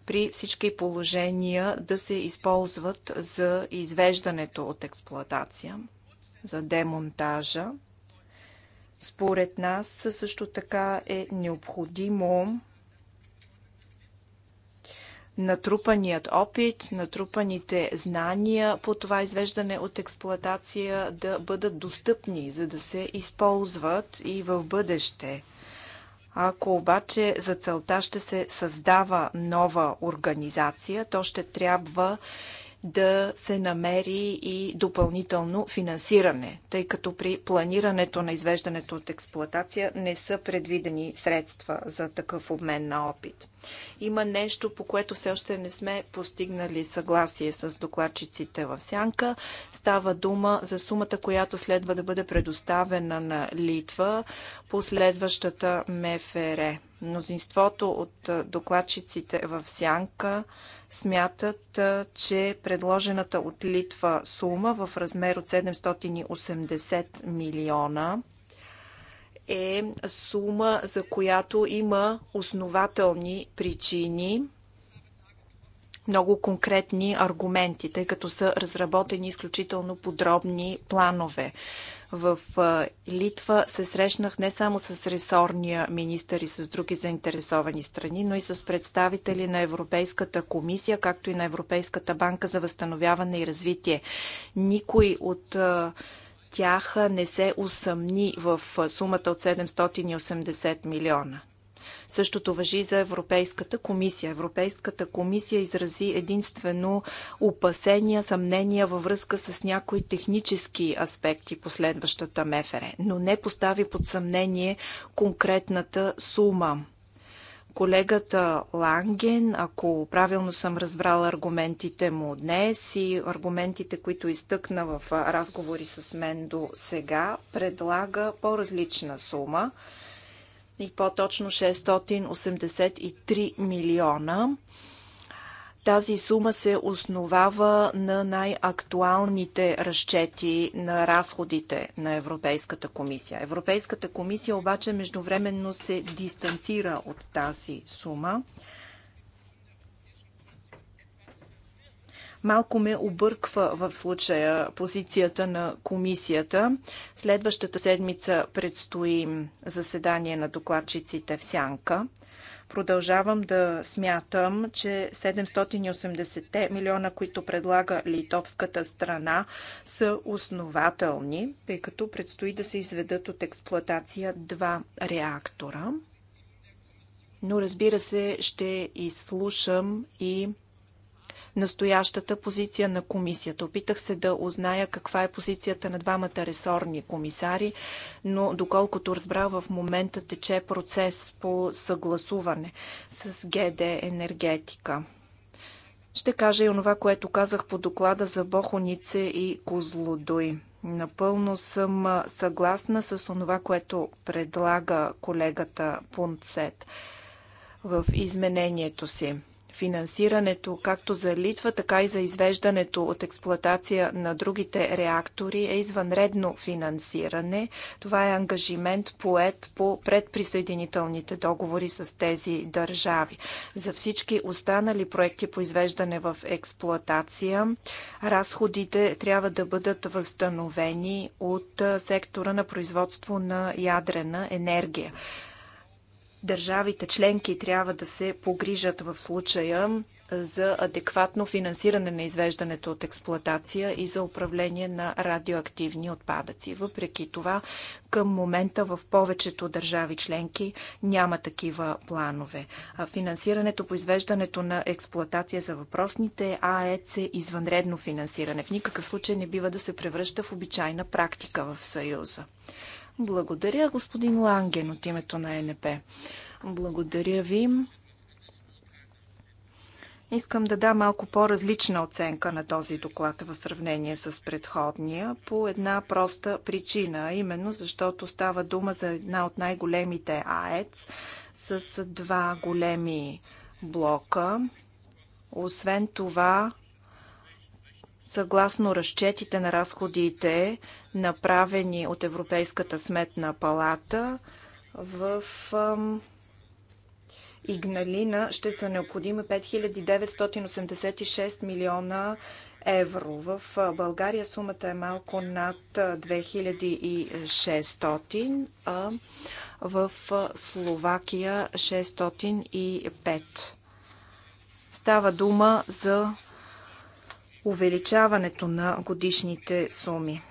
при всички положения да се използват за извеждането от експлоатация, за демонтажа. Според нас също така е необходимо натрупаният опит, натрупаните знания по това извеждане от експлоатация да бъдат достъпни, за да се използват и в бъдеще – ако обаче за целта ще се създава нова организация, то ще трябва да се намери и допълнително финансиране, тъй като при планирането на извеждането от експлоатация не са предвидени средства за такъв обмен на опит. Има нещо, по което все още не сме постигнали съгласие с докладчиците в Сянка. Става дума за сумата, която следва да бъде предоставена на Литва по следващата МФР. Мнозинството от докладчиците в Сянка смятат, че предложената от Литва сума в размер от 780 милиона е сума, за която има основателни причини, много конкретни аргументи, тъй като са разработени изключително подробни планове. В Литва се срещнах не само с ресорния министър и с други заинтересовани страни, но и с представители на Европейската комисия, както и на Европейската банка за възстановяване и развитие. Никой от тях не се усъмни в сумата от 780 милиона. Същото въжи за Европейската комисия. Европейската комисия изрази единствено опасения, съмнения във връзка с някои технически аспекти последващата МФР, но не постави под съмнение конкретната сума колегата Ланген, ако правилно съм разбрала аргументите му днес и аргументите, които изтъкна в разговори с мен до сега, предлага по-различна сума и по-точно 683 милиона. Тази сума се основава на най-актуалните разчети на разходите на Европейската комисия. Европейската комисия обаче междувременно се дистанцира от тази сума. Малко ме обърква в случая позицията на комисията. Следващата седмица предстои заседание на докладчиците в Сянка. Продължавам да смятам, че 780 милиона, които предлага литовската страна, са основателни, тъй като предстои да се изведат от експлоатация два реактора. Но разбира се, ще изслушам и настоящата позиция на комисията. Опитах се да узная каква е позицията на двамата ресорни комисари, но доколкото разбрах в момента тече процес по съгласуване с ГД енергетика. Ще кажа и онова, което казах по доклада за Бохонице и Козлодой. Напълно съм съгласна с онова, което предлага колегата Пунцет в изменението си финансирането както за Литва, така и за извеждането от експлоатация на другите реактори е извънредно финансиране. Това е ангажимент поет по предприсъединителните договори с тези държави. За всички останали проекти по извеждане в експлоатация, разходите трябва да бъдат възстановени от сектора на производство на ядрена енергия. Държавите членки трябва да се погрижат в случая за адекватно финансиране на извеждането от експлоатация и за управление на радиоактивни отпадъци. Въпреки това, към момента в повечето държави членки няма такива планове. А финансирането по извеждането на експлоатация за въпросните АЕЦ е извънредно финансиране. В никакъв случай не бива да се превръща в обичайна практика в Съюза. Благодаря, господин Ланген, от името на НП. Благодаря ви. Искам да дам малко по-различна оценка на този доклад в сравнение с предходния по една проста причина, именно защото става дума за една от най-големите АЕЦ с два големи блока. Освен това, Съгласно разчетите на разходите, направени от Европейската сметна палата, в Игналина ще са необходими 5986 милиона евро. В България сумата е малко над 2600, а в Словакия 605. Става дума за увеличаването на годишните суми.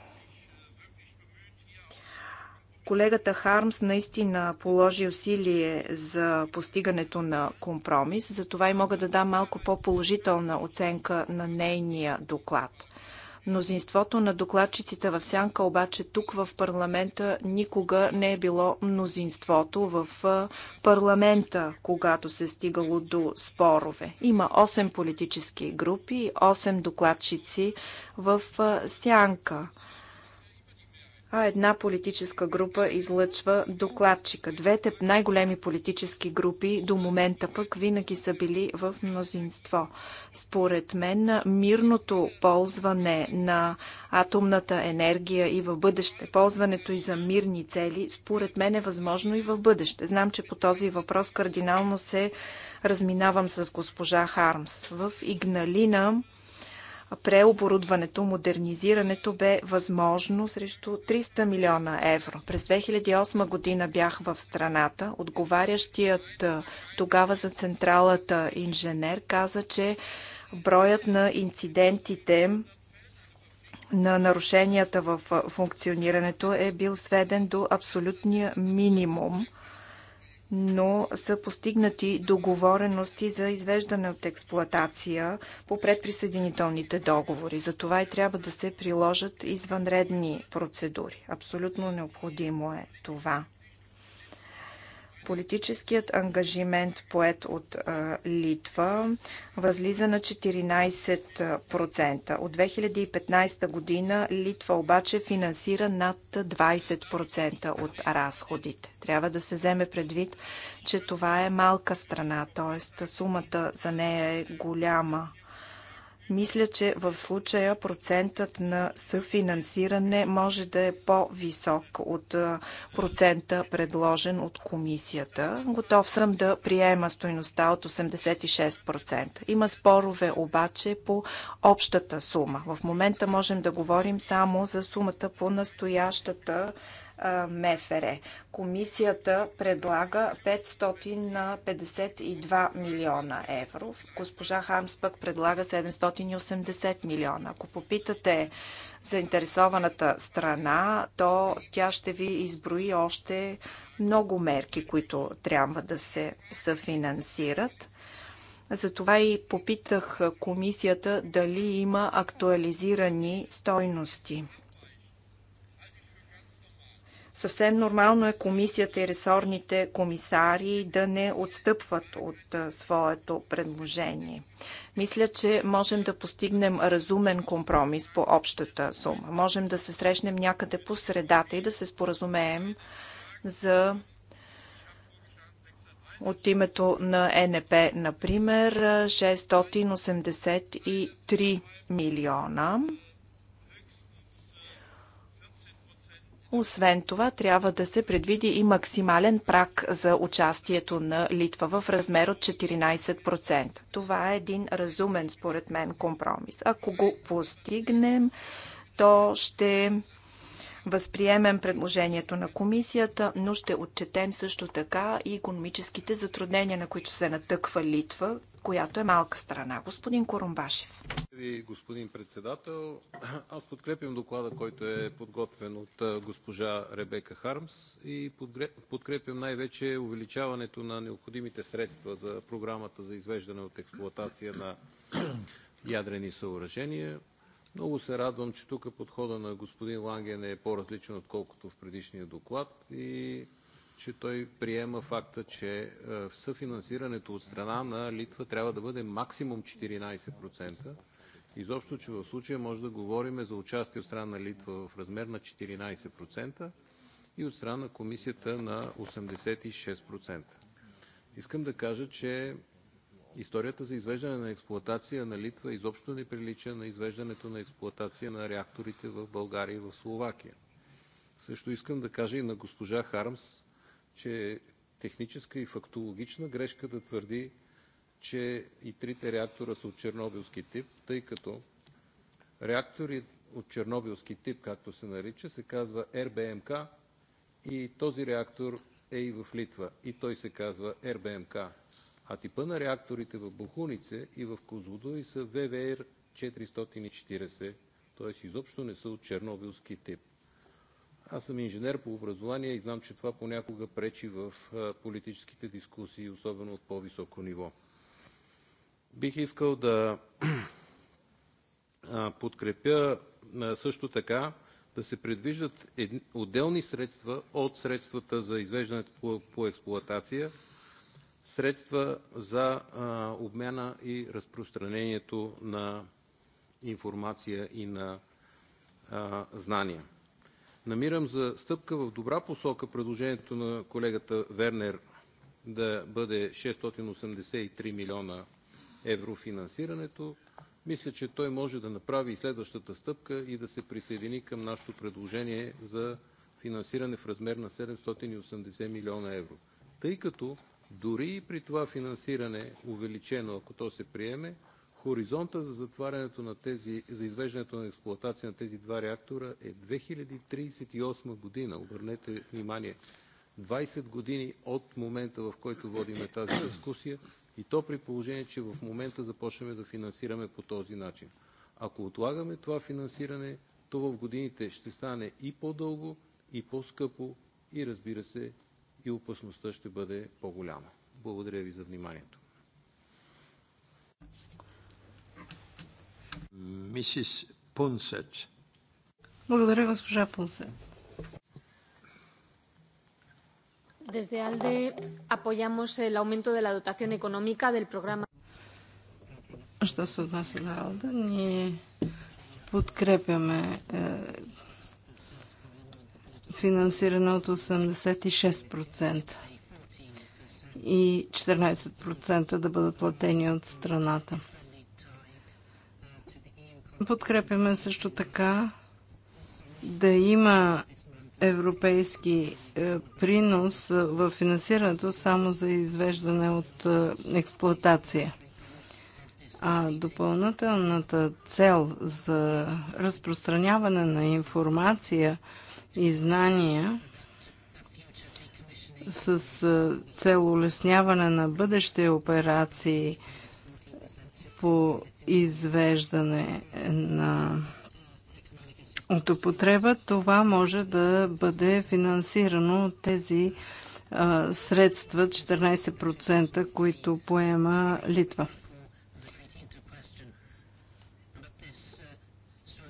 Колегата Хармс наистина положи усилие за постигането на компромис, затова и мога да дам малко по-положителна оценка на нейния доклад. Мнозинството на докладчиците в Сянка обаче тук в парламента никога не е било мнозинството в парламента, когато се е стигало до спорове. Има 8 политически групи, 8 докладчици в Сянка а една политическа група излъчва докладчика. Двете най-големи политически групи до момента пък винаги са били в мнозинство. Според мен, мирното ползване на атомната енергия и в бъдеще, ползването и за мирни цели, според мен е възможно и в бъдеще. Знам, че по този въпрос кардинално се разминавам с госпожа Хармс. В Игналина преоборудването, модернизирането бе възможно срещу 300 милиона евро. През 2008 година бях в страната. Отговарящият тогава за централата инженер каза, че броят на инцидентите на нарушенията в функционирането е бил сведен до абсолютния минимум – но са постигнати договорености за извеждане от експлоатация по предприсъединителните договори. За това и трябва да се приложат извънредни процедури. Абсолютно необходимо е това. Политическият ангажимент поет от Литва възлиза на 14%. От 2015 година Литва обаче финансира над 20% от разходите. Трябва да се вземе предвид, че това е малка страна, т.е. сумата за нея е голяма. Мисля, че в случая процентът на съфинансиране може да е по-висок от процента предложен от комисията. Готов съм да приема стоеността от 86%. Има спорове обаче по общата сума. В момента можем да говорим само за сумата по настоящата МФР. Комисията предлага 552 милиона евро. Госпожа Хамс пък предлага 780 милиона. Ако попитате заинтересованата страна, то тя ще ви изброи още много мерки, които трябва да се съфинансират. Затова и попитах комисията дали има актуализирани стойности. Съвсем нормално е комисията и ресорните комисари да не отстъпват от своето предложение. Мисля, че можем да постигнем разумен компромис по общата сума. Можем да се срещнем някъде по средата и да се споразумеем за от името на НП, например, 683 милиона. Освен това, трябва да се предвиди и максимален прак за участието на Литва в размер от 14%. Това е един разумен, според мен, компромис. Ако го постигнем, то ще възприемем предложението на комисията, но ще отчетем също така и економическите затруднения, на които се натъква Литва, която е малка страна. Господин Корумбашев. Ви, господин председател. *clears throat* Аз подкрепям доклада, който е подготвен от госпожа Ребека Хармс и подкрепям най-вече увеличаването на необходимите средства за програмата за извеждане от експлуатация на *clears throat* ядрени съоръжения. Много се радвам, че тук подхода на господин Ланген е по-различен, отколкото в предишния доклад и че той приема факта, че е, съфинансирането от страна на Литва трябва да бъде максимум 14%. Изобщо, че в случая може да говорим за участие от страна на Литва в размер на 14% и от страна на комисията на 86%. Искам да кажа, че историята за извеждане на експлоатация на Литва изобщо не прилича на извеждането на експлоатация на реакторите в България и в Словакия. Също искам да кажа и на госпожа Хармс, че е техническа и фактологична грешка да твърди, че и трите реактора са от чернобилски тип, тъй като реактори от чернобилски тип, както се нарича, се казва РБМК и този реактор е и в Литва и той се казва РБМК а типа на реакторите в Бухунице и в Козлодуй са ВВР 440, т.е. изобщо не са от черновилски тип. Аз съм инженер по образование и знам, че това понякога пречи в политическите дискусии, особено от по-високо ниво. Бих искал да *clears throat* подкрепя също така да се предвиждат отделни средства от средствата за извеждането по експлоатация средства за обмяна и разпространението на информация и на знания. Намирам за стъпка в добра посока предложението на колегата Вернер да бъде 683 милиона евро финансирането. Мисля, че той може да направи и следващата стъпка и да се присъедини към нашето предложение за финансиране в размер на 780 милиона евро, тъй като дори и при това финансиране увеличено, ако то се приеме, хоризонта за затварянето на тези, за извеждането на експлуатация на тези два реактора е 2038 година. Обърнете внимание, 20 години от момента, в който водиме тази дискусия и то при положение, че в момента започваме да финансираме по този начин. Ако отлагаме това финансиране, то в годините ще стане и по-дълго, и по-скъпо, и разбира се, и опасността ще бъде по-голяма. Благодаря ви за вниманието. Мисис Пунсет. Благодаря, госпожа Пунсет. Desde ALDE apoyamos el aumento de la dotación económica del programa. Що се отнася до ALDE, ние подкрепяме е, финансиране от 86% и 14% да бъдат платени от страната. Подкрепяме също така да има европейски е, принос в финансирането само за извеждане от е, експлоатация. А допълнителната цел за разпространяване на информация и знания с цел улесняване на бъдещи операции по извеждане на от употреба, това може да бъде финансирано от тези а, средства, 14%, които поема Литва.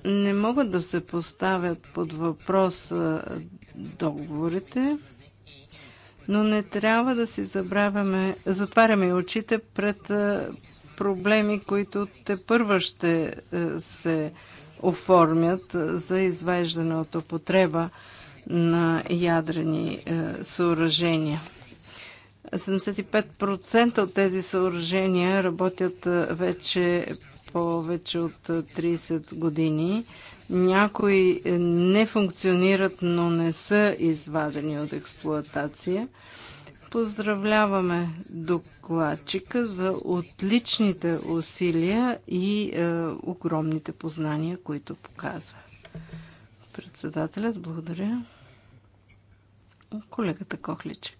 не могат да се поставят под въпрос договорите, но не трябва да си забравяме, затваряме очите пред проблеми, които те първа ще се оформят за извеждане от употреба на ядрени съоръжения. 75% от тези съоръжения работят вече повече от 30 години. Някои е, не функционират, но не са извадени от експлоатация. Поздравляваме докладчика за отличните усилия и е, огромните познания, които показва. Председателят, благодаря. Колегата Кохличек.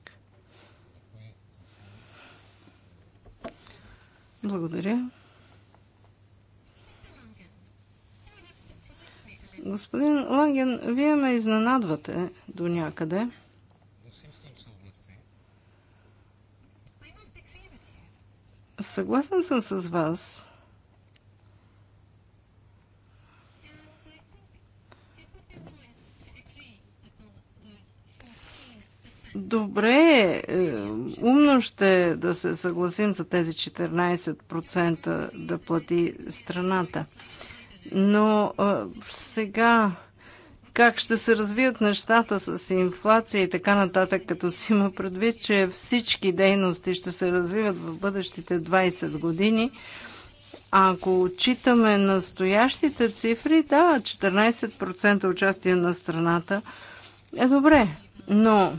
Благодаря. Господин Ланген, вие ме изненадвате до някъде. Съгласен съм с вас. Добре, е, умно ще да се съгласим за тези 14% да плати страната. Но а, сега как ще се развият нещата с инфлация и така нататък, като си има предвид, че всички дейности ще се развиват в бъдещите 20 години. ако читаме настоящите цифри, да, 14% участие на страната е добре, но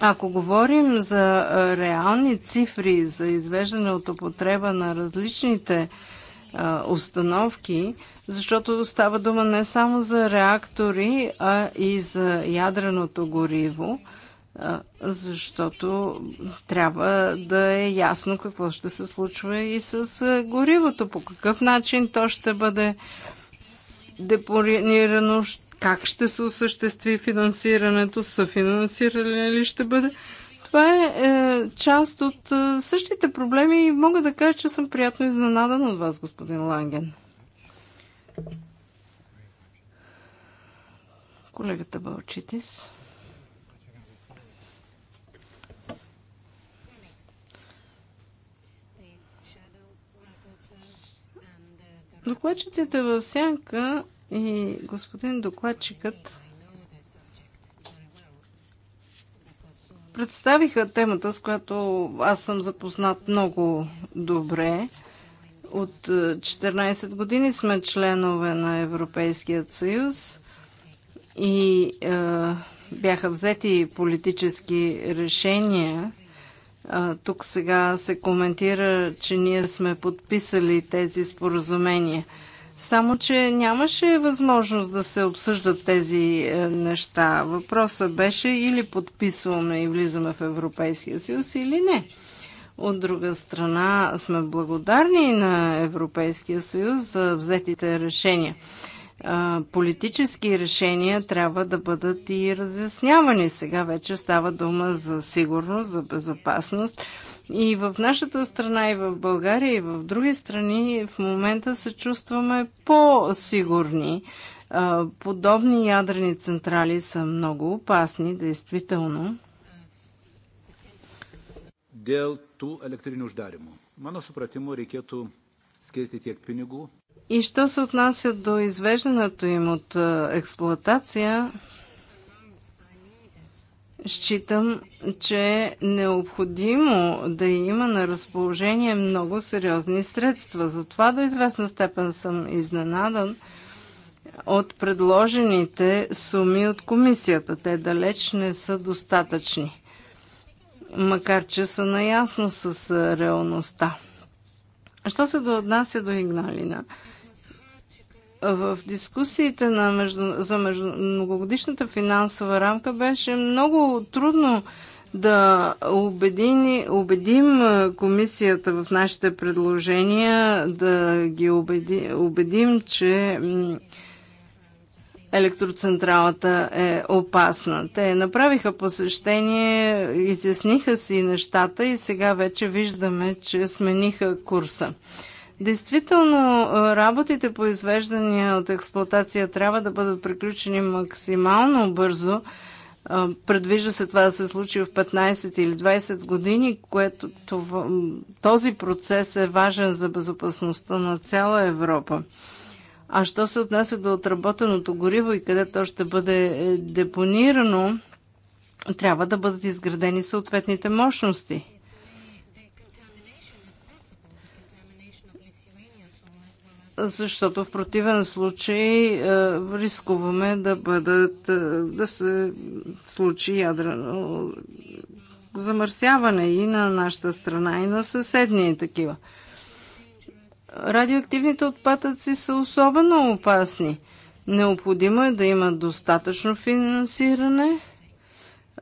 ако говорим за реални цифри, за извеждане от употреба на различните установки, защото става дума не само за реактори, а и за ядреното гориво, защото трябва да е ясно какво ще се случва и с горивото, по какъв начин то ще бъде депонирано, как ще се осъществи финансирането, съфинансиране ли ще бъде. Това е, е част от е, същите проблеми и мога да кажа, че съм приятно изненадан от вас, господин Ланген. Колегата Балчитис. Докладчиците в сянка и господин докладчикът представиха темата, с която аз съм запознат много добре. От 14 е, години сме членове на Европейският съюз и е, бяха взети политически решения. Е, тук сега се коментира, че ние сме подписали тези споразумения – само, че нямаше възможност да се обсъждат тези е, неща. Въпросът беше или подписваме и влизаме в Европейския съюз или не. От друга страна сме благодарни на Европейския съюз за взетите решения. Е, политически решения трябва да бъдат и разяснявани. Сега вече става дума за сигурност, за безопасност и в нашата страна, и в България, и в други страни в момента се чувстваме по-сигурни. Подобни ядрени централи са много опасни, действително. Дел ту електринų Мано супратимо рекето reikėtų тек tiek И що се отнася до извеждането им от експлоатация, Считам, че е необходимо да има на разположение много сериозни средства. Затова до известна степен съм изненадан от предложените суми от комисията. Те далеч не са достатъчни, макар че са наясно с реалността. Що се отнася до Игналина? в дискусиите на между, за между, многогодишната финансова рамка беше много трудно да убедим, убедим комисията в нашите предложения, да ги убеди, убедим, че електроцентралата е опасна. Те направиха посещение, изясниха си нещата и сега вече виждаме, че смениха курса. Действително, работите по извеждания от експлоатация трябва да бъдат приключени максимално бързо. Предвижда се това да се случи в 15 или 20 години, което това, този процес е важен за безопасността на цяла Европа. А що се отнася до отработеното гориво и къде то ще бъде е, депонирано, трябва да бъдат изградени съответните мощности. защото в противен случай е, рискуваме да бъдат е, да се случи ядрено замърсяване и на нашата страна, и на съседния такива. Радиоактивните отпадъци са особено опасни. Необходимо е да има достатъчно финансиране.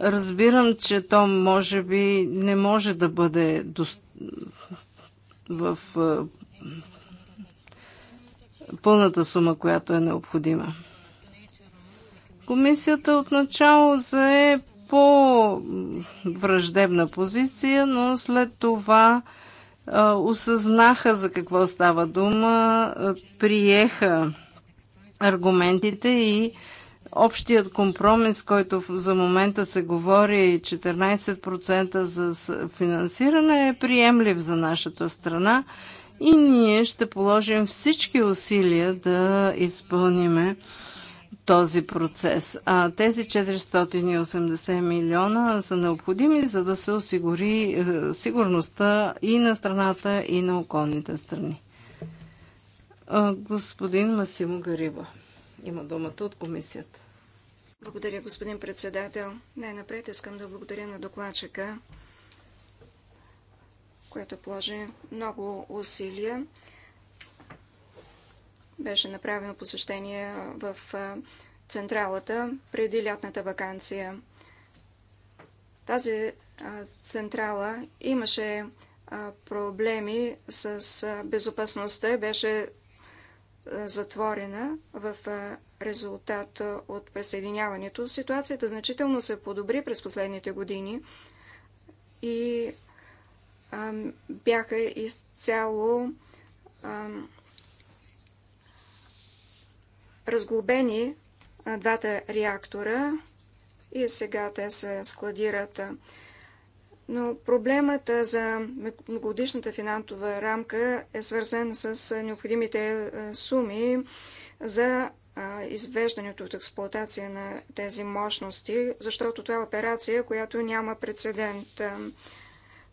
Разбирам, че то може би не може да бъде до... в е, пълната сума, която е необходима. Комисията отначало зае по-враждебна позиция, но след това а, осъзнаха за какво става дума, а, приеха аргументите и общият компромис, който за момента се говори 14% за финансиране, е приемлив за нашата страна и ние ще положим всички усилия да изпълниме този процес. А тези 480 милиона са необходими, за да се осигури е, сигурността и на страната, и на околните страни. Господин Масимо Гариба има думата от комисията. Благодаря, господин председател. Най-напред искам да благодаря на докладчика което положи много усилия. Беше направено посещение в централата преди лятната вакансия. Тази централа имаше проблеми с безопасността, беше затворена в резултат от присъединяването. Ситуацията значително се подобри през последните години и бяха изцяло разглобени двата реактора и сега те се складират. Но проблемът за годишната финансова рамка е свързан с необходимите суми за извеждането от експлоатация на тези мощности, защото това е операция, която няма прецедент.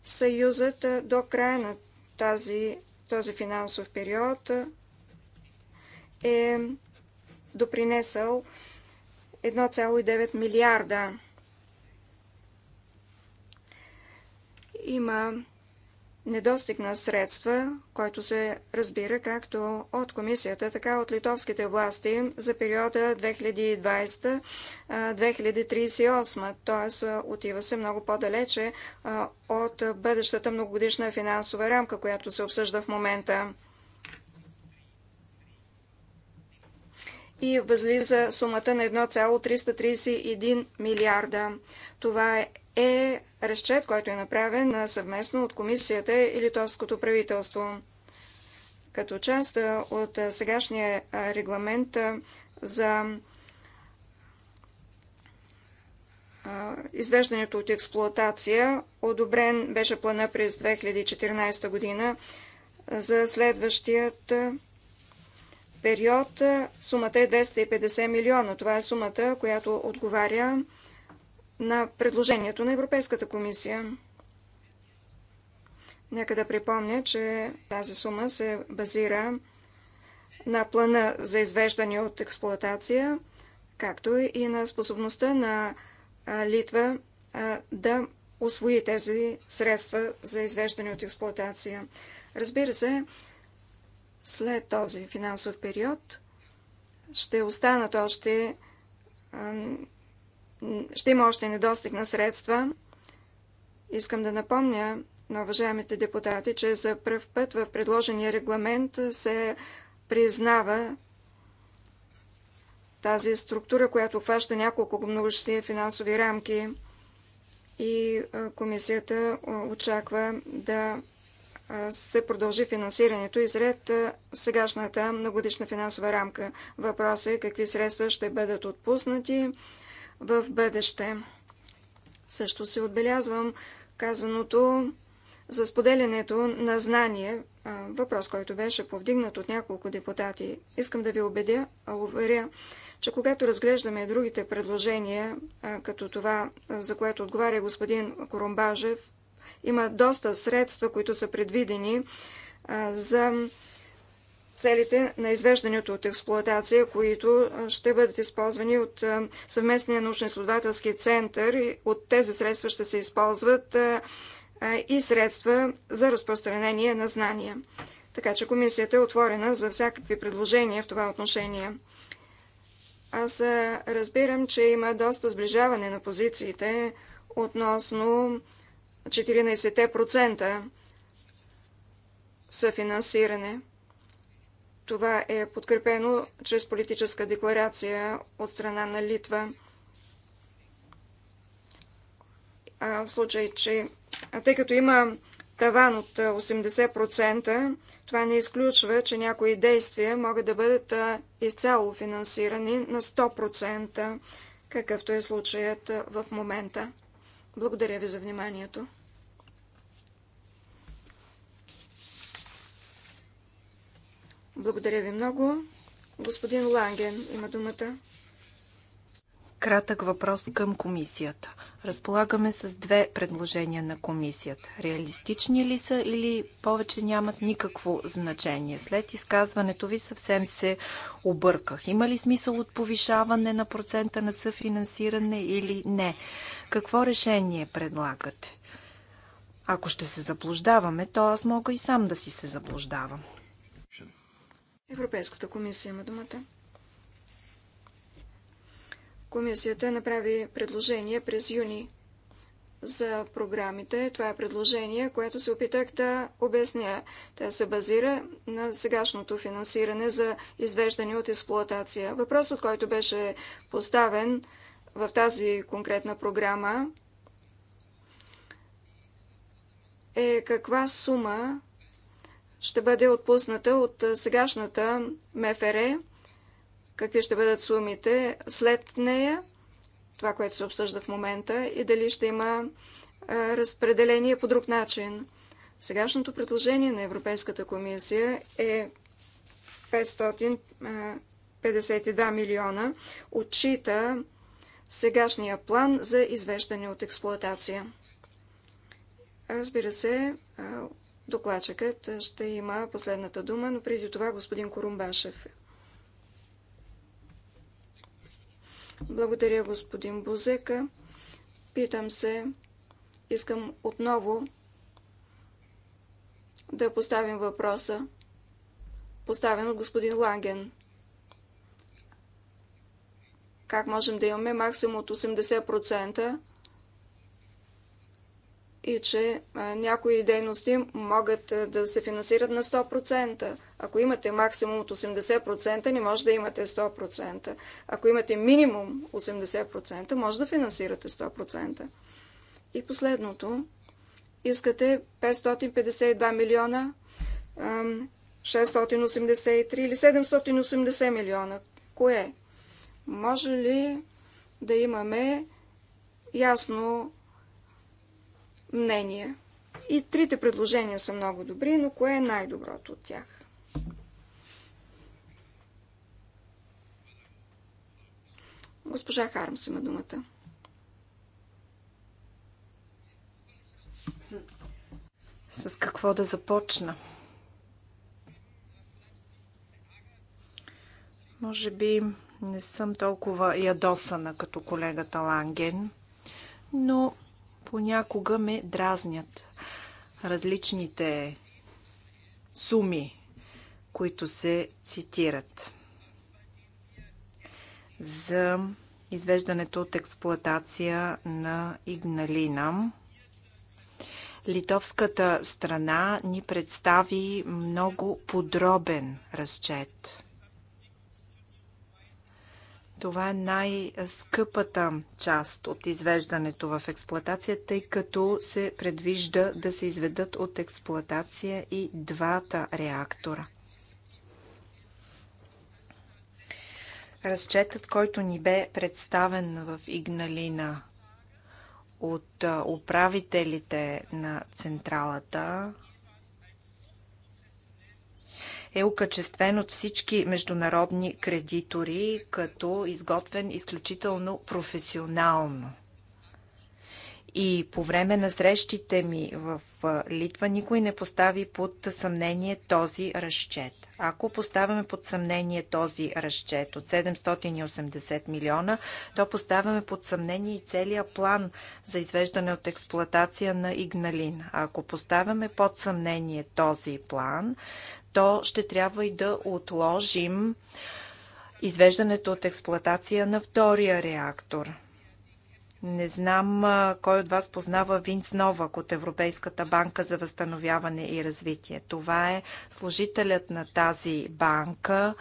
Съюзът до края на тази, този финансов период е допринесъл 1,9 милиарда. Има недостиг на средства, който се разбира както от комисията, така от литовските власти за периода 2020-2038. Т.е. отива се много по-далече от бъдещата многогодишна финансова рамка, която се обсъжда в момента. и възлиза сумата на 1,331 милиарда. Това е, е разчет, който е направен съвместно от комисията и литовското правителство. Като част от сегашния регламент за извеждането от експлоатация, одобрен беше плана през 2014 година за следващият период сумата е 250 милиона. Това е сумата, която отговаря на предложението на Европейската комисия. Нека да припомня, че тази сума се базира на плана за извеждане от експлоатация, както и на способността на Литва да освои тези средства за извеждане от експлоатация. Разбира се, след този финансов период ще останат още, ще има още недостиг на средства. Искам да напомня на уважаемите депутати, че за първ път в предложения регламент се признава тази структура, която хваща няколко многощи финансови рамки и комисията очаква да се продължи финансирането и сред сегашната многодишна финансова рамка. Въпросът е какви средства ще бъдат отпуснати в бъдеще. Също се отбелязвам казаното за споделянето на знание, въпрос, който беше повдигнат от няколко депутати. Искам да ви убедя, а уверя, че когато разглеждаме другите предложения, като това, за което отговаря господин Коромбажев. Има доста средства, които са предвидени за целите на извеждането от експлоатация, които ще бъдат използвани от съвместния научно-изследователски център. От тези средства ще се използват и средства за разпространение на знания. Така че комисията е отворена за всякакви предложения в това отношение. Аз разбирам, че има доста сближаване на позициите относно 14% съфинансиране. Това е подкрепено чрез политическа декларация от страна на Литва. А, в случай, че тъй като има таван от 80%, това не изключва, че някои действия могат да бъдат изцяло финансирани на 100%, какъвто е случаят в момента. Благодаря ви за вниманието. Благодаря ви много. Господин Ланген има думата. Кратък въпрос към комисията. Разполагаме с две предложения на комисията. Реалистични ли са или повече нямат никакво значение? След изказването ви съвсем се обърках. Има ли смисъл от повишаване на процента на съфинансиране или не? Какво решение предлагате? Ако ще се заблуждаваме, то аз мога и сам да си се заблуждавам. Европейската комисия има думата. Комисията направи предложение през юни за програмите. Това е предложение, което се опитах да обясня. Тя се базира на сегашното финансиране за извеждане от експлоатация. Въпросът, който беше поставен в тази конкретна програма е каква сума ще бъде отпусната от сегашната МФР, какви ще бъдат сумите след нея, това, което се обсъжда в момента, и дали ще има разпределение по друг начин. Сегашното предложение на Европейската комисия е 552 милиона, отчита сегашния план за извеждане от експлоатация. Разбира се, Докладчикът ще има последната дума, но преди това господин Корумбашев. Благодаря, господин Бузека. Питам се, искам отново да поставим въпроса, поставен от господин Ланген. Как можем да имаме максимум от 80%? и че някои дейности могат да се финансират на 100%. Ако имате максимум от 80%, не може да имате 100%. Ако имате минимум 80%, може да финансирате 100%. И последното, искате 552 милиона, 683 или 780 милиона. Кое? Може ли да имаме ясно мнение. И трите предложения са много добри, но кое е най-доброто от тях? Госпожа Хармс има думата. С какво да започна? Може би не съм толкова ядосана като колегата Ланген, но понякога ме дразнят различните суми, които се цитират за извеждането от експлоатация на Игналина. Литовската страна ни представи много подробен разчет. Това е най-скъпата част от извеждането в експлоатация, тъй като се предвижда да се изведат от експлоатация и двата реактора. Разчетът, който ни бе представен в Игналина от управителите на централата, е окачествен от всички международни кредитори като изготвен изключително професионално. И по време на срещите ми в Литва никой не постави под съмнение този разчет. Ако поставяме под съмнение този разчет от 780 милиона, то поставяме под съмнение и целият план за извеждане от експлоатация на Игналин. Ако поставяме под съмнение този план, то ще трябва и да отложим извеждането от експлоатация на втория реактор. Не знам кой от вас познава Винс Новак от Европейската банка за възстановяване и развитие. Това е служителят на тази банка,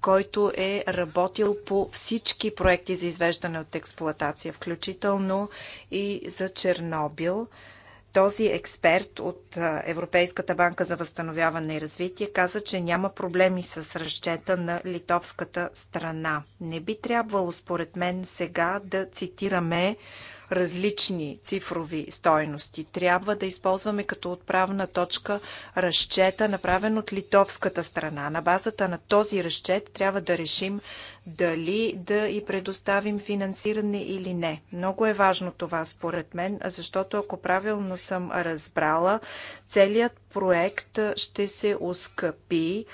който е работил по всички проекти за извеждане от експлоатация, включително и за Чернобил. Този експерт от Европейската банка за възстановяване и развитие каза, че няма проблеми с разчета на литовската страна. Не би трябвало, според мен, сега да цитираме различни цифрови стойности. Трябва да използваме като отправна точка разчета, направен от литовската страна. На базата на този разчет трябва да решим дали да и предоставим финансиране или не. Много е важно това според мен, защото ако правилно съм разбрала, целият проект ще се ускъпи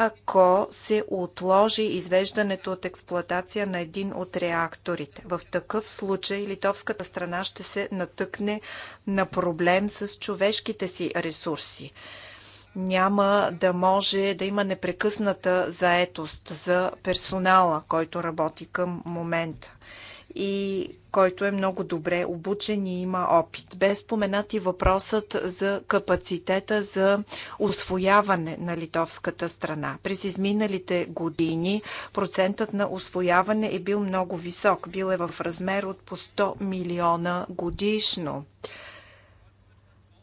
ако се отложи извеждането от експлоатация на един от реакторите. В такъв случай литовската страна ще се натъкне на проблем с човешките си ресурси. Няма да може да има непрекъсната заетост за персонала, който работи към момента. И който е много добре обучен и има опит. Бе споменат и въпросът за капацитета за освояване на литовската страна. През изминалите години процентът на освояване е бил много висок. Бил е в размер от по 100 милиона годишно.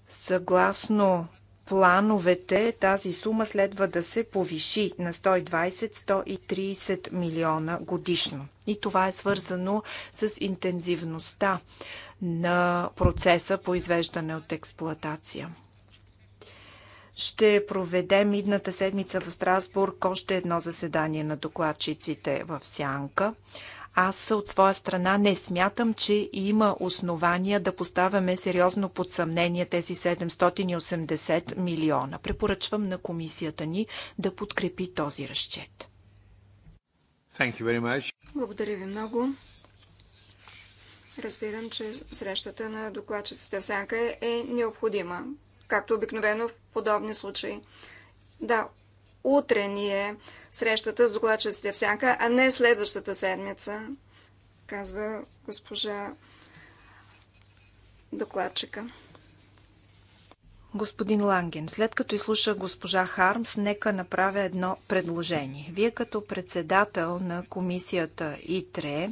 Съгласно плановете тази сума следва да се повиши на 120-130 милиона годишно. И това е свързано с интензивността на процеса по извеждане от експлоатация. Ще проведем идната седмица в Страсбург още едно заседание на докладчиците в Сянка. Аз от своя страна не смятам, че има основания да поставяме сериозно под съмнение тези 780 милиона. Препоръчвам на комисията ни да подкрепи този разчет. Благодаря ви много. Разбирам, че срещата на докладчиците в Сянка е необходима, както обикновено в подобни случаи. Да, Утре ни е срещата с докладчиците в сянка, а не следващата седмица, казва госпожа докладчика. Господин Ланген, след като изслуша госпожа Хармс, нека направя едно предложение. Вие като председател на комисията ИТРЕ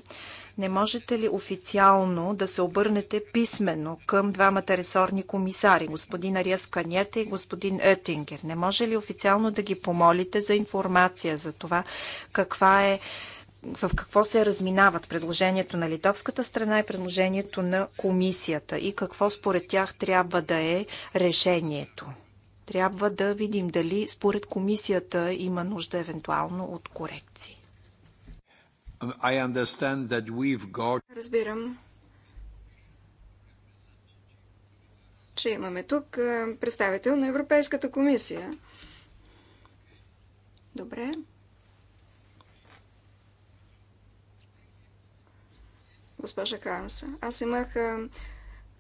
не можете ли официално да се обърнете писменно към двамата ресорни комисари, господин Ариас Каньете и господин Етингер? Не може ли официално да ги помолите за информация за това каква е в какво се разминават предложението на литовската страна и предложението на комисията и какво според тях трябва да е решението. Трябва да видим дали според комисията има нужда евентуално от корекции. I understand that we've got... Разбирам, че имаме тук е, представител на Европейската комисия. Добре. Госпожа Кармса, аз имах а,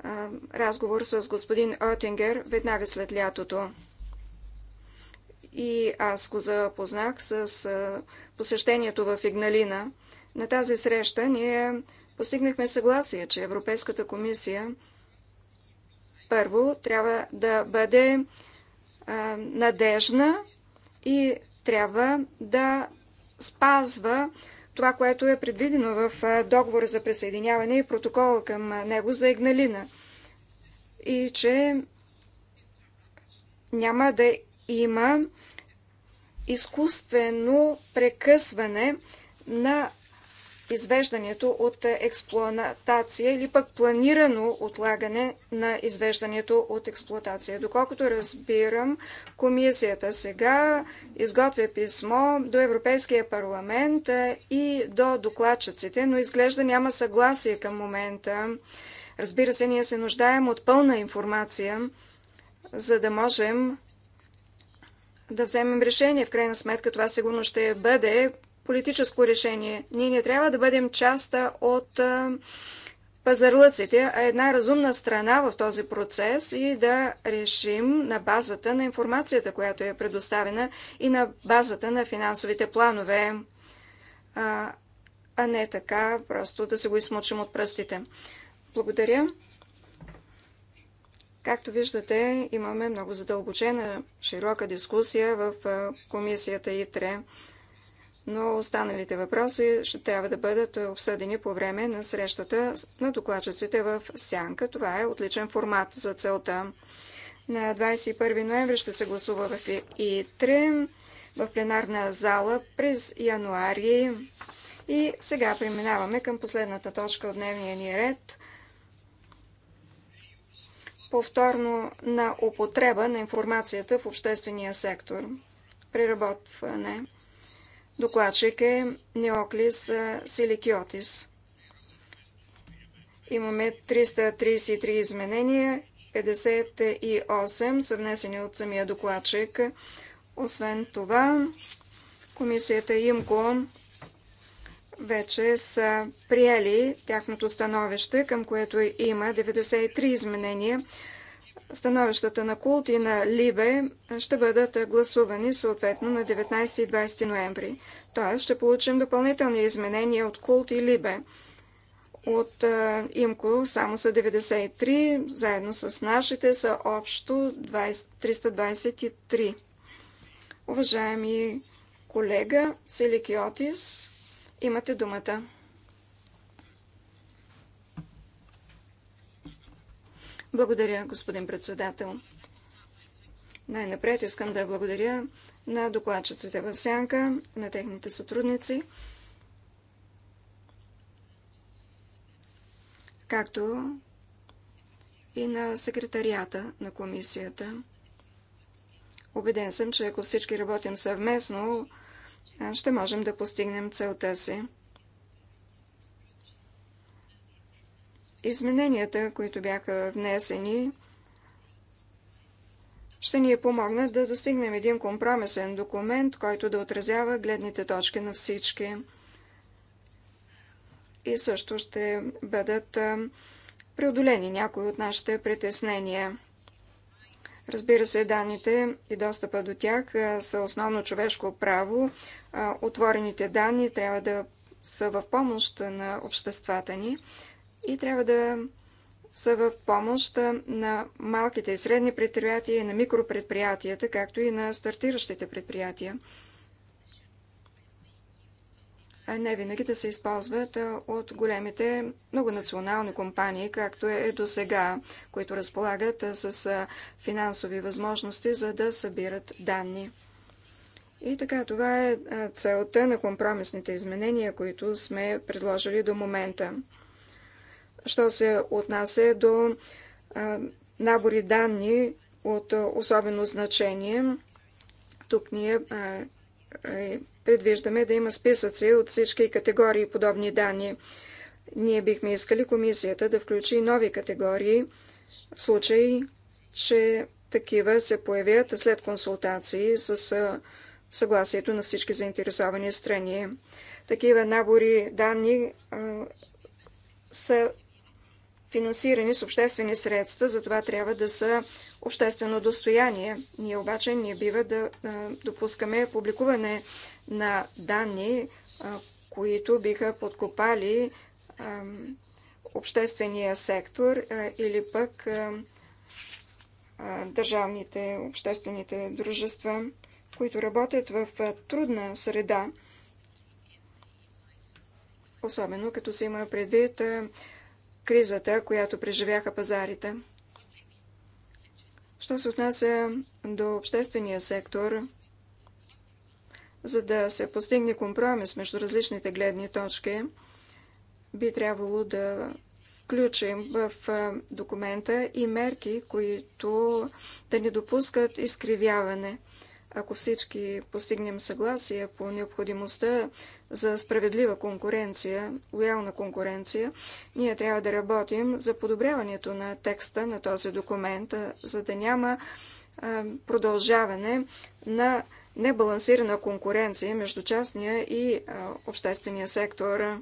е, е, разговор с господин Оттингер веднага след лятото. И аз го запознах с а, посещението в Игналина – на тази среща ние постигнахме съгласие, че Европейската комисия първо трябва да бъде а, надежна и трябва да спазва това, което е предвидено в договора за присъединяване и протокола към него за Игналина. И че няма да има изкуствено прекъсване на извеждането от експлоатация или пък планирано отлагане на извеждането от експлоатация. Доколкото разбирам, комисията сега изготвя писмо до Европейския парламент и до докладчиците, но изглежда няма съгласие към момента. Разбира се, ние се нуждаем от пълна информация, за да можем да вземем решение. В крайна сметка това сигурно ще бъде политическо решение. Ние не трябва да бъдем част от пазарлъците, а една разумна страна в този процес и да решим на базата на информацията, която е предоставена и на базата на финансовите планове, а, а не така просто да се го измучим от пръстите. Благодаря. Както виждате, имаме много задълбочена, широка дискусия в комисията ИТРЕ но останалите въпроси ще трябва да бъдат обсъдени по време на срещата на докладчиците в Сянка. Това е отличен формат за целта. На 21 ноември ще се гласува в И3 в пленарна зала през януари. И сега преминаваме към последната точка от дневния ни ред. Повторно на употреба на информацията в обществения сектор. Преработване. Докладчик е Неоклис Силикиотис. Имаме 333 изменения, 58 са внесени от самия докладчик. Освен това, комисията ИМКО вече са приели тяхното становище, към което има 93 изменения. Становищата на Култ и на Либе ще бъдат гласувани съответно на 19 и 20 ноември. Тоест ще получим допълнителни изменения от Култ и Либе. От ИМКО само са 93, заедно с нашите са общо 20, 323. Уважаеми колега Силикиотис, имате думата. Благодаря, господин председател. Най-напред искам да благодаря на докладчиците в Сянка, на техните сътрудници, както и на секретарията на комисията. Обеден съм, че ако всички работим съвместно, ще можем да постигнем целта си. Измененията, които бяха внесени, ще ни е помогнат да достигнем един компромисен документ, който да отразява гледните точки на всички. И също ще бъдат преодолени някои от нашите притеснения. Разбира се, данните и достъпа до тях са основно човешко право. Отворените данни трябва да са в помощ на обществата ни и трябва да са в помощ на малките и средни предприятия и на микропредприятията, както и на стартиращите предприятия. А не винаги да се използват от големите многонационални компании, както е до сега, които разполагат с финансови възможности, за да събират данни. И така, това е целта на компромисните изменения, които сме предложили до момента що се отнася до набори данни от особено значение. Тук ние предвиждаме да има списъци от всички категории подобни данни. Ние бихме искали комисията да включи нови категории в случай, че такива се появят след консултации с съгласието на всички заинтересовани страни. Такива набори данни са финансирани с обществени средства, затова трябва да са обществено достояние. Ние обаче не бива да допускаме публикуване на данни, които биха подкопали обществения сектор или пък държавните, обществените дружества, които работят в трудна среда, особено като се има предвид кризата, която преживяха пазарите. Що се отнася до обществения сектор, за да се постигне компромис между различните гледни точки, би трябвало да включим в документа и мерки, които да не допускат изкривяване. Ако всички постигнем съгласие по необходимостта за справедлива конкуренция, лоялна конкуренция, ние трябва да работим за подобряването на текста на този документ, за да няма продължаване на небалансирана конкуренция между частния и обществения сектор,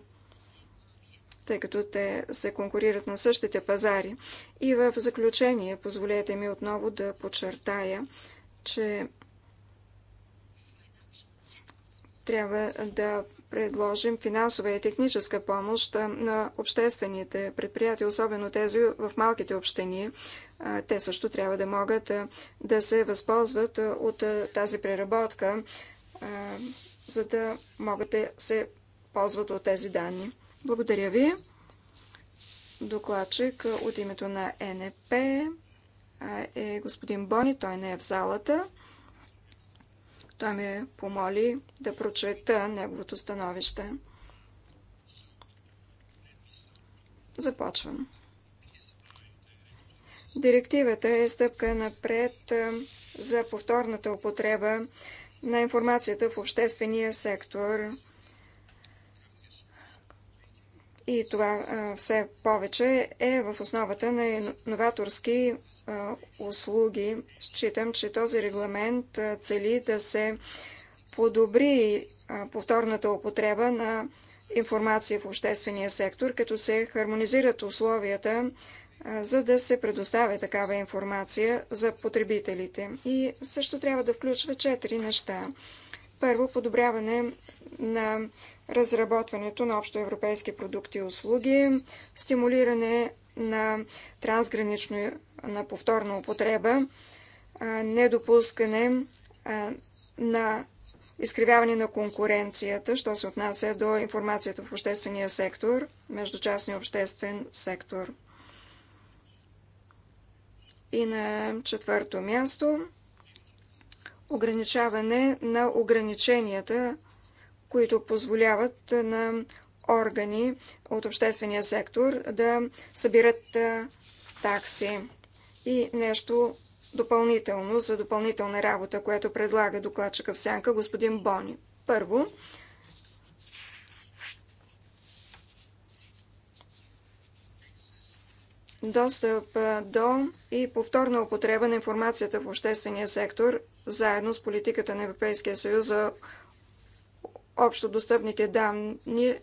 тъй като те се конкурират на същите пазари. И в заключение, позволете ми отново да подчертая, че трябва да предложим финансова и техническа помощ на обществените предприятия, особено тези в малките общини. Те също трябва да могат да се възползват от тази преработка, за да могат да се ползват от тези данни. Благодаря ви. Докладчик от името на НП е господин Бони. Той не е в залата. Той ме помоли да прочета неговото становище. Започвам. Директивата е стъпка напред е, за повторната употреба на информацията в обществения сектор. И това е, все повече е в основата на новаторски услуги. Считам, че този регламент цели да се подобри повторната употреба на информация в обществения сектор, като се хармонизират условията, за да се предоставя такава информация за потребителите. И също трябва да включва четири неща. Първо, подобряване на разработването на общо европейски продукти и услуги, стимулиране на трансгранично на повторна употреба, недопускане на изкривяване на конкуренцията, що се отнася до информацията в обществения сектор, между частния и обществен сектор. И на четвърто място ограничаване на ограниченията, които позволяват на органи от обществения сектор да събират такси. И нещо допълнително за допълнителна работа, което предлага докладчика в сянка господин Бони. Първо, достъп до и повторна употреба на информацията в обществения сектор, заедно с политиката на Европейския съюз за общо достъпните данни,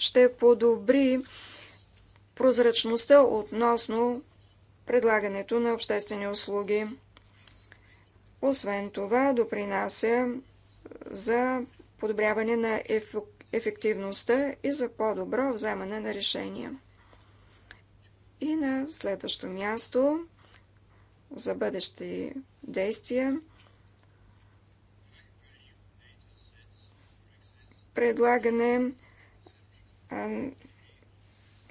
ще подобри прозрачността относно предлагането на обществени услуги. Освен това, допринася за подобряване на ефективността и за по-добро вземане на решения. И на следващо място за бъдещи действия предлагане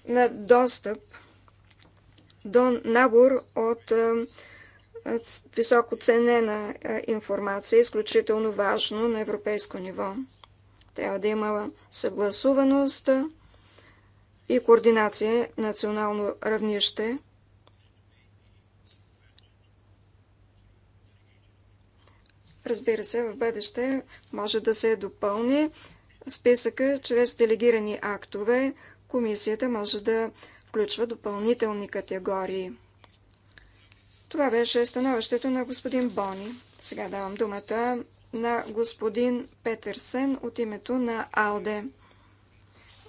на достъп до набор от високо ценена информация, изключително важно на европейско ниво. Трябва да има съгласуваност и координация на национално равнище. Разбира се, в бъдеще може да се допълни списъка чрез делегирани актове. Комисията може да включва допълнителни категории. Това беше становището на господин Бони. Сега давам думата на господин Петърсен от името на АЛДЕ.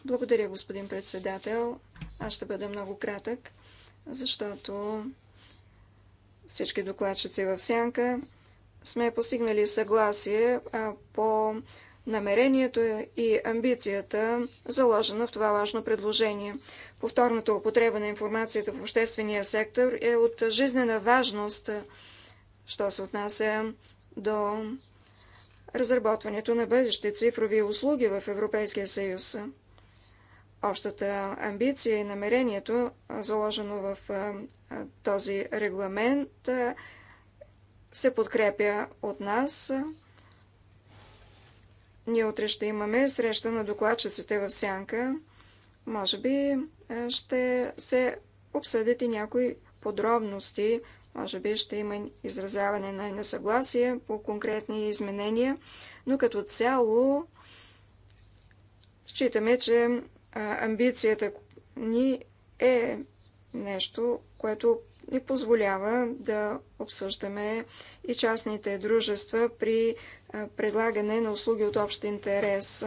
Благодаря, господин председател. Аз ще бъда много кратък, защото всички докладчици в сянка сме постигнали съгласие по намерението е и амбицията, заложена в това важно предложение. Повторната употреба на информацията в обществения сектор е от жизнена важност, що се отнася до разработването на бъдещи цифрови услуги в Европейския съюз. Общата амбиция и намерението, заложено в този регламент, се подкрепя от нас – ние утре ще имаме среща на докладчиците в Сянка. Може би е, ще се обсъдят и някои подробности. Може би ще има изразяване на несъгласие по конкретни изменения, но като цяло считаме, че е, амбицията ни е нещо, което ни позволява да обсъждаме и частните дружества при предлагане на услуги от общ интерес.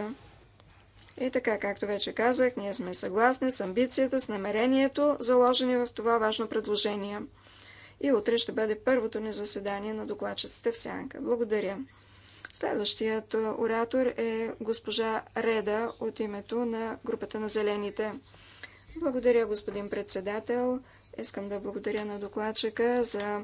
И така, както вече казах, ние сме съгласни с амбицията, с намерението, заложени в това важно предложение. И утре ще бъде първото ни заседание на докладчиците в Сянка. Благодаря. Следващият оратор е госпожа Реда от името на групата на Зелените. Благодаря, господин председател. Искам да благодаря на докладчика за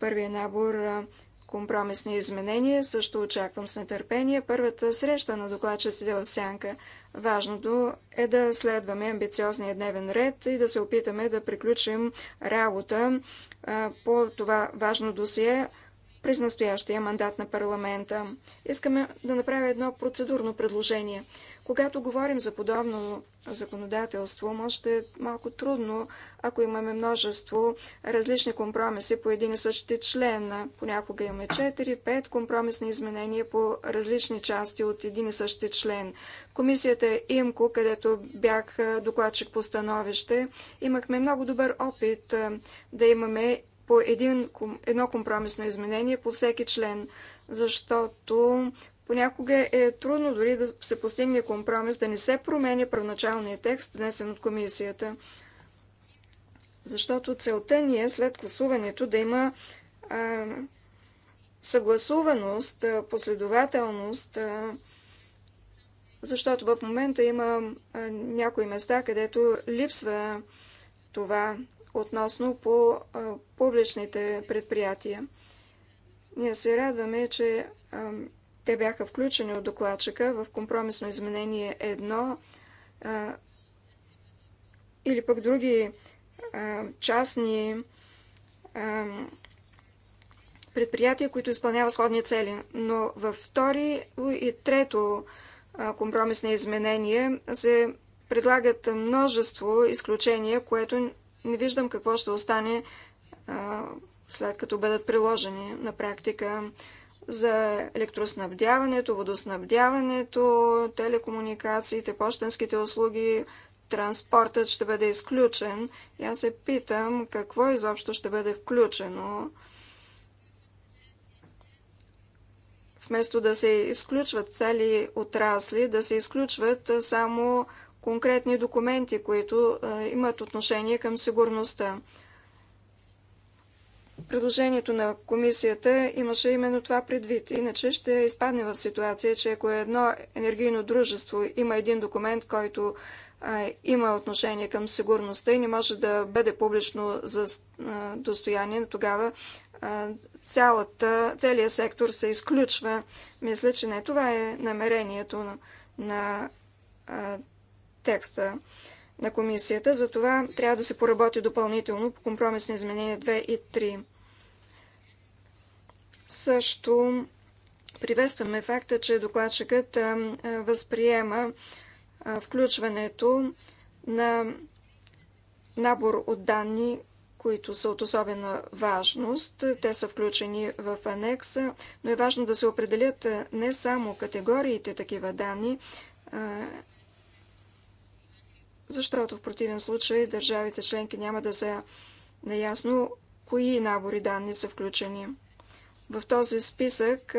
първия набор компромисни изменения. Също очаквам с нетърпение първата среща на докладчиците в Сянка. Важното е да следваме амбициозния дневен ред и да се опитаме да приключим работа по това важно досие през настоящия мандат на парламента. Искаме да направя едно процедурно предложение – когато говорим за подобно законодателство, може да е малко трудно, ако имаме множество различни компромиси по един и същи член. Понякога имаме 4-5 компромисни изменения по различни части от един и същи член. Комисията ИМКО, където бях докладчик по становище, имахме много добър опит да имаме по един, едно компромисно изменение по всеки член, защото Понякога е трудно дори да се постигне компромис, да не се променя първоначалния текст, внесен от комисията. Защото целта ни е след гласуването да има а, съгласуваност, последователност, а, защото в момента има а, някои места, където липсва това относно по а, публичните предприятия. Ние се радваме, че а, те бяха включени от докладчика в компромисно изменение 1 а, или пък други а, частни а, предприятия, които изпълняват сходни цели. Но във втори и трето компромисни изменения се предлагат множество изключения, което не виждам какво ще остане след като бъдат приложени на практика за електроснабдяването, водоснабдяването, телекомуникациите, почтенските услуги, транспортът ще бъде изключен. И аз се питам какво изобщо ще бъде включено. Вместо да се изключват цели отрасли, да се изключват само конкретни документи, които имат отношение към сигурността. Предложението на комисията имаше именно това предвид. Иначе ще изпадне в ситуация, че ако едно енергийно дружество има един документ, който има отношение към сигурността и не може да бъде публично за достояние, тогава цялата, целият сектор се изключва. Мисля, че не това е намерението на, на а, текста на комисията. Затова трябва да се поработи допълнително по компромисни изменения 2 и 3. Също приветстваме факта, че докладчикът възприема включването на набор от данни, които са от особена важност. Те са включени в анекса, но е важно да се определят не само категориите такива данни, защото в противен случай държавите членки няма да са наясно кои набори данни са включени. В този списък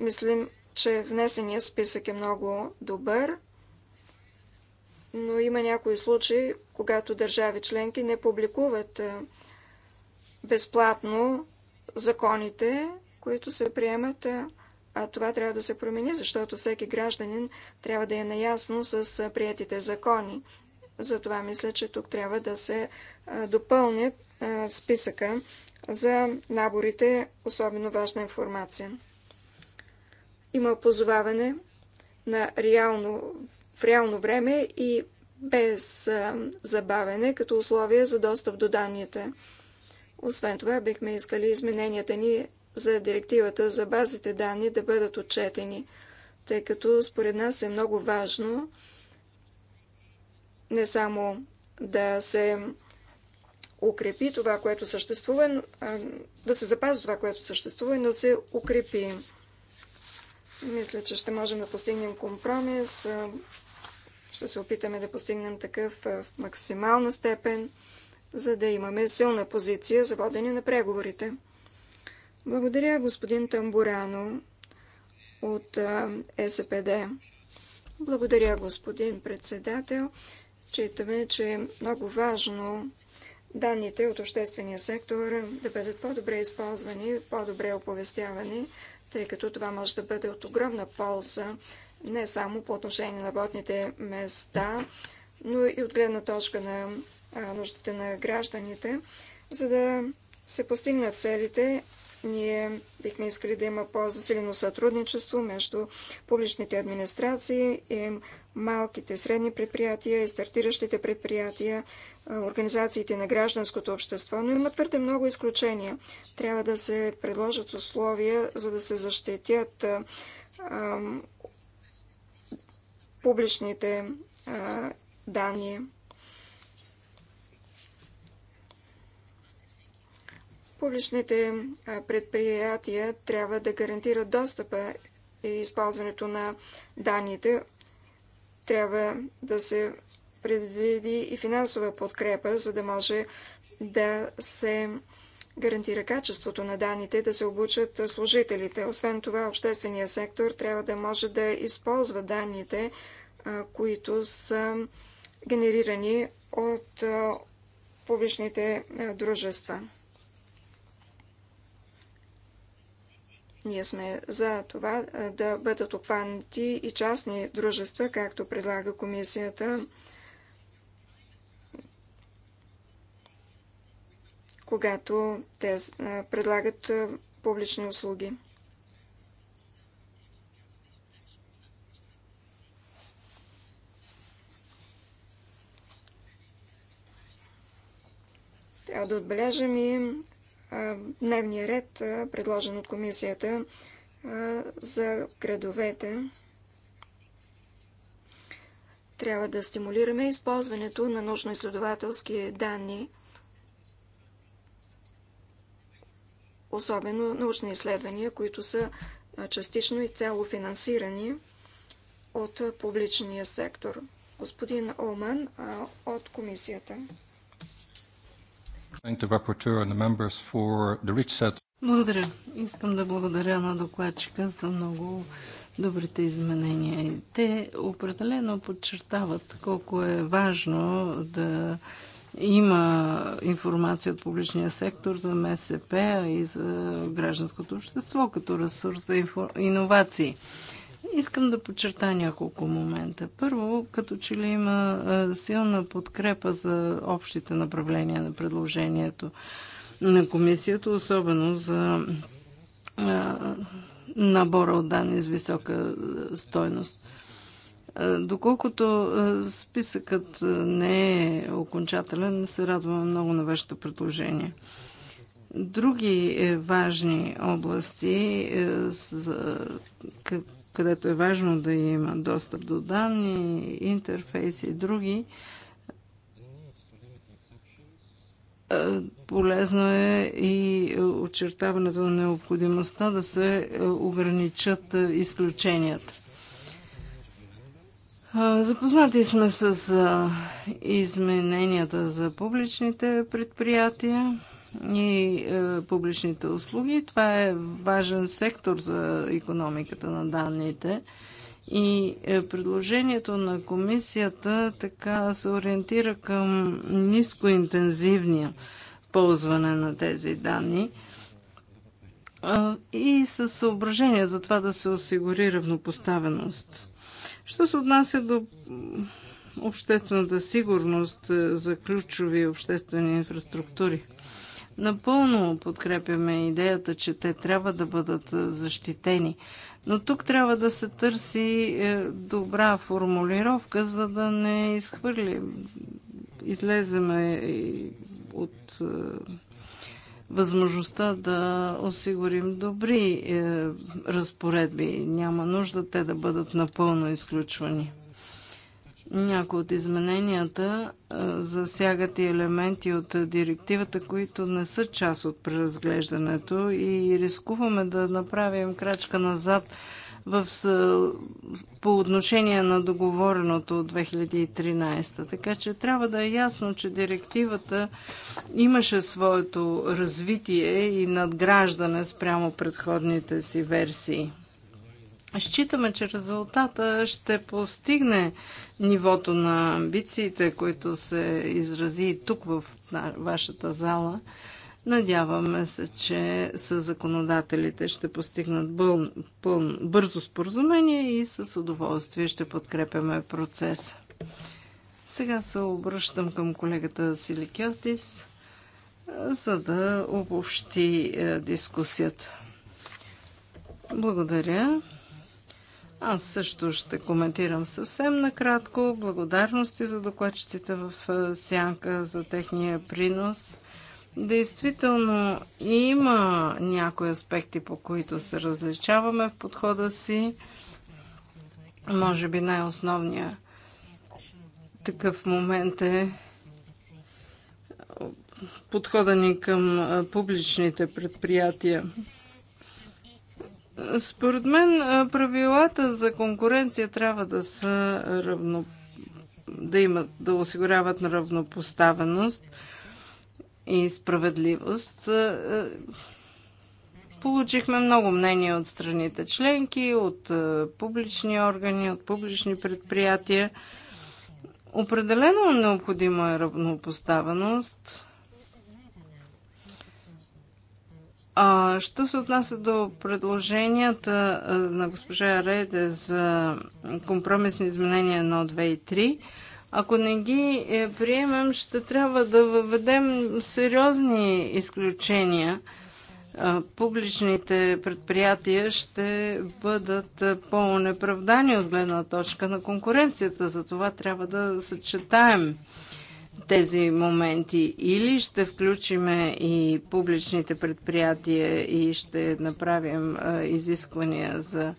мислим, че внесения списък е много добър, но има някои случаи, когато държави членки не публикуват безплатно законите, които се приемат, а това трябва да се промени, защото всеки гражданин трябва да е наясно с приятите закони. Затова мисля, че тук трябва да се допълни списъка за наборите, особено важна информация. Има позоваване на реално, в реално време и без забавене като условие за достъп до данните. Освен това, бихме искали измененията ни за директивата за базите данни да бъдат отчетени, тъй като според нас е много важно не само да се укрепи това, което съществува, да се запази това, което съществува, но да се укрепи. Мисля, че ще можем да постигнем компромис. Ще се опитаме да постигнем такъв в максимална степен, за да имаме силна позиция за водене на преговорите. Благодаря, господин Тамбурано от СПД. Благодаря, господин председател. Читаме, че е много важно данните от обществения сектор да бъдат по-добре използвани, по-добре оповестявани, тъй като това може да бъде от огромна полза не само по отношение на работните места, но и от гледна точка на нуждите на гражданите, за да се постигнат целите ние бихме искали да има по-засилено сътрудничество между публичните администрации и малките средни предприятия и стартиращите предприятия, организациите на гражданското общество, но има твърде много изключения. Трябва да се предложат условия, за да се защитят публичните а, данни. Публичните предприятия трябва да гарантират достъпа и използването на данните. Трябва да се предвиди и финансова подкрепа, за да може да се гарантира качеството на данните, да се обучат служителите. Освен това, обществения сектор трябва да може да използва данните, които са генерирани от публичните дружества. Ние сме за това да бъдат обхванати и частни дружества, както предлага комисията. когато те предлагат публични услуги. Трябва да отбележим и дневния ред, предложен от комисията за градовете. Трябва да стимулираме използването на научно-изследователски данни, особено научни изследвания, които са частично и цяло финансирани от публичния сектор. Господин Олман от комисията. Благодаря. Искам да благодаря на докладчика за много добрите изменения. Те определено подчертават колко е важно да има информация от публичния сектор за МСП, и за гражданското общество като ресурс за инфо... иновации. Искам да подчерта няколко момента. Първо, като че ли има силна подкрепа за общите направления на предложението на комисията, особено за набора от данни с висока стойност. Доколкото списъкът не е окончателен, се радвам много на вашето предложение. Други е, важни области, е, където е важно да има достъп до данни, интерфейс и други, е, полезно е и очертаването на необходимостта да се е, ограничат е, изключенията. Запознати сме с измененията за публичните предприятия и е, публичните услуги. Това е важен сектор за економиката на данните. И е, предложението на комисията така се ориентира към нискоинтензивния ползване на тези данни е, и с съображение за това да се осигури равнопоставеност. Що се отнася до обществената сигурност е, за ключови обществени инфраструктури? Напълно подкрепяме идеята, че те трябва да бъдат защитени. Но тук трябва да се търси е, добра формулировка, за да не изхвърлим, излеземе от е, възможността да осигурим добри е, разпоредби. Няма нужда те да бъдат напълно изключвани. Някои от измененията засягат и елементи от директивата, които не са част от преразглеждането и рискуваме да направим крачка назад в, по отношение на договореното от 2013. Така че трябва да е ясно, че директивата имаше своето развитие и надграждане спрямо предходните си версии. Считаме, че резултата ще постигне нивото на амбициите, които се изрази тук в вашата зала. Надяваме се, че с законодателите ще постигнат бъл, бъл, бързо споразумение и с удоволствие ще подкрепяме процеса. Сега се обръщам към колегата Силикиотис, за да обобщи е, дискусията. Благодаря. Аз също ще коментирам съвсем накратко. Благодарности за докладчиците в Сянка за техния принос. Действително има някои аспекти, по които се различаваме в подхода си. Може би най-основният такъв момент е подхода ни към публичните предприятия. Според мен правилата за конкуренция трябва да са равно, да имат, да осигуряват на равнопоставеност и справедливост. Получихме много мнения от страните членки, от публични органи, от публични предприятия. Определено необходима е равнопоставеност А, що се отнася до предложенията на госпожа Рейде за компромисни изменения 1, 2 и 3, ако не ги е, приемем, ще трябва да въведем сериозни изключения. Публичните предприятия ще бъдат по-неправдани от гледна точка на конкуренцията. Затова трябва да съчетаем тези моменти. Или ще включиме и публичните предприятия и ще направим изисквания за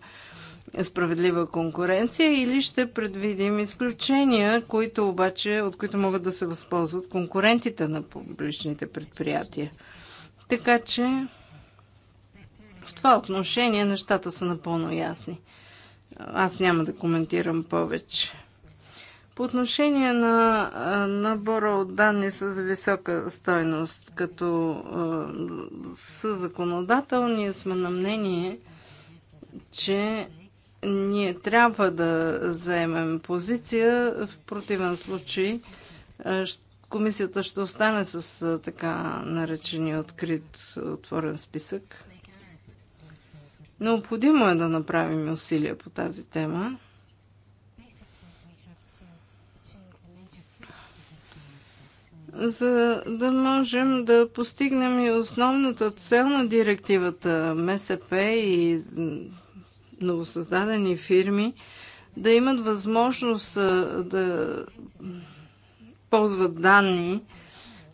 справедлива конкуренция, или ще предвидим изключения, които обаче, от които могат да се възползват конкурентите на публичните предприятия. Така че в това отношение нещата са напълно ясни. Аз няма да коментирам повече. По отношение на набора от данни с висока стойност, като са законодател, ние сме на мнение, че ние трябва да заемем позиция. В противен случай комисията ще остане с така наречения открит отворен списък. Необходимо е да направим усилия по тази тема. за да можем да постигнем и основната цел на директивата МСП и новосъздадени фирми да имат възможност да ползват данни,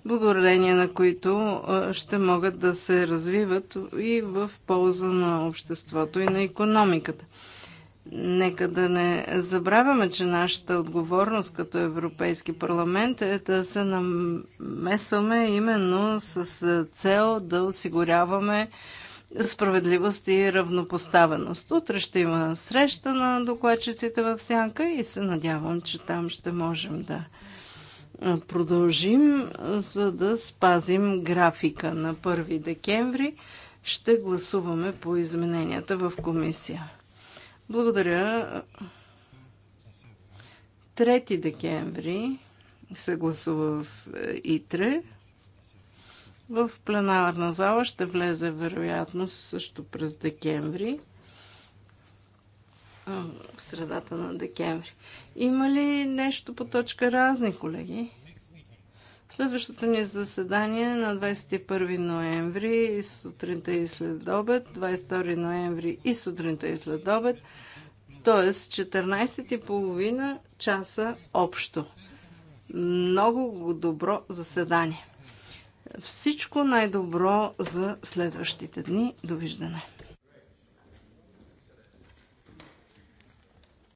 благодарение на които ще могат да се развиват и в полза на обществото и на економиката. Нека да не забравяме, че нашата отговорност като Европейски парламент е да се намесваме именно с е, цел да осигуряваме справедливост и равнопоставеност. Утре ще има среща на докладчиците в Сянка и се надявам, че там ще можем да е, продължим, за да спазим графика на 1 декември. Ще гласуваме по измененията в комисия. Благодаря. 3 декември се гласува в е, ИТРЕ. В пленарна зала ще влезе вероятно също през декември. В средата на декември. Има ли нещо по точка разни, колеги? Следващото ни заседание е на 21 ноември и сутринта и след обед, 22 ноември и сутринта и след обед, т.е. 14.30 часа общо. Много добро заседание. Всичко най-добро за следващите дни. Довиждане!